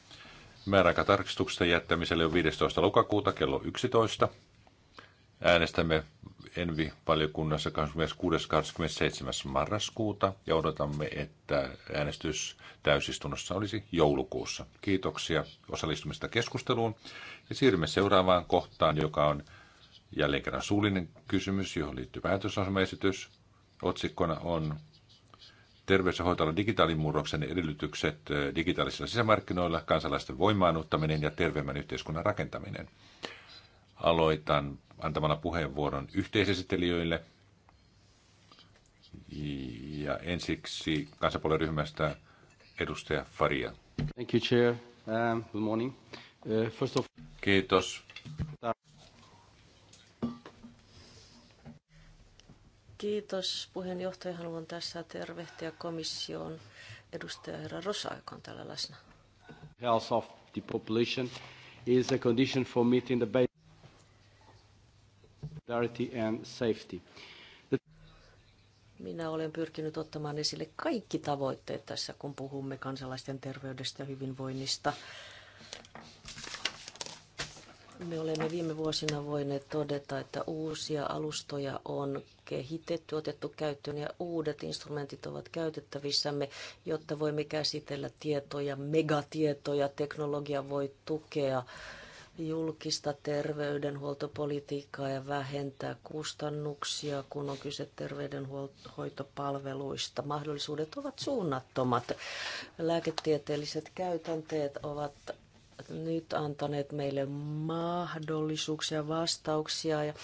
Määräaikatarkistuksesta jättämiselle on 15. lokakuuta kello 11. Äänestämme Envi-valiokunnassa 26.–27. marraskuuta ja odotamme, että äänestys täysistunnossa olisi joulukuussa. Kiitoksia osallistumista keskusteluun ja siirrymme seuraavaan kohtaan, joka on jälleen kerran suullinen kysymys, johon liittyy päätösasemaesitys. Otsikkona on terveys- ja hoitoalan digitaalimurroksen edellytykset digitaalisilla sisämarkkinoilla, kansalaisten voimaanuttaminen ja terveemmän yhteiskunnan rakentaminen. Aloitan antamalla puheenvuoron yhteisesittelijöille. Ja ensiksi kansanpuolen ryhmästä edustaja Faria. Thank you, Chair. Um, good morning. Uh, first of... Kiitos. Kiitos puheenjohtaja. Haluan tässä tervehtiä komission edustaja herra Rosa, joka on täällä läsnä. Health of the population is a condition for meeting the basic solidarity and safety. Minä olen pyrkinyt ottamaan esille kaikki tavoitteet tässä, kun puhumme kansalaisten terveydestä ja hyvinvoinnista me olemme viime vuosina voineet todeta, että uusia alustoja on kehitetty, otettu käyttöön ja uudet instrumentit ovat käytettävissämme, jotta voimme käsitellä tietoja, megatietoja. Teknologia voi tukea julkista terveydenhuoltopolitiikkaa ja vähentää kustannuksia, kun on kyse terveydenhoitopalveluista. Mahdollisuudet ovat suunnattomat. Lääketieteelliset käytänteet ovat nyt antaneet meille mahdollisuuksia, vastauksia ja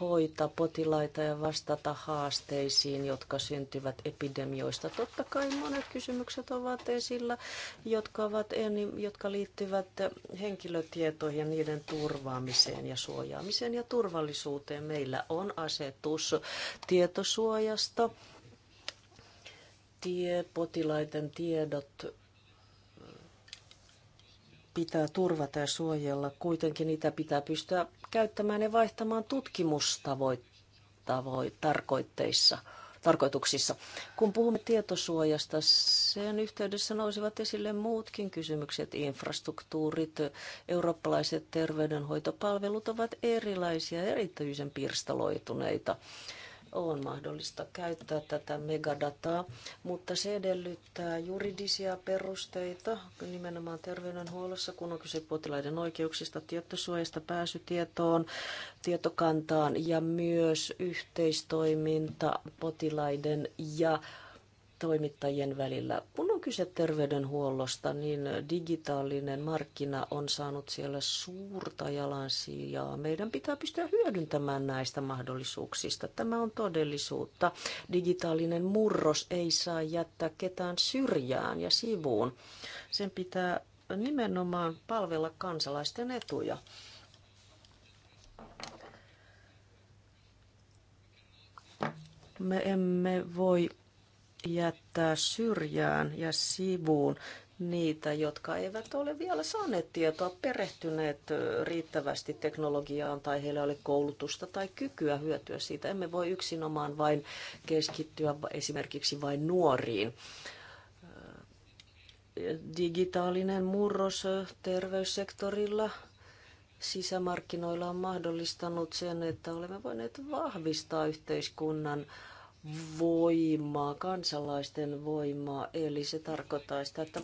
hoitaa potilaita ja vastata haasteisiin, jotka syntyvät epidemioista. Totta kai monet kysymykset ovat esillä, jotka, ovat, jotka liittyvät henkilötietoihin ja niiden turvaamiseen ja suojaamiseen ja turvallisuuteen. Meillä on asetus tietosuojasta tie, potilaiden tiedot pitää turvata ja suojella. Kuitenkin niitä pitää pystyä käyttämään ja vaihtamaan tutkimustavoitteissa tarkoituksissa. Kun puhumme tietosuojasta, sen yhteydessä nousivat esille muutkin kysymykset. Infrastruktuurit, eurooppalaiset terveydenhoitopalvelut ovat erilaisia, erityisen pirstaloituneita on mahdollista käyttää tätä megadataa, mutta se edellyttää juridisia perusteita nimenomaan terveydenhuollossa, kun on kyse potilaiden oikeuksista, tietosuojasta, pääsytietoon, tietokantaan ja myös yhteistoiminta potilaiden ja toimittajien välillä. Kun on kyse terveydenhuollosta, niin digitaalinen markkina on saanut siellä suurta jalansijaa. Meidän pitää pystyä hyödyntämään näistä mahdollisuuksista. Tämä on todellisuutta. Digitaalinen murros ei saa jättää ketään syrjään ja sivuun. Sen pitää nimenomaan palvella kansalaisten etuja. Me emme voi jättää syrjään ja sivuun niitä, jotka eivät ole vielä saaneet tietoa, perehtyneet riittävästi teknologiaan tai heillä oli koulutusta tai kykyä hyötyä siitä. Emme voi yksinomaan vain keskittyä esimerkiksi vain nuoriin. Digitaalinen murros terveyssektorilla sisämarkkinoilla on mahdollistanut sen, että olemme voineet vahvistaa yhteiskunnan äh, voimaa, kansalaisten voimaa, eli se tarkoittaa sitä, että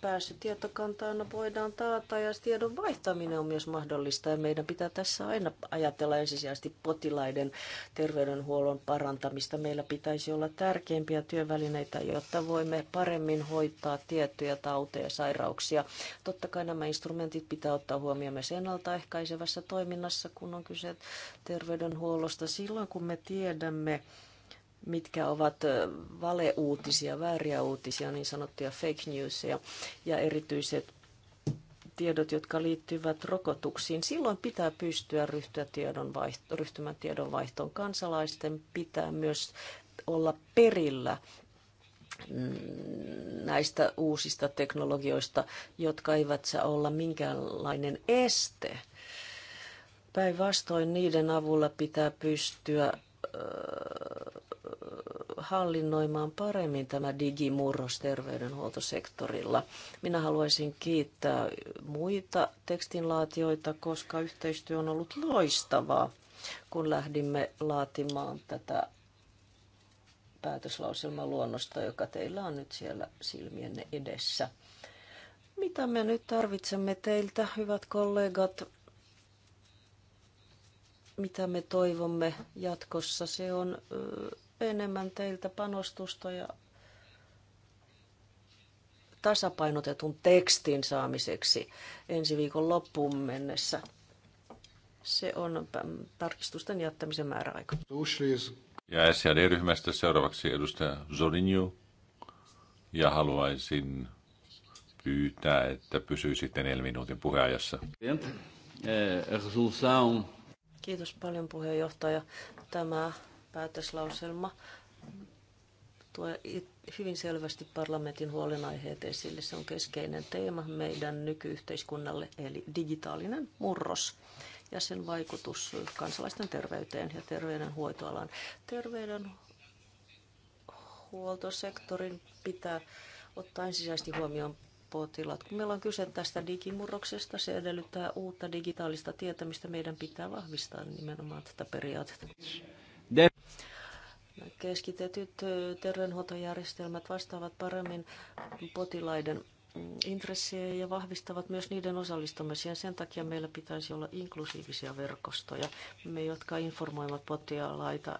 pääsy tietokantaan voidaan taata ja tiedon vaihtaminen on myös mahdollista ja meidän pitää tässä aina ajatella ensisijaisesti potilaiden terveydenhuollon parantamista. Meillä pitäisi olla tärkeimpiä työvälineitä, jotta voimme paremmin hoitaa tiettyjä tauteja ja sairauksia. Totta kai nämä instrumentit pitää ottaa huomioon myös ennaltaehkäisevässä toiminnassa, kun on kyse terveydenhuollosta silloin, kun me tiedämme, mitkä ovat valeuutisia, vääriä uutisia, niin sanottuja fake newsia ja erityiset tiedot, jotka liittyvät rokotuksiin. Silloin pitää pystyä ryhtyä tiedonvaihto, ryhtymään tiedonvaihtoon. Kansalaisten pitää myös olla perillä mm, näistä uusista teknologioista, jotka eivät saa olla minkäänlainen este. Päinvastoin niiden avulla pitää pystyä hallinnoimaan paremmin tämä digimurros terveydenhuoltosektorilla. Minä haluaisin kiittää muita tekstinlaatioita, koska yhteistyö on ollut loistavaa, kun lähdimme laatimaan tätä päätöslauselma-luonnosta, joka teillä on nyt siellä silmienne edessä. Mitä me nyt tarvitsemme teiltä, hyvät kollegat? Mitä me toivomme jatkossa? Se on enemmän teiltä panostusta ja tasapainotetun tekstin saamiseksi ensi viikon loppuun mennessä. Se on tarkistusten jättämisen määräaika. Ja SJD-ryhmästä seuraavaksi edustaja Zorinju. Ja haluaisin pyytää, että pysyy sitten neljän minuutin puheajassa. Kiitos paljon puheenjohtaja. Tämä päätöslauselma tuo hyvin selvästi parlamentin huolenaiheet esille. Se on keskeinen teema meidän nykyyhteiskunnalle, eli digitaalinen murros ja sen vaikutus kansalaisten terveyteen ja terveydenhuoltoalan Terveydenhuoltosektorin pitää ottaa ensisijaisesti huomioon potilaat. Kun meillä on kyse tästä digimurroksesta, se edellyttää uutta digitaalista tietämistä Meidän pitää vahvistaa nimenomaan tätä periaatetta. Keskitetyt terveydenhuoltojärjestelmät vastaavat paremmin potilaiden mm, intressejä ja vahvistavat myös niiden osallistumisia. Sen takia meillä pitäisi olla inklusiivisia verkostoja, me jotka informoivat potilaita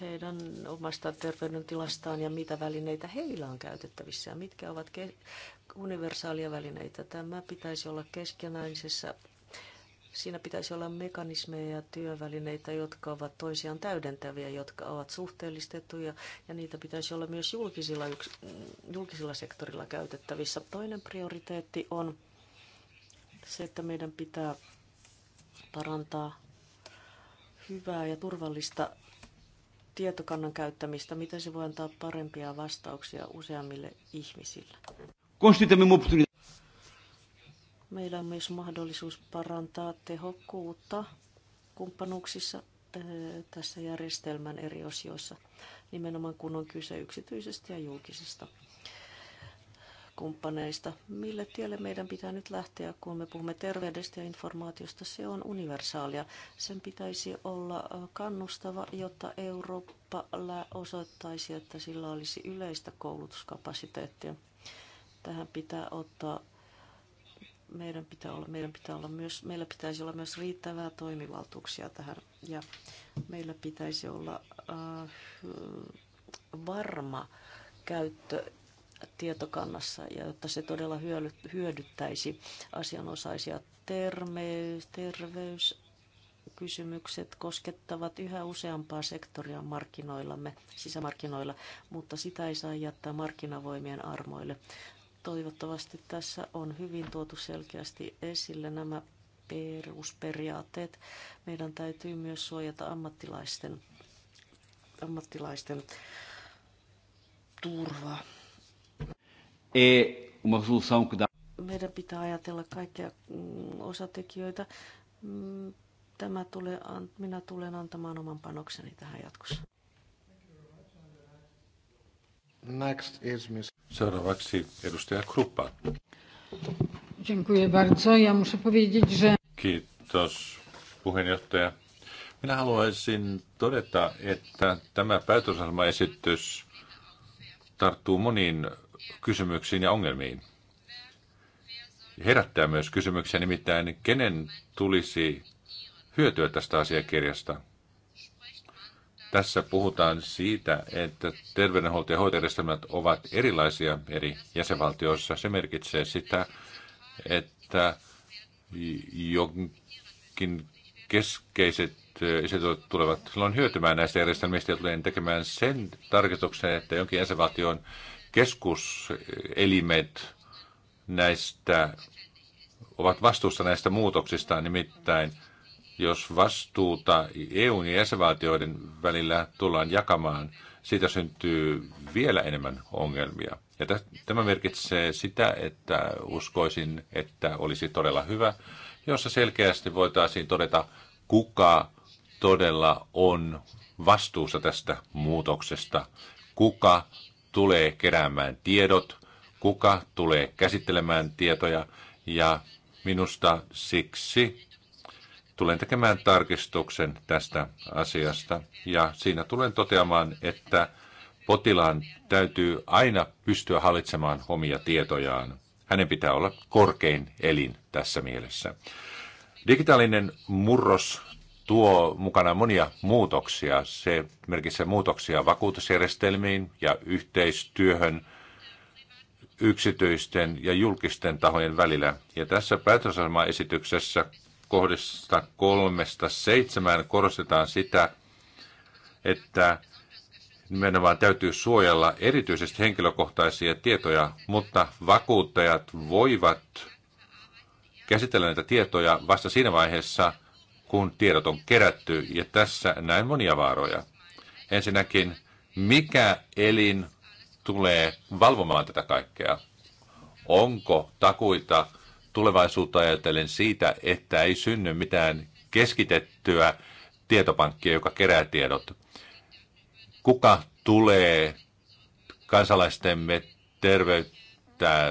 heidän omasta terveydentilastaan ja mitä välineitä heillä on käytettävissä ja mitkä ovat universaalia välineitä. Tämä pitäisi olla keskenäisessä Siinä pitäisi olla mekanismeja ja työvälineitä, jotka ovat toisiaan täydentäviä, jotka ovat suhteellistettuja, ja niitä pitäisi olla myös julkisilla, julkisilla sektorilla käytettävissä. Toinen prioriteetti on se, että meidän pitää parantaa hyvää ja turvallista tietokannan käyttämistä, miten se voi antaa parempia vastauksia useammille ihmisille. Meillä on myös mahdollisuus parantaa tehokkuutta kumppanuuksissa eh, tässä järjestelmän eri osioissa, nimenomaan kun on kyse yksityisestä ja julkisesta kumppaneista. Mille tielle meidän pitää nyt lähteä, kun me puhumme terveydestä ja informaatiosta? Se on universaalia. Sen pitäisi olla eh, kannustava, jotta Eurooppa osoittaisi, että sillä olisi yleistä koulutuskapasiteettia. Tähän pitää ottaa meidän pitää olla, meidän pitää olla myös, meillä pitäisi olla myös riittävää toimivaltuuksia tähän ja meillä pitäisi olla äh, varma käyttö tietokannassa, ja jotta se todella hyödyttäisi asianosaisia terveys, kysymykset koskettavat yhä useampaa sektoria markkinoillamme, sisämarkkinoilla, mutta sitä ei saa jättää markkinavoimien armoille. Toivottavasti tässä on hyvin tuotu selkeästi esille nämä perusperiaatteet. Meidän täytyy myös suojata ammattilaisten, ammattilaisten turvaa. Meidän pitää ajatella kaikkia mm, osatekijöitä. Mm, tämä tulee, minä tulen antamaan oman panokseni tähän jatkossa. Next is Ms. Seuraavaksi edustaja Kruppa. Dziękuję bardzo. Ja muszę powiedzieć, że... Kiitos puheenjohtaja. Minä haluaisin todeta, että tämä päätösasemaesitys tarttuu moniin kysymyksiin ja ongelmiin. Herättää myös kysymyksiä, nimittäin kenen tulisi hyötyä tästä asiakirjasta – tässä puhutaan siitä, että terveydenhuolto- ja hoitojärjestelmät ovat erilaisia eri jäsenvaltioissa. Se merkitsee sitä, että jonkin keskeiset esityöt tulevat silloin hyötymään näistä järjestelmistä ja tulee tekemään sen tarkoituksen, että jonkin jäsenvaltion keskuselimet näistä ovat vastuussa näistä muutoksista, nimittäin – jos vastuuta EUn ja jäsenvaltioiden välillä tullaan jakamaan, siitä syntyy vielä enemmän ongelmia. Ja tämä merkitsee sitä, että uskoisin, että olisi todella hyvä, jossa selkeästi voitaisiin todeta, kuka todella on vastuussa tästä muutoksesta, kuka tulee keräämään tiedot, kuka tulee käsittelemään tietoja, ja minusta siksi Tulen tekemään tarkistuksen tästä asiasta ja siinä tulen toteamaan, että potilaan täytyy aina pystyä hallitsemaan omia tietojaan. Hänen pitää olla korkein elin tässä mielessä. Digitaalinen murros tuo mukana monia muutoksia. Se merkitsee muutoksia vakuutusjärjestelmiin ja yhteistyöhön yksityisten ja julkisten tahojen välillä. Ja tässä päätösasemaesityksessä kohdista kolmesta seitsemään korostetaan sitä, että nimenomaan täytyy suojella erityisesti henkilökohtaisia tietoja, mutta vakuuttajat voivat käsitellä näitä tietoja vasta siinä vaiheessa, kun tiedot on kerätty, ja tässä näin monia vaaroja. Ensinnäkin, mikä elin tulee valvomaan tätä kaikkea? Onko takuita tulevaisuutta ajatellen siitä, että ei synny mitään keskitettyä tietopankkia, joka kerää tiedot. Kuka tulee kansalaistemme terveyttä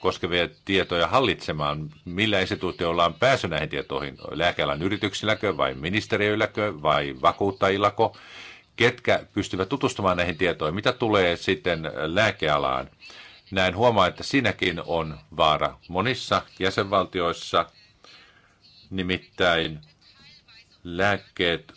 koskevia tietoja hallitsemaan? Millä instituutioilla on pääsy näihin tietoihin? Lääkealan yrityksilläkö vai ministeriöilläkö vai vakuuttajillako? Ketkä pystyvät tutustumaan näihin tietoihin? Mitä tulee sitten lääkealaan? näin huomaa, että siinäkin on vaara monissa jäsenvaltioissa. Nimittäin lääkkeet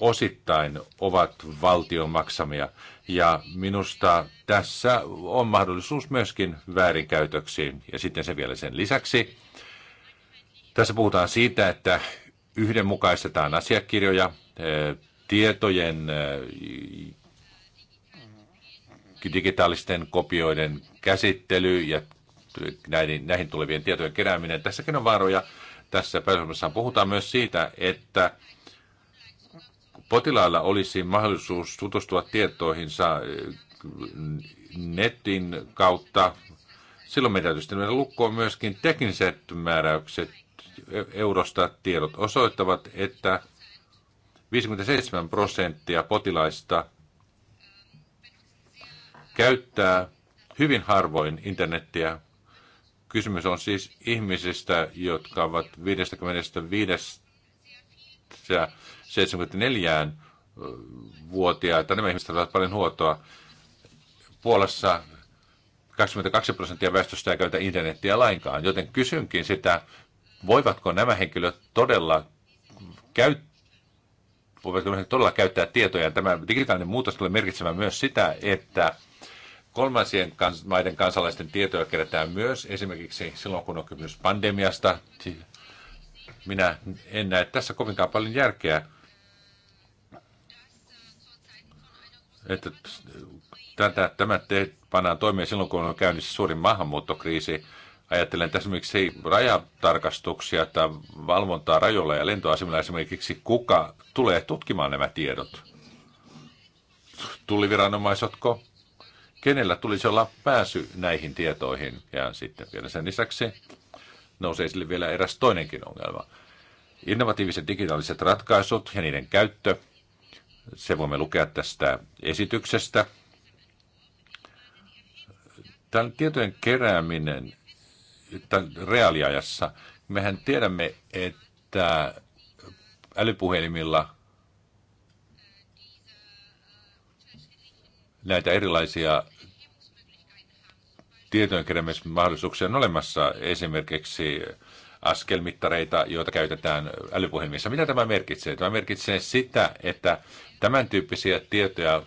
osittain ovat valtion maksamia. Ja minusta tässä on mahdollisuus myöskin väärinkäytöksiin. Ja sitten se vielä sen lisäksi. Tässä puhutaan siitä, että yhdenmukaistetaan asiakirjoja, eh, tietojen eh, digitaalisten kopioiden käsittely ja näihin, näihin tulevien tietojen kerääminen. Tässäkin on vaaroja. Tässä päätelmässä puhutaan myös siitä, että potilailla olisi mahdollisuus tutustua tietoihinsa eh, netin kautta. Silloin meidän täytyy sitten lukkoon myöskin tekniset määräykset. E-, Eurosta tiedot osoittavat, että 57 prosenttia potilaista – käyttää hyvin harvoin internettiä. Kysymys on siis ihmisistä, jotka ovat 55-74-vuotiaita. Nämä ihmiset ovat paljon huotoa. Puolassa 22 prosenttia väestöstä ei käytä internettiä lainkaan, joten kysynkin sitä, voivatko nämä henkilöt todella käyttää voivat todella käyttää tietoja. Tämä digitaalinen muutos tulee merkitsemään myös sitä, että kolmansien kans- maiden kansalaisten tietoja kerätään myös esimerkiksi silloin, kun on kysymys pandemiasta. Minä en näe tässä kovinkaan paljon järkeä, että tämä te, pannaan toimeen silloin, kun on käynnissä suurin maahanmuuttokriisi. Ajattelen tässä esimerkiksi rajatarkastuksia tai valvontaa rajoilla ja lentoasemilla esimerkiksi, kuka tulee tutkimaan nämä tiedot. Tulliviranomaisetko? Kenellä tulisi olla pääsy näihin tietoihin? Ja sitten vielä sen lisäksi nousee sille vielä eräs toinenkin ongelma. Innovatiiviset digitaaliset ratkaisut ja niiden käyttö, se voimme lukea tästä esityksestä. Tämän tietojen kerääminen reaaliajassa. Mehän tiedämme, että älypuhelimilla näitä erilaisia tietojenkeräämismahdollisuuksia on olemassa esimerkiksi askelmittareita, joita käytetään älypuhelimissa. Mitä tämä merkitsee? Tämä merkitsee sitä, että tämän tyyppisiä tietoja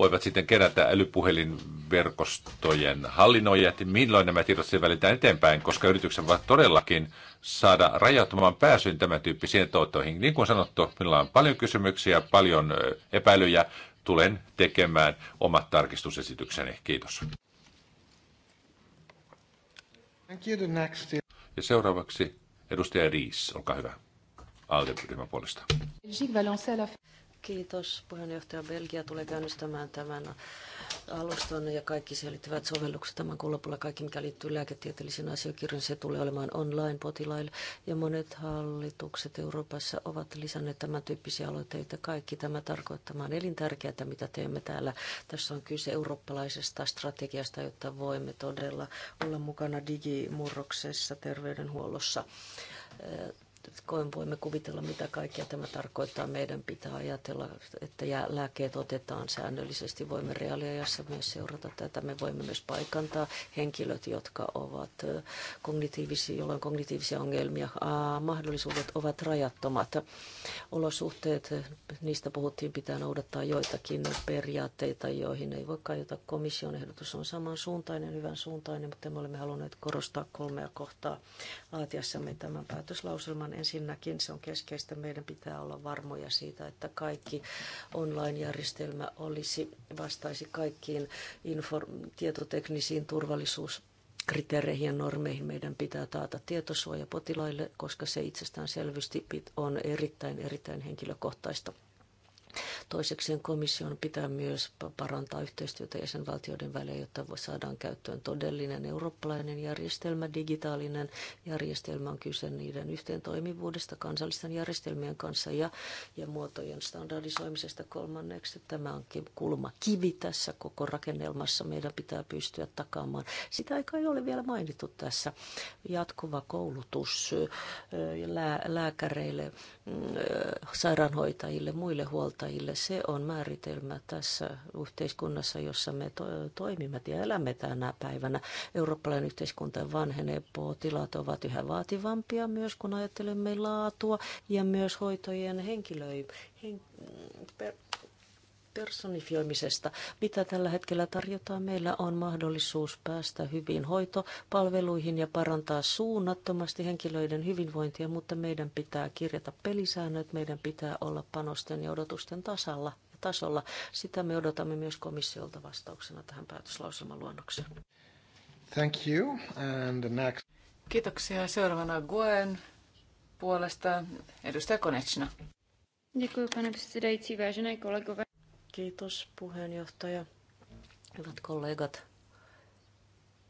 voivat sitten kerätä älypuhelinverkostojen hallinnoijat, milloin nämä tiedot sitten välitään eteenpäin, koska yritykset voivat todellakin saada rajoittamaan pääsyn tämän tyyppisiin tuottoihin. Niin kuin sanottu, minulla on paljon kysymyksiä, paljon epäilyjä. Tulen tekemään omat tarkistusesitykseni. Kiitos. Ja seuraavaksi edustaja Riis, olkaa hyvä. ALDE-ryhmän puolesta. Kiitos. Puheenjohtaja Belgia tulee käynnistämään tämän alustan ja kaikki siihen liittyvät sovellukset. Tämän kuun lopulla kaikki, mikä liittyy lääketieteellisiin asiakirjoihin, se tulee olemaan online-potilaille. Ja monet hallitukset Euroopassa ovat lisänneet tämän tyyppisiä aloitteita. Kaikki tämä tarkoittamaan elintärkeää, mitä teemme täällä. Tässä on kyse eurooppalaisesta strategiasta, jotta voimme todella olla mukana digimurroksessa terveydenhuollossa koen voimme kuvitella, mitä kaikkea tämä tarkoittaa. Meidän pitää ajatella, että lääkkeet otetaan säännöllisesti. Voimme reaaliajassa myös seurata tätä. Me voimme myös paikantaa henkilöt, jotka ovat kognitiivisia, joilla on kognitiivisia ongelmia. Aa, mahdollisuudet ovat rajattomat. Olosuhteet, niistä puhuttiin, pitää noudattaa joitakin periaatteita, joihin ei voi kajota. Komission ehdotus on samansuuntainen, hyvän suuntainen, mutta me olemme halunneet korostaa kolmea kohtaa laatiassamme tämän päätöslauselman. Ensinnäkin se on keskeistä. Meidän pitää olla varmoja siitä, että kaikki online-järjestelmä olisi, vastaisi kaikkiin inform- tietoteknisiin turvallisuus kriteereihin ja normeihin meidän pitää taata tietosuoja potilaille, koska se selvästi on erittäin, erittäin henkilökohtaista. Toisekseen komission pitää myös parantaa yhteistyötä jäsenvaltioiden välillä, jotta saadaan käyttöön todellinen eurooppalainen järjestelmä, digitaalinen järjestelmä on kyse niiden yhteen toimivuudesta kansallisten järjestelmien kanssa ja, ja muotojen standardisoimisesta kolmanneksi. Tämä on kulma kivi tässä koko rakennelmassa. Meidän pitää pystyä takaamaan. Sitä aika ei ole vielä mainittu tässä. Jatkuva koulutus lää, lääkäreille, mm, sairaanhoitajille, muille huoltajille se on määritelmä tässä yhteiskunnassa, jossa me to- toimimme ja elämme tänä päivänä. Eurooppalainen yhteiskunta vanhenee, potilaat ovat yhä vaativampia myös, kun ajattelemme laatua ja myös hoitojen henkilöi- hen- per- personifioimisesta. Mitä tällä hetkellä tarjotaan? Meillä on mahdollisuus päästä hyvin hoitopalveluihin ja parantaa suunnattomasti henkilöiden hyvinvointia, mutta meidän pitää kirjata pelisäännöt, meidän pitää olla panosten ja odotusten tasalla ja tasolla. Sitä me odotamme myös komissiolta vastauksena tähän päätöslauselmaluonnokseen. Thank you. And the next... Kiitoksia. Seuraavana Guen puolesta edustaja Konechna. Děkuji, pane předsedající, vážené kolegové. Kiitos puheenjohtaja. Hyvät kollegat,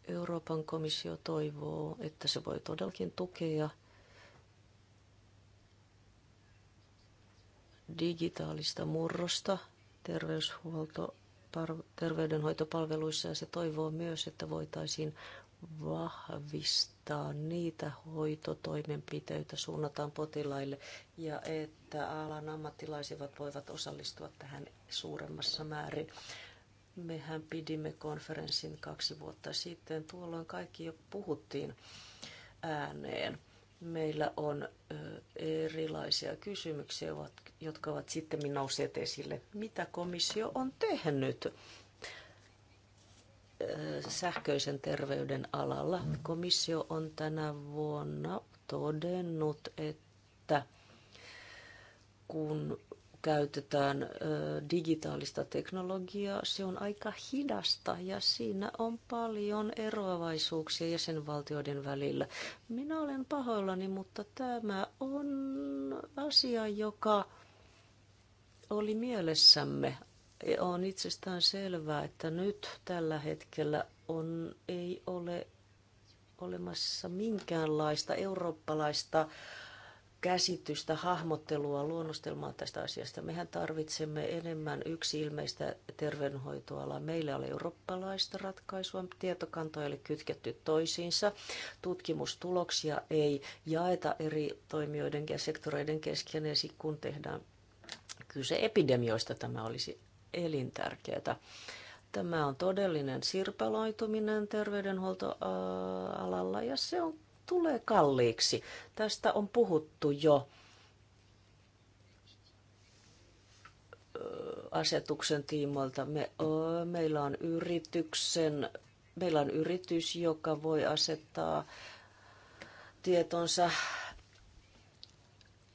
Euroopan komissio toivoo, että se voi todellakin tukea digitaalista murrosta terveyshuolto, terveydenhoitopalveluissa ja se toivoo myös, että voitaisiin vahvistaa tarvitaan niitä hoitotoimenpiteitä, suunnataan potilaille ja että alan ammattilaiset voivat osallistua tähän suuremmassa määrin. Mehän pidimme konferenssin kaksi vuotta sitten. Tuolloin kaikki jo puhuttiin ääneen. Meillä on erilaisia kysymyksiä, jotka ovat sitten nousseet esille. Mitä komissio on tehnyt sähköisen terveyden alalla. Komissio on tänä vuonna todennut, että kun käytetään digitaalista teknologiaa, se on aika hidasta ja siinä on paljon eroavaisuuksia jäsenvaltioiden välillä. Minä olen pahoillani, mutta tämä on asia, joka oli mielessämme on itsestään selvää, että nyt tällä hetkellä on, ei ole olemassa minkäänlaista eurooppalaista käsitystä, hahmottelua, luonnostelmaa tästä asiasta. Mehän tarvitsemme enemmän yksi ilmeistä terveydenhoitoalaa. Meillä oli eurooppalaista ratkaisua, tietokantoja oli kytketty toisiinsa. Tutkimustuloksia ei jaeta eri toimijoiden ja sektoreiden kesken, kun tehdään kyse epidemioista tämä olisi elintärkeää. Tämä on todellinen sirpaloituminen terveydenhuoltoalalla ja se on, tulee kalliiksi. Tästä on puhuttu jo asetuksen tiimoilta. Me, meillä, on yrityksen, meillä on yritys, joka voi asettaa tietonsa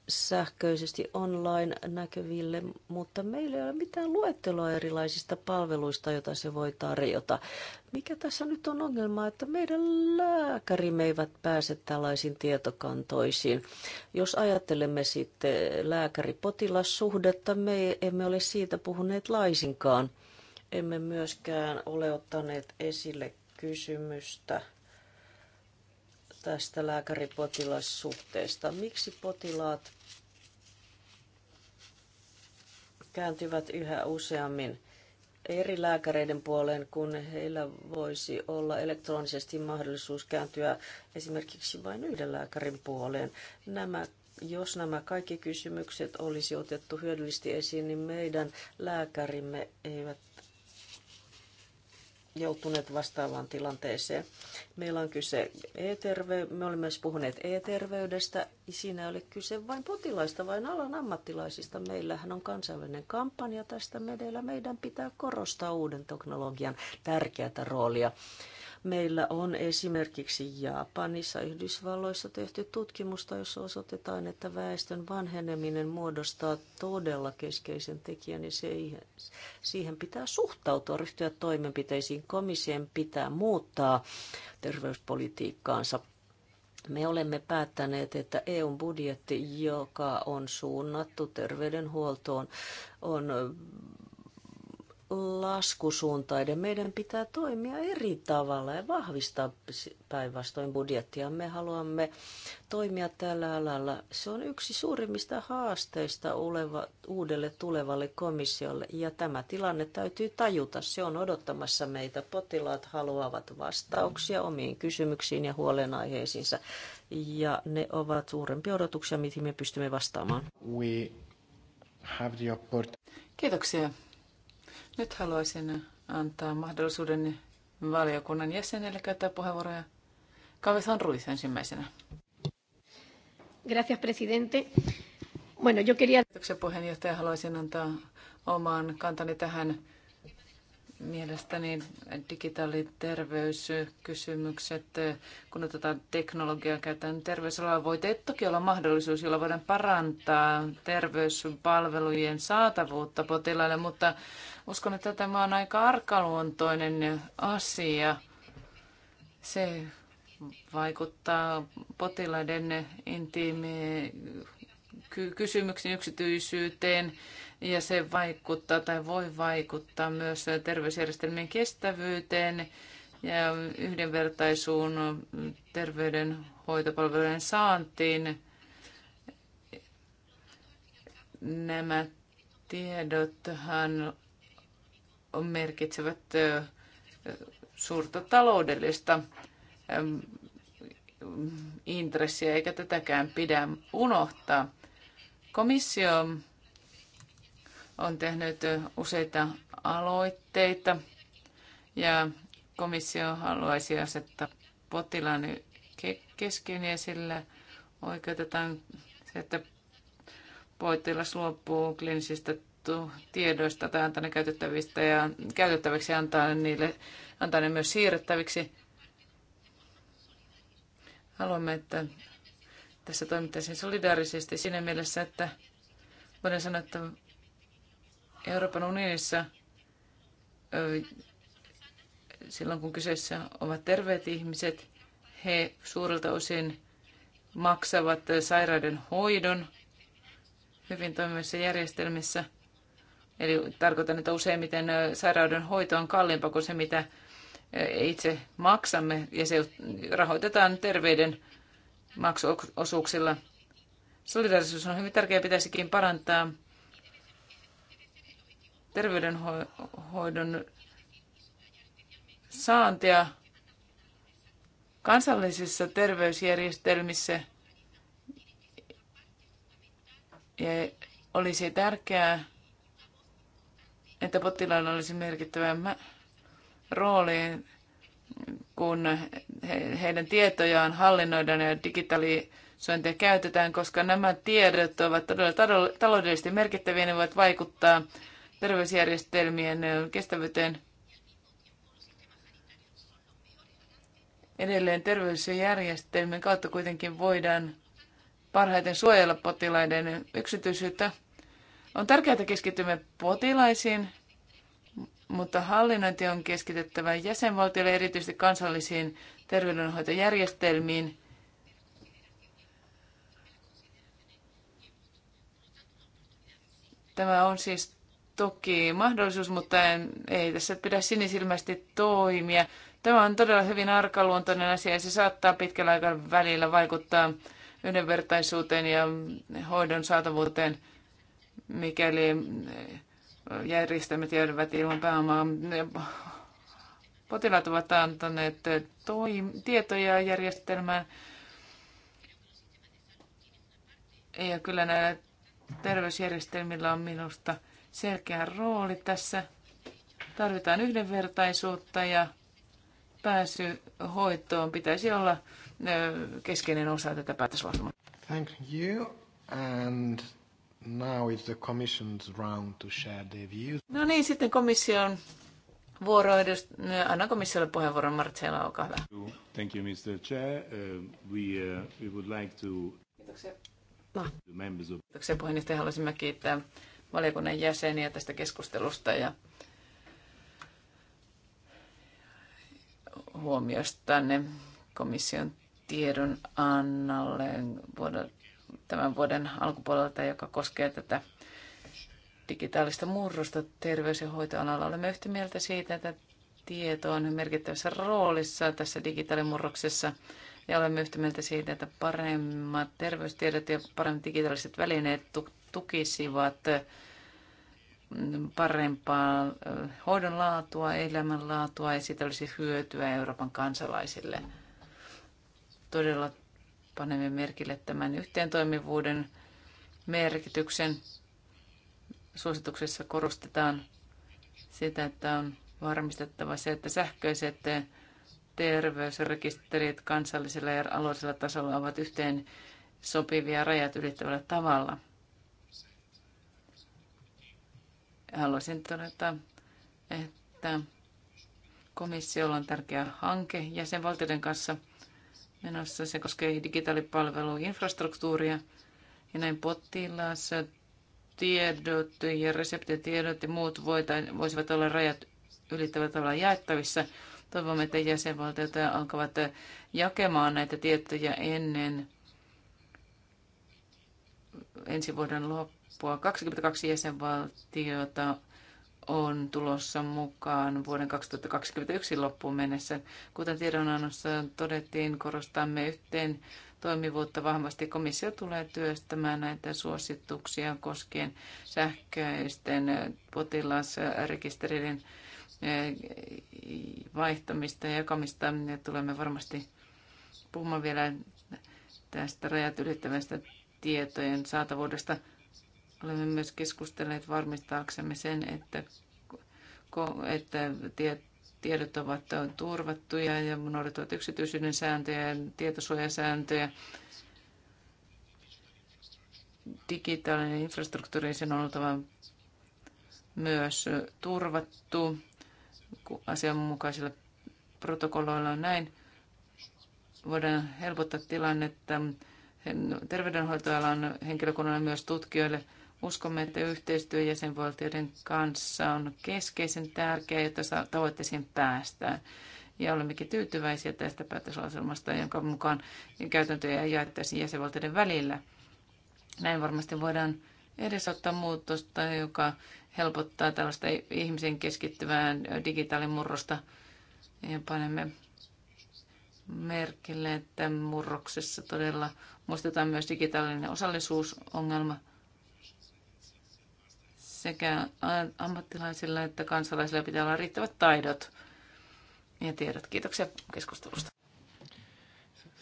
sähköisesti online näkyville, mutta meillä ei ole mitään luetteloa erilaisista palveluista, joita se voi tarjota. Mikä tässä nyt on ongelma, että meidän lääkärimme eivät pääse tällaisiin tietokantoisiin. Jos ajattelemme sitten lääkäri-potilassuhdetta, me emme ole siitä puhuneet laisinkaan. Emme myöskään ole ottaneet esille kysymystä – tästä lääkäripotilassuhteesta. Miksi potilaat kääntyvät yhä useammin eri lääkäreiden puoleen, kun heillä voisi olla elektronisesti mahdollisuus kääntyä esimerkiksi vain yhden lääkärin puoleen. Nämä jos nämä kaikki kysymykset olisi otettu hyödyllisesti esiin, niin meidän lääkärimme eivät joutuneet vastaavaan tilanteeseen. Meillä on kyse e-terve, me olemme myös puhuneet e-terveydestä. Siinä oli kyse vain potilaista, vain alan ammattilaisista. Meillähän on kansainvälinen kampanja tästä Meidän pitää korostaa uuden teknologian tärkeää roolia Meillä on esimerkiksi Japanissa, Yhdysvalloissa tehty tutkimusta, jossa osoitetaan, että väestön vanheneminen muodostaa todella keskeisen tekijän, Se siihen, siihen pitää suhtautua, ryhtyä toimenpiteisiin. Komission pitää muuttaa terveyspolitiikkaansa me olemme päättäneet, että EUn budjetti, joka on suunnattu terveydenhuoltoon, on laskusuuntainen. Meidän pitää toimia eri tavalla ja vahvistaa päinvastoin budjettia. Me haluamme toimia tällä alalla. Se on yksi suurimmista haasteista oleva, uudelle tulevalle komissiolle ja tämä tilanne täytyy tajuta. Se on odottamassa meitä. Potilaat haluavat vastauksia omiin kysymyksiin ja huolenaiheisiinsa ja ne ovat suurempia odotuksia, mihin me pystymme vastaamaan. We have the Kiitoksia nyt haluaisin antaa mahdollisuuden valiokunnan jäsenelle käyttää puheenvuoroja. Cabezon Ruiz ensimmäisenä. Gracias, presidente. Bueno, yo quería... puheenjohtaja. Haluaisin antaa oman kantani tähän Mielestäni digitaaliterveyskysymykset, kun otetaan teknologiaa käyttöön terveysalalla, voi toki olla mahdollisuus, jolla voidaan parantaa terveyspalvelujen saatavuutta potilaille, mutta uskon, että tämä on aika arkaluontoinen asia. Se vaikuttaa potilaiden intiimiin kysymyksiin, yksityisyyteen, ja se vaikuttaa tai voi vaikuttaa myös terveysjärjestelmien kestävyyteen ja yhdenvertaisuun terveydenhoitopalvelujen saantiin. Nämä tiedothan merkitsevät suurta taloudellista intressiä, eikä tätäkään pidä unohtaa. Komissio on tehnyt useita aloitteita ja komissio haluaisi asettaa potilaan keskiön ja sillä oikeutetaan se, että potilas luopuu kliinisistä tiedoista tai antaa ne käytettävistä ja käytettäväksi ja antaa niille, antaa ne myös siirrettäviksi. Haluamme, että tässä toimittaisiin solidaarisesti siinä mielessä, että voidaan sanoa, että Euroopan unionissa silloin kun kyseessä ovat terveet ihmiset, he suurelta osin maksavat sairauden hoidon hyvin toimivissa järjestelmissä. Eli tarkoitan, että useimmiten sairauden hoito on kalliimpaa kuin se, mitä itse maksamme, ja se rahoitetaan terveyden maksuosuuksilla. Solidarisuus on hyvin tärkeää, pitäisikin parantaa terveydenhoidon saantia kansallisissa terveysjärjestelmissä. Ja olisi tärkeää, että potilailla olisi merkittävä rooli, kun heidän tietojaan hallinnoidaan ja digitalisointia käytetään, koska nämä tiedot ovat todella taloudellisesti merkittäviä ja ne voivat vaikuttaa terveysjärjestelmien kestävyyteen. Edelleen terveysjärjestelmien kautta kuitenkin voidaan parhaiten suojella potilaiden yksityisyyttä. On tärkeää, että keskitymme potilaisiin, mutta hallinnointi on keskitettävä jäsenvaltioille, erityisesti kansallisiin terveydenhoitojärjestelmiin. Tämä on siis toki mahdollisuus, mutta en, ei tässä pidä sinisilmästi toimia. Tämä on todella hyvin arkaluontoinen asia ja se saattaa pitkällä aikavälillä vaikuttaa yhdenvertaisuuteen ja hoidon saatavuuteen, mikäli järjestelmät jäävät ilman pääomaa. Potilaat ovat antaneet toim tietoja järjestelmään. Ja kyllä näillä terveysjärjestelmillä on minusta selkeä rooli tässä. Tarvitaan yhdenvertaisuutta ja pääsy hoitoon pitäisi olla keskeinen osa tätä päätöslauselmaa. Thank you. And now it's the commission's round to share their views. No niin, sitten komission vuoro Anna komissiolle puheenvuoron. Marcella, olkaa hyvä. Thank you, Mr. Chair. Uh, we, uh, we would like to... Kiitoksia. No. Kiitoksia puheenjohtaja. Haluaisimme kiittää valiokunnan jäseniä tästä keskustelusta ja huomioista, ne komission tiedon annalle tämän vuoden alkupuolelta, joka koskee tätä digitaalista murrosta terveys- ja hoitoalalla. Olemme yhtä mieltä siitä, että tieto on merkittävässä roolissa tässä digitaalimurroksessa ja olemme yhtä mieltä siitä, että paremmat terveystiedot ja paremmat digitaaliset välineet tukisivat parempaa hoidon laatua, elämänlaatua ja siitä olisi hyötyä Euroopan kansalaisille. Todella panemme merkille tämän yhteentoimivuuden merkityksen. Suosituksessa korostetaan sitä, että on varmistettava se, että sähköiset terveysrekisterit kansallisella ja alueellisella tasolla ovat yhteen sopivia rajat ylittävällä tavalla – Haluaisin todeta, että komissiolla on tärkeä hanke jäsenvaltioiden kanssa menossa. Se koskee digitaalipalveluinfrastruktuuria ja näin potilaassa tiedot ja reseptitiedot ja muut voisivat olla rajat ylittävällä tavalla jaettavissa. Toivomme, että jäsenvaltiot alkavat jakemaan näitä tietoja ennen ensi vuoden loppua loppua. 22 jäsenvaltiota on tulossa mukaan vuoden 2021 loppuun mennessä. Kuten tiedonannossa todettiin, korostamme yhteen toimivuutta vahvasti. Komissio tulee työstämään näitä suosituksia koskien sähköisten potilasrekisterien eh, vaihtamista ja jakamista. Ja tulemme varmasti puhumaan vielä tästä rajat ylittävästä tietojen saatavuudesta. Olemme myös keskustelleet varmistaaksemme sen, että, että tiedot ovat turvattuja ja noudattavat yksityisyyden sääntöjä ja tietosuojasääntöjä. Digitaalinen infrastruktuuri sen on oltava myös turvattu asianmukaisilla protokolloilla näin voidaan helpottaa tilannetta terveydenhoitoalan henkilökunnalle myös tutkijoille – Uskomme, että yhteistyö jäsenvaltioiden kanssa on keskeisen tärkeää, jotta tavoitteisiin päästään. Ja olemmekin tyytyväisiä tästä päätöslauselmasta, jonka mukaan käytäntöjä jaettaisiin jäsenvaltioiden välillä. Näin varmasti voidaan edesauttaa muutosta, joka helpottaa tällaista ihmisen keskittyvää digitaalimurrosta. Ja panemme merkille, että murroksessa todella muistetaan myös digitaalinen osallisuusongelma – sekä ammattilaisilla että kansalaisilla pitää olla riittävät taidot ja tiedot. Kiitoksia keskustelusta.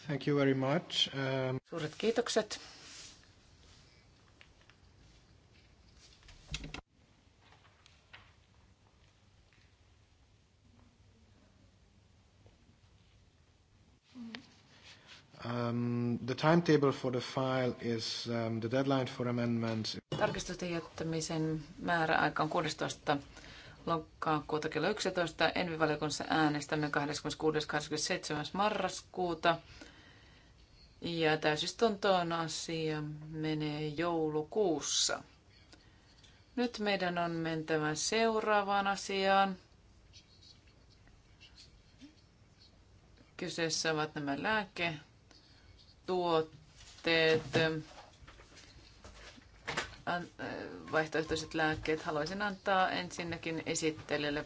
Thank you very much. Um... Suuret kiitokset. Um, the timetable for the file is um, the deadline for amendments. Tarkistusten jättämisen määräaika on 16. lokakuuta kello 11. Envivaliokunnassa äänestämme 26.–27. marraskuuta. Ja täysistuntoon asia menee joulukuussa. Nyt meidän on mentävä seuraavaan asiaan. Kyseessä ovat nämä lääke tuotteet, vaihtoehtoiset lääkkeet. Haluaisin antaa ensinnäkin esittelijälle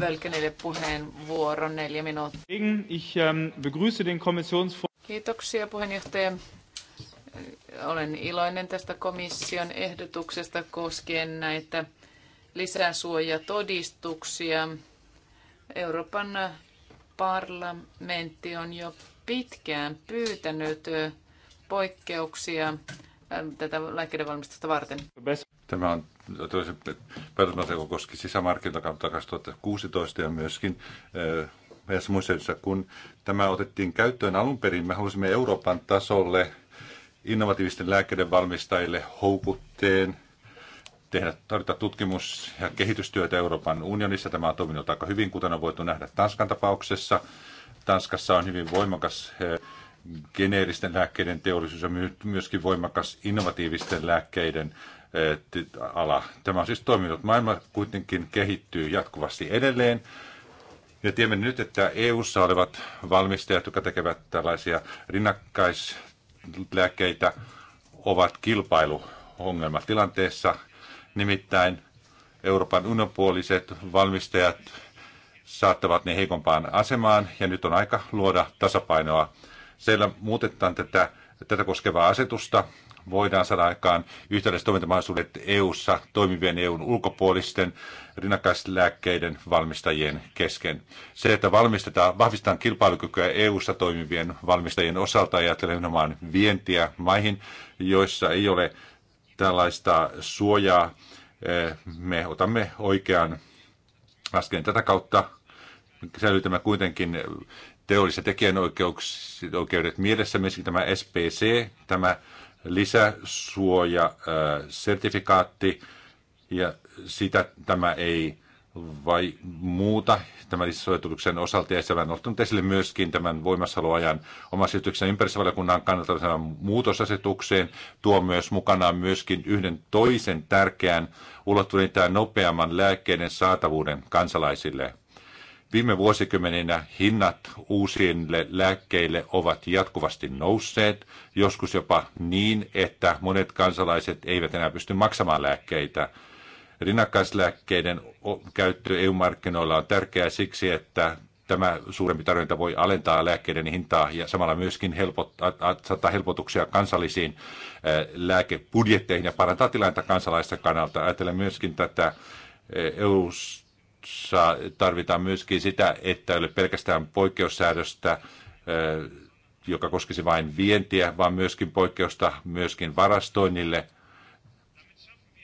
Völkönille puheenvuoron neljä minuuttia. Ich ähm, begrüße den Kiitoksia puheenjohtaja. Olen iloinen tästä komission ehdotuksesta koskien näitä lisäsuojatodistuksia. Euroopan parlamentti on jo pitkään pyytänyt poikkeuksia tätä valmistusta varten. Tämä on toisen päätösmaata, joka koski sisämarkkinoita 2016 ja myöskin meidän muissa, kun tämä otettiin käyttöön alun perin, me halusimme Euroopan tasolle innovatiivisten lääkkeiden valmistajille houkutteen tehdä tarjota tutkimus- ja kehitystyötä Euroopan unionissa. Tämä on toiminut aika hyvin, kuten on voitu nähdä Tanskan tapauksessa. Tanskassa on hyvin voimakas geneeristen lääkkeiden teollisuus ja myöskin voimakas innovatiivisten lääkkeiden e, ala. Tämä on siis toiminut. Maailma kuitenkin kehittyy jatkuvasti edelleen. Ja tiedämme nyt, että EU-ssa olevat valmistajat, jotka tekevät tällaisia rinnakkaislääkkeitä, ovat kilpailuongelmatilanteessa. Nimittäin Euroopan unopuoliset valmistajat saattavat ne heikompaan asemaan, ja nyt on aika luoda tasapainoa. Siellä muutetaan tätä, tätä koskevaa asetusta, voidaan saada aikaan yhtäläiset toimintamahdollisuudet EU-ssa toimivien EUn ulkopuolisten rinnakkaislääkkeiden valmistajien kesken. Se, että valmistetaan, vahvistetaan kilpailukykyä EU-ssa toimivien valmistajien osalta ja nimenomaan vientiä maihin, joissa ei ole tällaista suojaa, eh, me otamme oikean askeleen tätä kautta säilytämme kuitenkin teolliset tekijänoikeudet mielessä, myöskin tämä SPC, tämä lisäsuojasertifikaatti, ja sitä tämä ei vai muuta tämän lisäsuojatuksen osalta, ja on ottanut esille myöskin tämän voimassaoloajan omassa esityksen ympäristövaliokunnan kannalta muutosasetukseen, tuo myös mukanaan myöskin yhden toisen tärkeän ulottuvuuden tämän nopeamman lääkkeiden saatavuuden kansalaisille. Viime vuosikymmeninä hinnat uusille lääkkeille ovat jatkuvasti nousseet, joskus jopa niin, että monet kansalaiset eivät enää pysty maksamaan lääkkeitä. Rinnakkaislääkkeiden käyttö EU-markkinoilla on tärkeää siksi, että tämä suurempi tarjonta voi alentaa lääkkeiden hintaa ja samalla myöskin helpottaa, saattaa helpotuksia kansallisiin lääkebudjetteihin ja parantaa tilannetta kansalaisten kannalta. Ajatellen myöskin tätä EU:s tarvitaan myöskin sitä, että ei ole pelkästään poikkeussäädöstä, joka koskisi vain vientiä, vaan myöskin poikkeusta myöskin varastoinnille.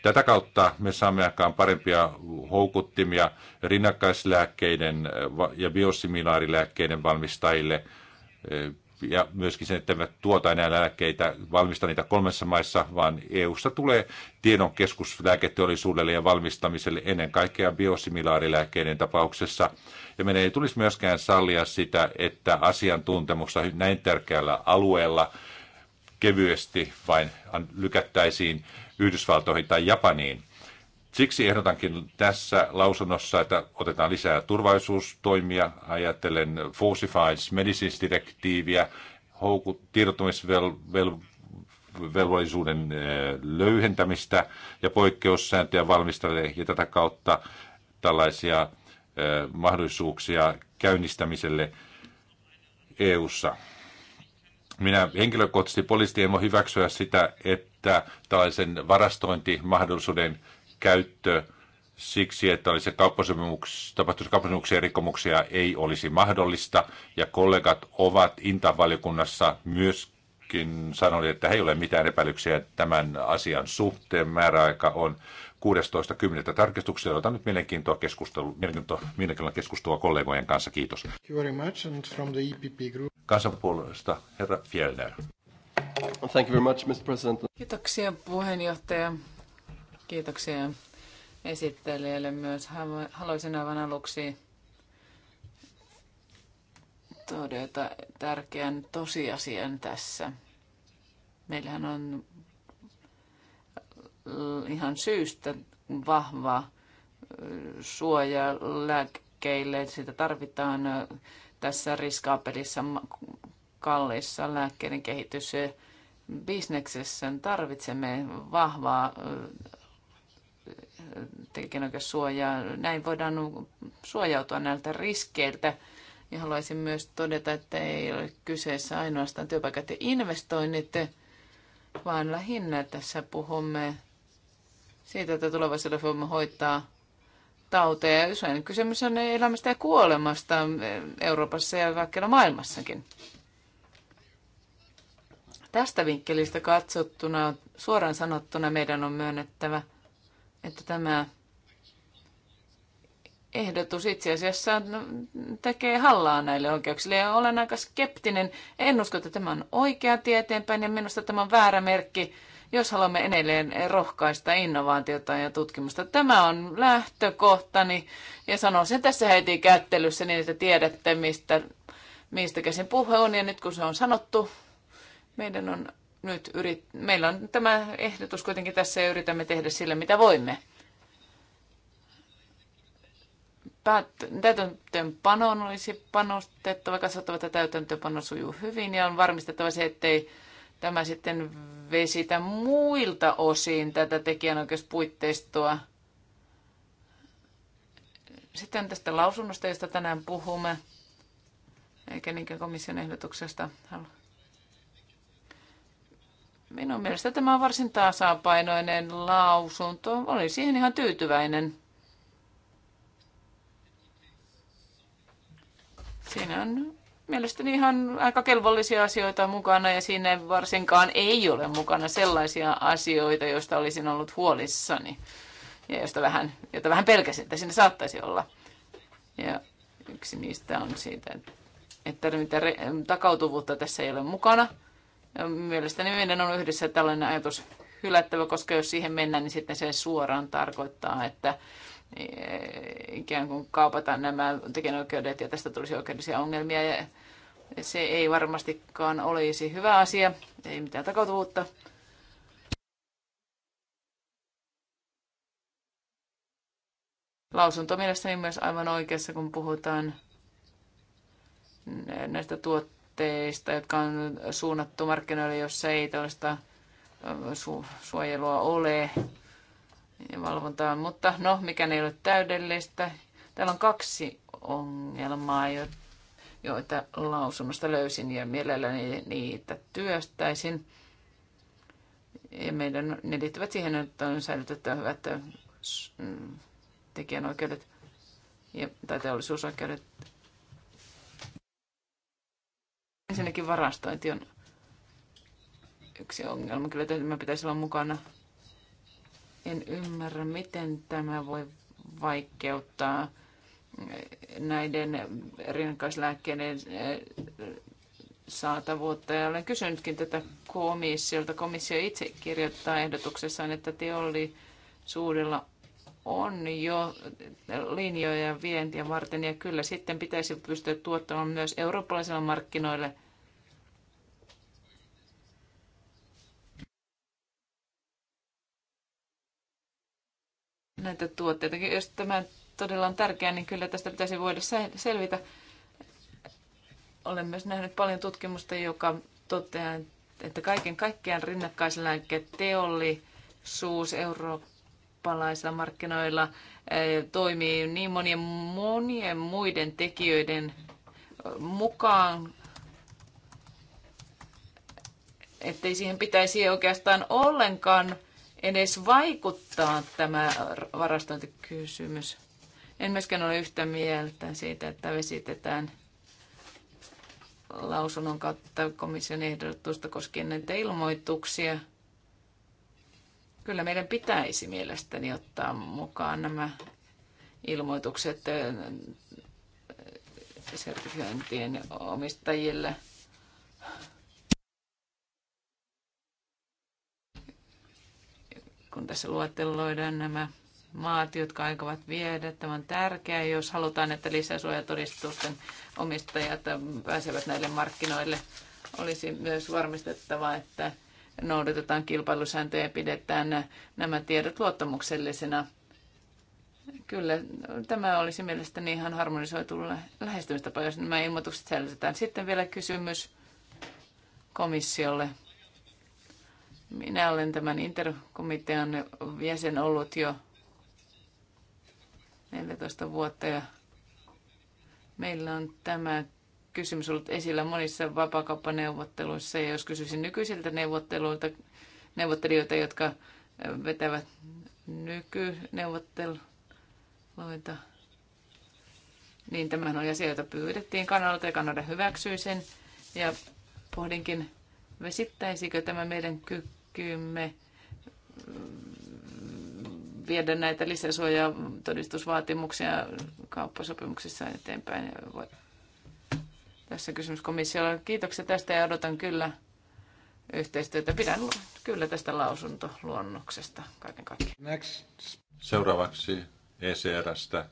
Tätä kautta me saamme aikaan parempia houkuttimia rinnakkaislääkkeiden ja biosimilaarilääkkeiden valmistajille ja myöskin sen, että me tuota enää lääkkeitä, valmista niitä kolmessa maissa, vaan EU-ssa tulee tiedon keskus lääketeollisuudelle ja valmistamiselle ennen kaikkea biosimilaarilääkkeiden tapauksessa. Ja meidän ei tulisi myöskään sallia sitä, että asiantuntemusta näin tärkeällä alueella kevyesti vain lykättäisiin Yhdysvaltoihin tai Japaniin. Siksi ehdotankin tässä lausunnossa, että otetaan lisää turvallisuustoimia, ajatellen Falsified Medicines-direktiiviä, houkut, tiedottamisvelvollisuuden eh, löyhentämistä ja poikkeussääntöjä valmistelee ja tätä kautta tällaisia eh, mahdollisuuksia käynnistämiselle EU:ssa. Minä henkilökohtaisesti poliisti en voi hyväksyä sitä, että tällaisen varastointimahdollisuuden käyttö siksi, että olisi tapahtuisi kauppasopimuksia ja rikkomuksia ei olisi mahdollista. Ja kollegat ovat Intavaliokunnassa myöskin sanoi, että he ei ole mitään epäilyksiä tämän asian suhteen. Määräaika on 16.10. tarkistuksella. Otan nyt mielenkiintoa keskustelua, mielenkiintoa, mielenkiintoa keskustelua kollegojen kanssa. Kiitos. E Kansanpuolesta herra Fjellner. Thank you very much, Mr. President. Kiitoksia puheenjohtaja. Kiitoksia esittelijälle myös. Haluaisin aivan aluksi todeta tärkeän tosiasian tässä. Meillähän on ihan syystä vahva suoja lääkkeille. Sitä tarvitaan tässä riskaapelissa kalliissa lääkkeiden kehitys. Bisneksessä tarvitsemme vahvaa tekijänoikeussuojaa. Näin voidaan suojautua näiltä riskeiltä. Ja haluaisin myös todeta, että ei ole kyseessä ainoastaan työpaikat ja investoinnit, vaan lähinnä tässä puhumme siitä, että tulevaisuudessa voimme hoitaa tauteja. Usein kysymys on elämästä ja kuolemasta Euroopassa ja kaikkialla maailmassakin. Tästä vinkkelistä katsottuna, suoraan sanottuna, meidän on myönnettävä – että tämä ehdotus itse asiassa no, tekee hallaa näille oikeuksille. Ja olen aika skeptinen. En usko, että tämä on oikea tie eteenpäin ja minusta tämä on väärä merkki, jos haluamme edelleen rohkaista innovaatiota ja tutkimusta. Tämä on lähtökohtani ja sanon sen tässä heti kättelyssä niin, että tiedätte, mistä, mistä käsin puhe on. Ja nyt kun se on sanottu, meidän on nyt yrit... meillä on tämä ehdotus kuitenkin tässä ja yritämme tehdä sillä mitä voimme. Täytäntöönpanoon olisi panostettava, katsottava, että täytäntöönpano sujuu hyvin ja on varmistettava se, ettei tämä sitten vesitä muilta osin tätä tekijänoikeuspuitteistoa. Sitten tästä lausunnosta, josta tänään puhumme, eikä niinkään komission ehdotuksesta. halua. Minun mielestä tämä on varsin tasapainoinen lausunto. Olin siihen ihan tyytyväinen. Siinä on mielestäni ihan aika kelvollisia asioita mukana ja siinä varsinkaan ei ole mukana sellaisia asioita, joista olisin ollut huolissani ja josta vähän, jota vähän pelkäsin, että siinä saattaisi olla. Ja yksi niistä on siitä, että mitä takautuvuutta tässä ei ole mukana. Mielestäni meidän on yhdessä tällainen ajatus hylättävä, koska jos siihen mennään, niin sitten se suoraan tarkoittaa, että e, ikään kuin kaupataan nämä tekijänoikeudet ja tästä tulisi oikeudellisia ongelmia. Ja se ei varmastikaan olisi hyvä asia, ei mitään takautuvuutta. Lausunto mielestäni myös aivan oikeassa, kun puhutaan näistä tuotteista tuotteista, jotka on suunnattu markkinoille, jossa ei tällaista su- suojelua ole ja valvontaa. Mutta no, mikä ei ole täydellistä. Täällä on kaksi ongelmaa, joita lausunnosta löysin ja mielelläni niitä työstäisin. Ja meidän, ne liittyvät siihen, että on säilytettävä hyvät mm, tekijänoikeudet ja, tai teollisuusoikeudet Ensinnäkin varastointi on yksi ongelma. Kyllä tämä pitäisi olla mukana. En ymmärrä, miten tämä voi vaikeuttaa näiden rinnakkaislääkkeiden eh, saatavuutta. Ja olen kysynytkin tätä komissiolta. Komissio itse kirjoittaa ehdotuksessaan, että teollisuudella on jo linjoja vientiä varten ja kyllä sitten pitäisi pystyä tuottamaan myös eurooppalaisilla markkinoille – näitä tuotteita. Jos tämä todella on tärkeää, niin kyllä tästä pitäisi voida selvitä. Olen myös nähnyt paljon tutkimusta, joka toteaa, että kaiken kaikkiaan rinnakkaislääkkeet teollisuus eurooppalaisilla markkinoilla eh, toimii niin monien, monien muiden tekijöiden mukaan, ettei siihen pitäisi oikeastaan ollenkaan edes vaikuttaa tämä varastointikysymys. En myöskään ole yhtä mieltä siitä, että vesitetään lausunnon kautta komission ehdotusta koskien näitä ilmoituksia. Kyllä meidän pitäisi mielestäni ottaa mukaan nämä ilmoitukset sertifiointien omistajille. kun tässä luetteloidaan nämä maat, jotka aikovat viedä. Tämä on tärkeää, jos halutaan, että lisäsuojatodistusten omistajat pääsevät näille markkinoille. Olisi myös varmistettava, että noudatetaan kilpailusääntöjä ja pidetään nämä tiedot luottamuksellisena. Kyllä, tämä olisi mielestäni ihan harmonisoitu lähestymistapa, jos nämä ilmoitukset säilytetään. Sitten vielä kysymys komissiolle. Minä olen tämän interkomitean jäsen ollut jo 14 vuotta ja meillä on tämä kysymys ollut esillä monissa vapakauppaneuvotteluissa. Ja jos kysyisin nykyisiltä neuvotteluilta, neuvottelijoita, jotka vetävät nykyneuvotteluita, niin tämä on asia, jota pyydettiin Kanadalta ja Kanada hyväksyi sen. Ja pohdinkin, vesittäisikö tämä meidän kyky kymme viedä näitä lisäsuojatodistusvaatimuksia kauppasopimuksissa eteenpäin. Tässä kysymys komissiolla. Kiitoksia tästä ja odotan kyllä yhteistyötä. Pidän kyllä tästä lausuntoluonnoksesta kaiken kaikkiaan. Next. Seuraavaksi ECRstä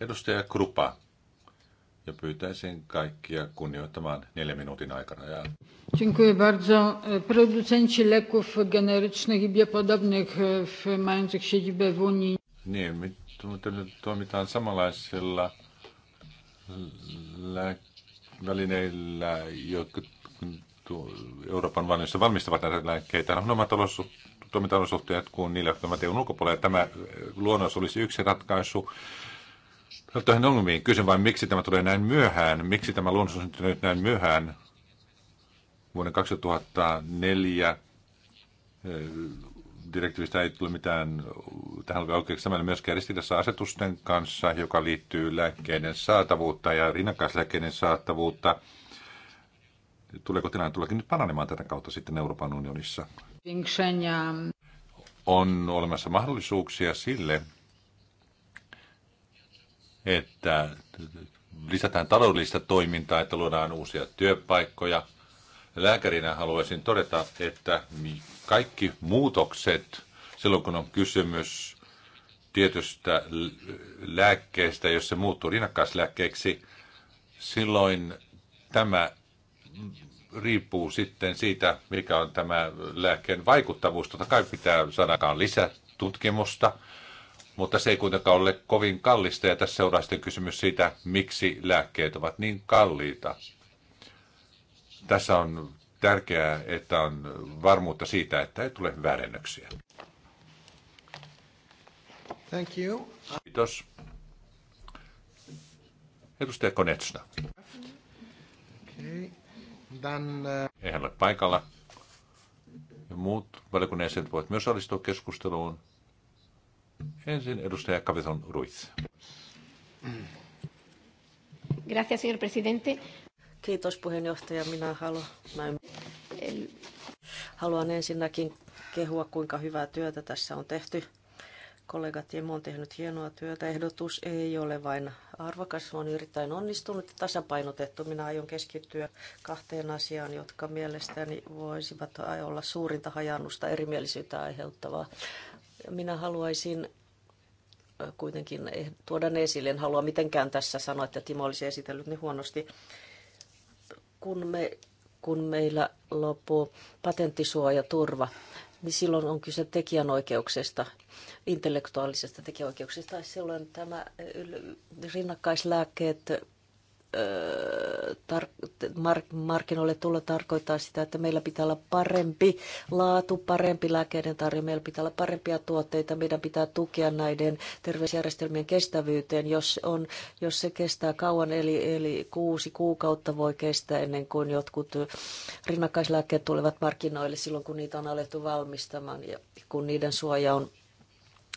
edustaja Krupa ja pyytäisin kaikkia kunnioittamaan neljän minuutin aikana. Ja... Dziękuję bardzo. Producenci leków generycznych i biopodobnych e, w, mających siedzibę w Unii. Nie, niin, my toimitaan samanlaisilla välineillä, jotka Euroopan vanhoissa valmistavat näitä lääkkeitä. On omat toimintaolosuhteet kuin niillä, jotka ovat EUn ulkopuolella. Tämä luonnos olisi yksi ratkaisu No tähän ongelmiin. Kysyn vain, miksi tämä tulee näin myöhään? Miksi tämä luonnos on syntynyt näin myöhään? Vuoden 2004 eh, direktiivistä ei tule mitään, tähän oikeaksi samalla myöskään ristiriidassa asetusten kanssa, joka liittyy lääkkeiden saatavuutta ja rinnakkaislääkkeiden saatavuutta. Tuleeko tilanne tuleekin nyt paranemaan tätä kautta sitten Euroopan unionissa? On olemassa mahdollisuuksia sille, että lisätään taloudellista toimintaa, että luodaan uusia työpaikkoja. Lääkärinä haluaisin todeta, että kaikki muutokset, silloin kun on kysymys tietystä lääkkeestä, jos se muuttuu rinnakkaislääkkeeksi, silloin tämä riippuu sitten siitä, mikä on tämä lääkkeen vaikuttavuus. Totta kai pitää saadakaan lisätutkimusta, tutkimusta, mutta se ei kuitenkaan ole kovin kallista. Ja tässä seuraa sitten kysymys siitä, miksi lääkkeet ovat niin kalliita. Tässä on tärkeää, että on varmuutta siitä, että ei tule väärennöksiä. Thank you. Kiitos. Edustaja Konetsna. Okay. Then, uh... Ei hän ole paikalla. Ja muut valiokunnan jäsenet voivat myös osallistua keskusteluun. Ensin edustaja Kavison Ruiz. Gracias, señor presidente. Kiitos puheenjohtaja. Minä haluan, haluan ensinnäkin kehua, kuinka hyvää työtä tässä on tehty. Kollega Timo on tehnyt hienoa työtä. Ehdotus ei ole vain arvokas, on erittäin onnistunut ja tasapainotettu. Minä aion keskittyä kahteen asiaan, jotka mielestäni voisivat olla suurinta hajannusta erimielisyyttä aiheuttavaa. Minä haluaisin kuitenkin eh, tuoda ne esille. En halua mitenkään tässä sanoa, että Timo olisi esitellyt niin huonosti. Kun, me, kun meillä loppuu patenttisuoja, turva, niin silloin on kyse tekijänoikeuksista, intellektuaalisesta tekijänoikeuksista. Silloin tämä eh, rinnakkaislääkkeet mark- markkinoille tulla tarkoittaa sitä, että meillä pitää olla parempi laatu, parempi lääkeiden tarjo, meillä pitää olla parempia tuotteita, meidän pitää tukea näiden terveysjärjestelmien kestävyyteen, jos, on, jos se kestää kauan, eli, eli kuusi kuukautta voi kestää ennen kuin jotkut rinnakkaislääkkeet tulevat markkinoille silloin, kun niitä on alettu valmistamaan ja kun niiden suoja on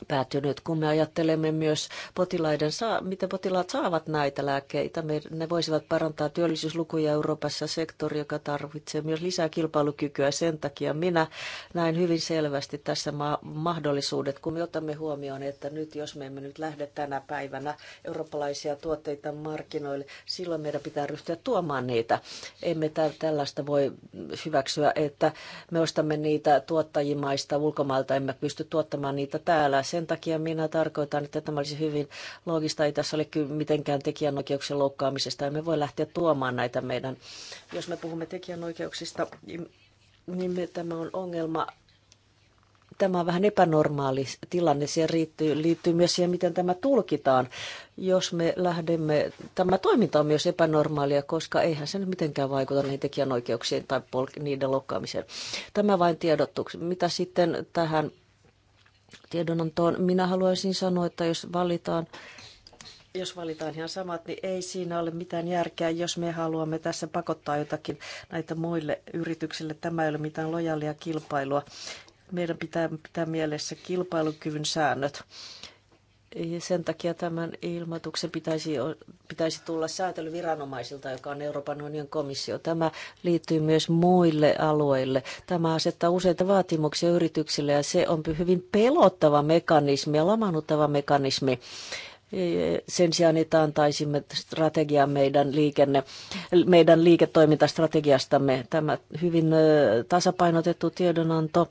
päättynyt Kun me ajattelemme myös potilaiden, saa, miten potilaat saavat näitä lääkkeitä, me, ne voisivat parantaa työllisyyslukuja Euroopassa sektori, joka tarvitsee myös lisää kilpailukykyä. Sen takia minä näin hyvin selvästi tässä ma- mahdollisuudet, kun me otamme huomioon, että nyt jos me emme nyt lähde tänä päivänä eurooppalaisia tuotteita markkinoille, silloin meidän pitää ryhtyä tuomaan niitä. Emme tä- tällaista voi hyväksyä, että me ostamme niitä tuottajimaista ulkomailta, emme pysty tuottamaan niitä täällä sen takia minä tarkoitan, että tämä olisi hyvin loogista. Ei tässä ole kyllä mitenkään tekijänoikeuksien loukkaamisesta. me voi lähteä tuomaan näitä meidän, jos me puhumme tekijänoikeuksista, niin-, niin me, tämä on ongelma tämä on vähän epänormaali tilanne. Siihen liittyy, liittyy myös siihen, miten tämä tulkitaan. Jos me lähdemme, tämä toiminta on myös epänormaalia, koska eihän se nyt mitenkään vaikuta niihin tekijänoikeuksiin tai niiden loukkaamiseen. Tämä vain tiedotuksi. Mitä sitten tähän tiedonantoon. Minä haluaisin sanoa, että jos valitaan jos valitaan ihan samat, niin ei siinä ole mitään järkeä, jos me haluamme tässä pakottaa jotakin näitä muille yrityksille. Tämä ei ole mitään lojaalia kilpailua. Meidän pitää pitää mielessä kilpailukyvyn säännöt sen takia tämän ilmoituksen pitäisi, pitäisi tulla säätelyviranomaisilta, joka on Euroopan unionin komissio. Tämä liittyy myös muille alueille. Tämä asettaa useita vaatimuksia yrityksille ja se on hyvin pelottava mekanismi ja lamannuttava mekanismi. Sen sijaan, että antaisimme strategiaa meidän, liikenne, meidän liiketoimintastrategiastamme, tämä hyvin tasapainotettu tiedonanto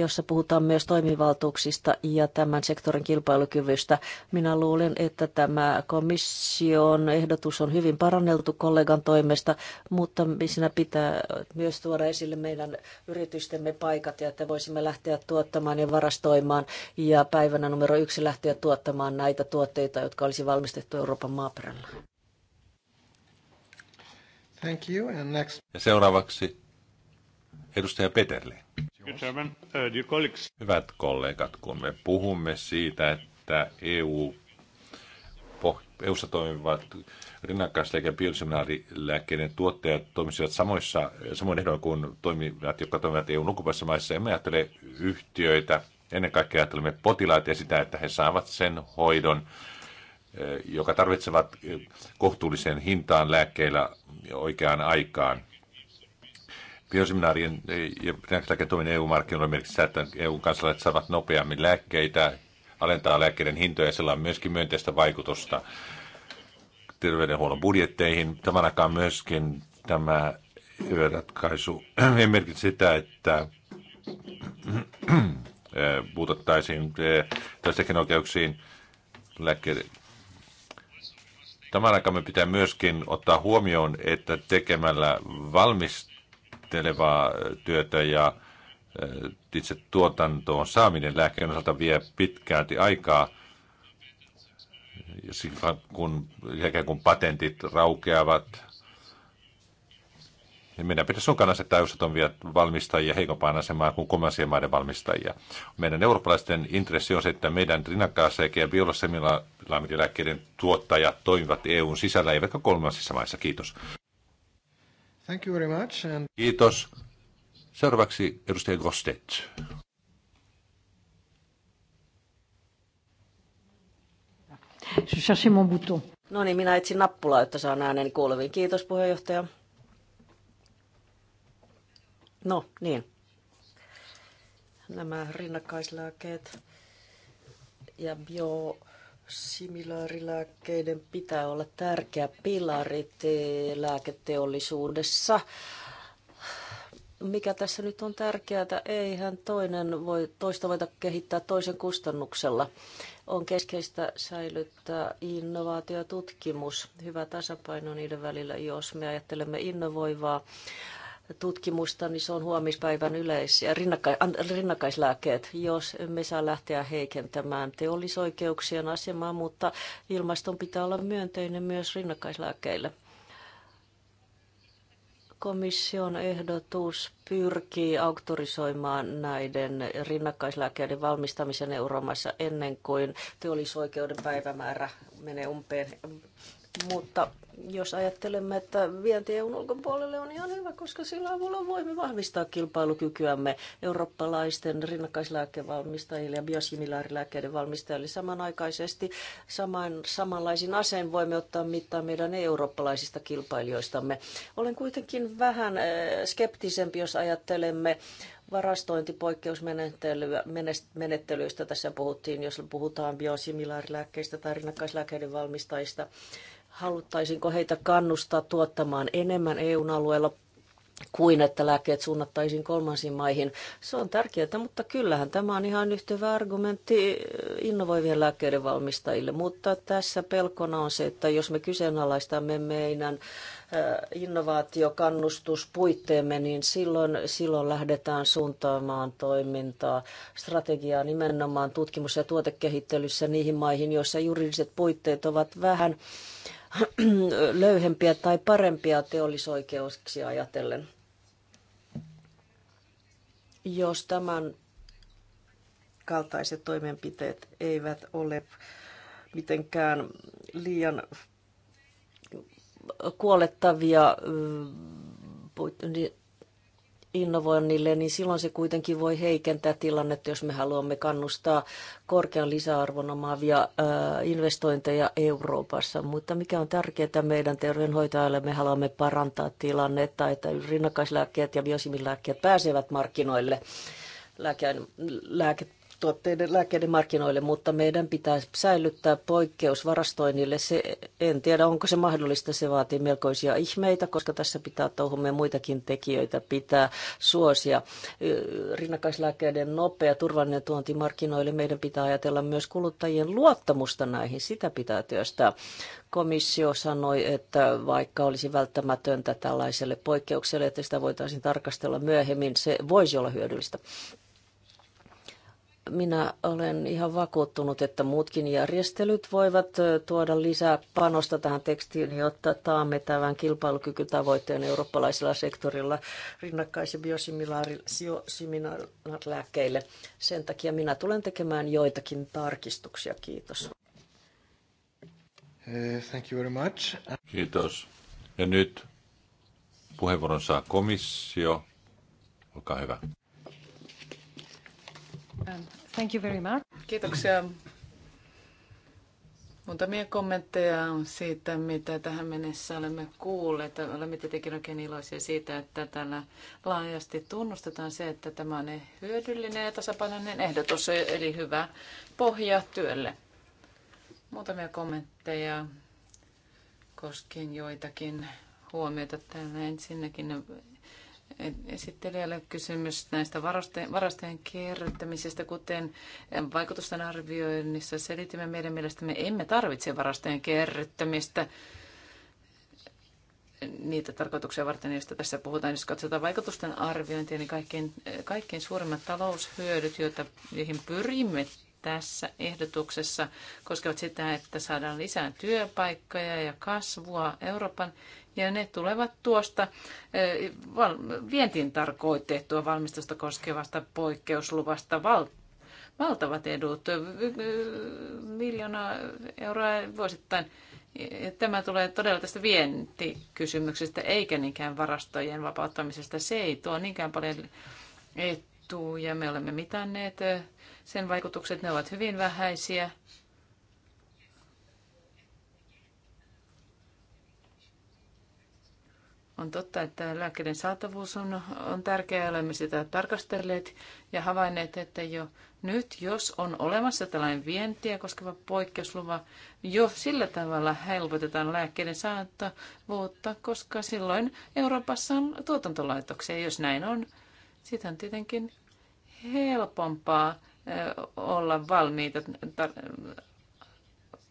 jossa puhutaan myös toimivaltuuksista ja tämän sektorin kilpailukyvystä. Minä luulen, että tämä komission ehdotus on hyvin paranneltu kollegan toimesta, mutta siinä pitää myös tuoda esille meidän yritystemme paikat ja että voisimme lähteä tuottamaan ja varastoimaan ja päivänä numero yksi lähteä tuottamaan näitä tuotteita, jotka olisi valmistettu Euroopan maaperällä. Thank you. And next. Ja seuraavaksi edustaja Peterle. Uh, Hyvät kollegat, kun me puhumme siitä, että EU, EU EU-ssa toimivat rinnakkaislääke- ja bioseminaarilääkkeiden tuottajat toimisivat samoissa, samoin ehdoin kuin toimivat, jotka toimivat EUn ulkopuolisissa maissa. Emme ajattele yhtiöitä, ennen kaikkea ajattelemme potilaita ja sitä, että he saavat sen hoidon, eh, joka tarvitsevat eh, kohtuulliseen hintaan lääkkeillä oikeaan aikaan bioseminaarien eh, ja rakentuminen EU-markkinoilla merkitsee että EU-kansalaiset saavat nopeammin lääkkeitä, alentaa lääkkeiden hintoja ja sillä on myöskin myönteistä vaikutusta terveydenhuollon budjetteihin. Tämän aikaan myöskin tämä ratkaisu ei merkitse sitä, että eh, puututtaisiin eh, tästäkin oikeuksiin lääkkeiden Tämän aikaan me pitää myöskin ottaa huomioon, että tekemällä valmis vaihtelevaa työtä ja eh, itse tuotantoon saaminen lääkkeen osalta vie pitkälti aikaa, kun, kuin patentit raukeavat. Ja niin meidän pitäisi sun on vielä valmistajia heikompaan asemaan kuin kolmansien maiden valmistajia. Meidän eurooppalaisten intressi on se, että meidän rinnakkaisseekin ja biolosemilaamidilääkkeiden tuottajat toimivat EUn sisällä, eivätkä kolmansissa maissa. Kiitos. Thank you very much and... Kiitos. Seuraavaksi edustaja Gostet. No niin, minä etsin nappulaa, että saan ääneni kuuluviin. Kiitos puheenjohtaja. No niin. Nämä rinnakkaislääkkeet ja bio Similaarilääkkeiden pitää olla tärkeä pilari lääketeollisuudessa. Mikä tässä nyt on tärkeää, eihän toinen voi, toista voida kehittää toisen kustannuksella. On keskeistä säilyttää innovaatio ja tutkimus, hyvä tasapaino niiden välillä, jos me ajattelemme innovoivaa tutkimusta, niin se on huomispäivän yleisiä rinnakka- rinnakkaislääkkeet, jos me saa lähteä heikentämään teollisoikeuksien asemaa, mutta ilmaston pitää olla myönteinen myös rinnakkaislääkkeille komission ehdotus pyrkii auktorisoimaan näiden rinnakkaislääkkeiden valmistamisen Euroopassa ennen kuin teollisoikeuden päivämäärä menee umpeen. Mutta jos ajattelemme, että vienti EUn ulkopuolelle on ihan hyvä, koska sillä avulla voimme vahvistaa kilpailukykyämme eurooppalaisten rinnakkaislääkevalmistajille ja biosimilaarilääkkeiden valmistajille. Samanaikaisesti saman, samanlaisin aseen voimme ottaa mittaan meidän eurooppalaisista kilpailijoistamme. Olen kuitenkin vähän eh, skeptisempi, jos ajattelemme varastointipoikkeusmenettelyistä tässä puhuttiin, jos puhutaan biosimilaarilääkkeistä tai rinnakkaislääkeiden valmistajista haluttaisinko heitä kannustaa tuottamaan enemmän EUn alueella kuin että lääkkeet suunnattaisiin kolmansiin maihin. Se on tärkeää, mutta kyllähän tämä on ihan yhtävä argumentti eh, innovoivien lääkkeiden valmistajille. Mutta tässä pelkona on se, että jos me kyseenalaistamme meidän eh, innovaatiokannustuspuitteemme, niin silloin, silloin lähdetään suuntaamaan toimintaa, strategiaa nimenomaan tutkimus- ja tuotekehittelyssä niihin maihin, joissa juridiset puitteet ovat vähän [CLEARS THROAT] löyhempiä tai parempia teollisoikeuksia ajatellen. Jos tämän kaltaiset toimenpiteet eivät ole mitenkään liian kuolettavia mm, niin innovoinnille, niin silloin se kuitenkin voi heikentää tilannetta, jos me haluamme kannustaa korkean lisäarvon omaavia investointeja Euroopassa. Mutta mikä on tärkeää meidän terveydenhoitajalle, me haluamme parantaa tilannetta, että rinnakkaislääkkeet ja biosimilääkkeet pääsevät markkinoille. Lääke, lääke, tuotteiden lääkkeiden markkinoille, mutta meidän pitää säilyttää poikkeus varastoinnille. Se, en tiedä, onko se mahdollista, se vaatii melkoisia ihmeitä, koska tässä pitää touhumme muitakin tekijöitä, pitää suosia rinnakkaislääkkeiden nopea turvallinen tuonti markkinoille. Meidän pitää ajatella myös kuluttajien luottamusta näihin, sitä pitää työstää. Komissio sanoi, että vaikka olisi välttämätöntä tällaiselle poikkeukselle, että sitä voitaisiin tarkastella myöhemmin, se voisi olla hyödyllistä minä olen ihan vakuuttunut, että muutkin järjestelyt voivat tuoda lisää panosta tähän tekstiin, jotta taamme tämän kilpailukykytavoitteen eurooppalaisella sektorilla rinnakkaisen biosimilaarilääkkeille. Sen takia minä tulen tekemään joitakin tarkistuksia. Kiitos. Eh, thank you very much. Kiitos. Ja nyt puheenvuoron saa komissio. Olkaa hyvä. Um, thank you very much. Kiitoksia. Muutamia kommentteja siitä, mitä tähän mennessä olemme kuulleet. Olemme tietenkin oikein iloisia siitä, että täällä laajasti tunnustetaan se, että tämä on hyödyllinen ja tasapainoinen ehdotus, eli hyvä pohja työlle. Muutamia kommentteja koskien joitakin huomioita täällä ensinnäkin esittelijälle kysymys näistä varasteen kerryttämisestä. Kuten vaikutusten arvioinnissa selitimme, meidän mielestämme emme tarvitse varasteen kerryttämistä niitä tarkoituksia varten, joista tässä puhutaan. Jos katsotaan vaikutusten arviointia, niin kaikkein, kaikkein suurimmat taloushyödyt, joita, joihin pyrimme tässä ehdotuksessa koskevat sitä, että saadaan lisää työpaikkoja ja kasvua Euroopan, ja ne tulevat tuosta eh, vientiin tarkoitettua valmistusta koskevasta poikkeusluvasta valtioon valtavat edut, eh, miljoona euroa vuosittain. Tämä tulee todella tästä vientikysymyksestä, eikä niinkään varastojen vapauttamisesta. Se ei tuo niinkään paljon etuja. Me olemme mitanneet eh, sen vaikutukset, ne ovat hyvin vähäisiä. On totta, että lääkkeiden saatavuus on, on tärkeää, olemme sitä tarkastelleet ja havainneet, että jo nyt, jos on olemassa tällainen vientiä koskeva poikkeusluva, jo sillä tavalla helpotetaan lääkkeiden saatavuutta, koska silloin Euroopassa on tuotantolaitoksia, jos näin on. Sitä on tietenkin helpompaa olla valmiita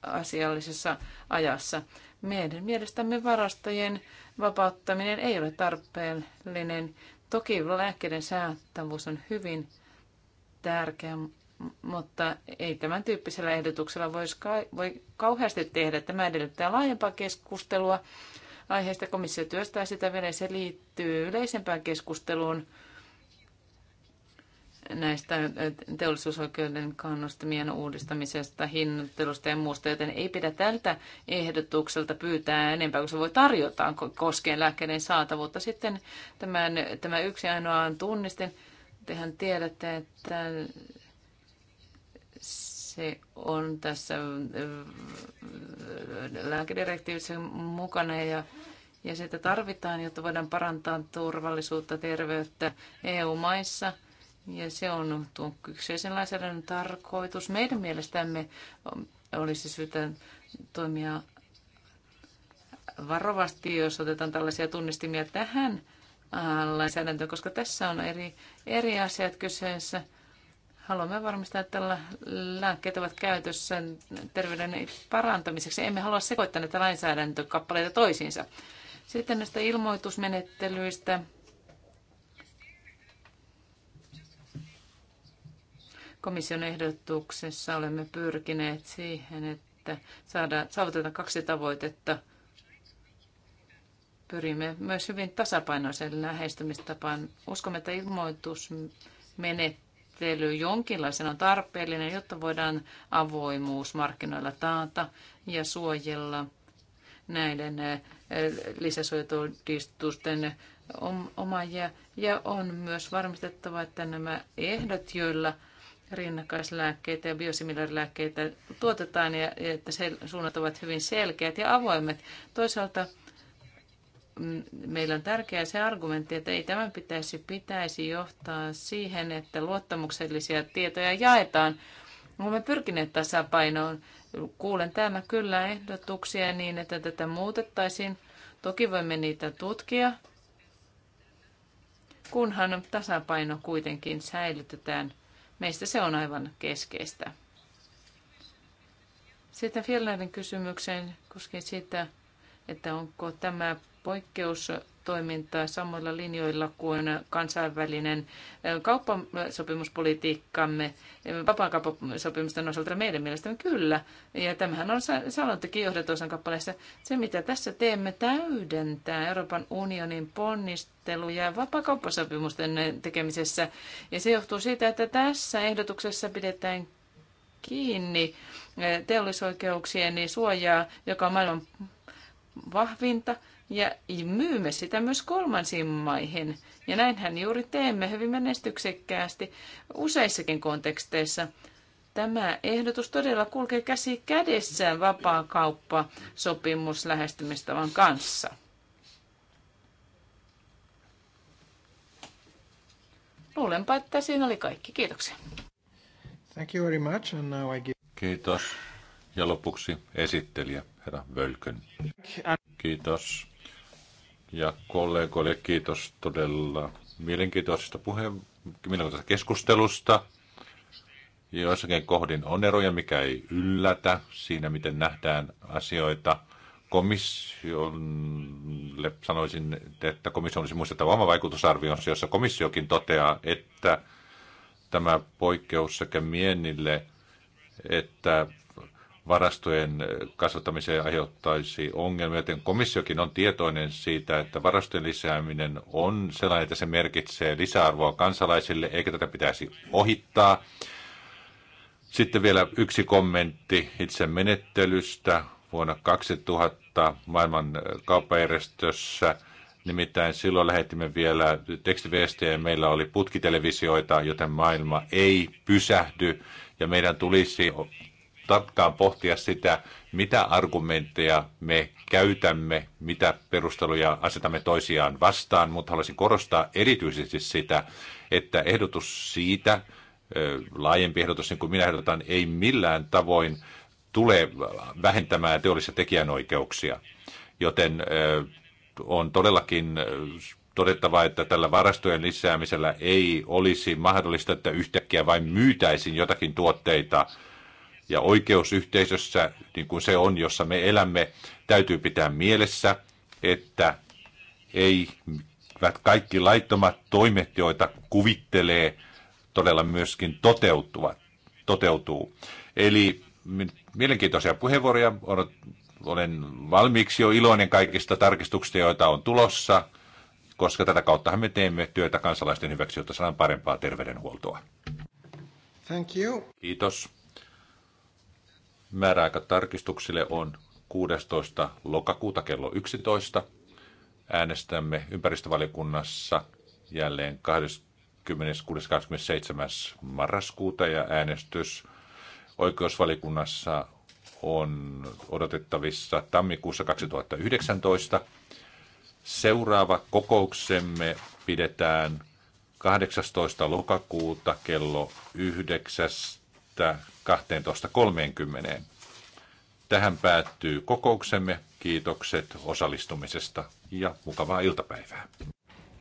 asiallisessa ajassa. Meidän mielestämme varastojen vapauttaminen ei ole tarpeellinen. Toki lääkkeiden säättävyys on hyvin tärkeä, mutta ei tämän tyyppisellä ehdotuksella voisi, voi kauheasti tehdä. Tämä edellyttää laajempaa keskustelua aiheesta. Komissio työstää sitä vielä ja se liittyy yleisempään keskusteluun näistä teollisuusoikeuden kannustamien uudistamisesta, hinnoittelusta ja muusta, joten ei pidä tältä ehdotukselta pyytää enempää kuin se voi tarjota koskien lääkkeiden saatavuutta. Sitten tämän, tämä yksi ainoa tunnistin, tehän tiedätte, että se on tässä äh, lääkedirektiivissä mukana ja ja sitä tarvitaan, jotta voidaan parantaa turvallisuutta, terveyttä EU-maissa – ja se on tuon kyseisen lainsäädännön tarkoitus. Meidän mielestämme olisi syytä toimia varovasti, jos otetaan tällaisia tunnistimia tähän lainsäädäntöön, koska tässä on eri, eri asiat kyseessä. Haluamme varmistaa, että lääkkeet ovat käytössä terveyden parantamiseksi. Emme halua sekoittaa näitä lainsäädäntökappaleita toisiinsa. Sitten näistä ilmoitusmenettelyistä Komission ehdotuksessa olemme pyrkineet siihen, että saadaan, saavutetaan kaksi tavoitetta. Pyrimme myös hyvin tasapainoiseen lähestymistapaan. Uskomme, että ilmoitusmenettely jonkinlaisen on tarpeellinen, jotta voidaan avoimuus markkinoilla taata ja suojella näiden eh, lisäsuojatodistusten omaajia. Ja on myös varmistettava, että nämä ehdot, joilla rinnakkaislääkkeitä ja biosimilarilääkkeitä tuotetaan ja että suunnat ovat hyvin selkeät ja avoimet. Toisaalta mm, meillä on tärkeä se argumentti, että ei tämän pitäisi, pitäisi johtaa siihen, että luottamuksellisia tietoja jaetaan. Olemme pyrkineet tasapainoon. Kuulen tämä kyllä ehdotuksia niin, että tätä muutettaisiin. Toki voimme niitä tutkia, kunhan tasapaino kuitenkin säilytetään. Meistä se on aivan keskeistä. Sitten näiden kysymykseen koskee sitä, että onko tämä poikkeus toimintaa samoilla linjoilla kuin kansainvälinen eh, kauppasopimuspolitiikkamme eh, vapaakauppasopimusten osalta meidän mielestämme kyllä. Ja tämähän on sanottakin johdatosan kappaleessa. Se, mitä tässä teemme, täydentää Euroopan unionin ponnisteluja vapaakauppasopimusten tekemisessä. Ja se johtuu siitä, että tässä ehdotuksessa pidetään kiinni eh, teollisoikeuksien suojaa, joka on maailman vahvinta ja myymme sitä myös kolmansiin maihin. Ja näinhän juuri teemme hyvin menestyksekkäästi useissakin konteksteissa. Tämä ehdotus todella kulkee käsi kädessään vapaakauppasopimus lähestymistavan kanssa. Luulenpa, että siinä oli kaikki. Kiitoksia. Thank you very much, and now I give... Kiitos. Ja lopuksi esittelijä, herra Völkön. Kiitos ja kollegoille kiitos todella mielenkiintoisesta puheen, keskustelusta. Joissakin kohdin on eroja, mikä ei yllätä siinä, miten nähdään asioita. Komissiolle sanoisin, että komissio olisi muistettava oma vaikutusarvionsa, jossa komissiokin toteaa, että tämä poikkeus sekä mienille että varastojen kasvattamiseen aiheuttaisi ongelmia, joten komissiokin on tietoinen siitä, että varastojen lisääminen on sellainen, että se merkitsee lisäarvoa kansalaisille, eikä tätä pitäisi ohittaa. Sitten vielä yksi kommentti itse menettelystä vuonna 2000 maailman kauppajärjestössä. Nimittäin silloin lähetimme vielä tekstiviestejä ja meillä oli putkitelevisioita, joten maailma ei pysähdy ja meidän tulisi tarkkaan pohtia sitä, mitä argumentteja me käytämme, mitä perusteluja asetamme toisiaan vastaan, mutta haluaisin korostaa erityisesti sitä, että ehdotus siitä, laajempi ehdotus, niin kuin minä ehdotan, ei millään tavoin tule vähentämään teollisia tekijänoikeuksia. Joten on todellakin todettava, että tällä varastojen lisäämisellä ei olisi mahdollista, että yhtäkkiä vain myytäisiin jotakin tuotteita – ja oikeusyhteisössä, niin kuin se on, jossa me elämme, täytyy pitää mielessä, että ei kaikki laittomat toimet, joita kuvittelee, todella myöskin toteutuvat, toteutuu. Eli mielenkiintoisia puheenvuoroja. Olen valmiiksi jo iloinen kaikista tarkistuksista, joita on tulossa, koska tätä kautta me teemme työtä kansalaisten hyväksi, jotta saadaan parempaa terveydenhuoltoa. Thank you. Kiitos. Määräaika tarkistuksille on 16. lokakuuta kello 11. Äänestämme ympäristövaliokunnassa jälleen 26.27. marraskuuta ja äänestys oikeusvalikunnassa on odotettavissa tammikuussa 2019. Seuraava kokouksemme pidetään 18. lokakuuta kello 9 12.30. Tähän päättyy kokouksemme. Kiitokset osallistumisesta ja mukavaa iltapäivää.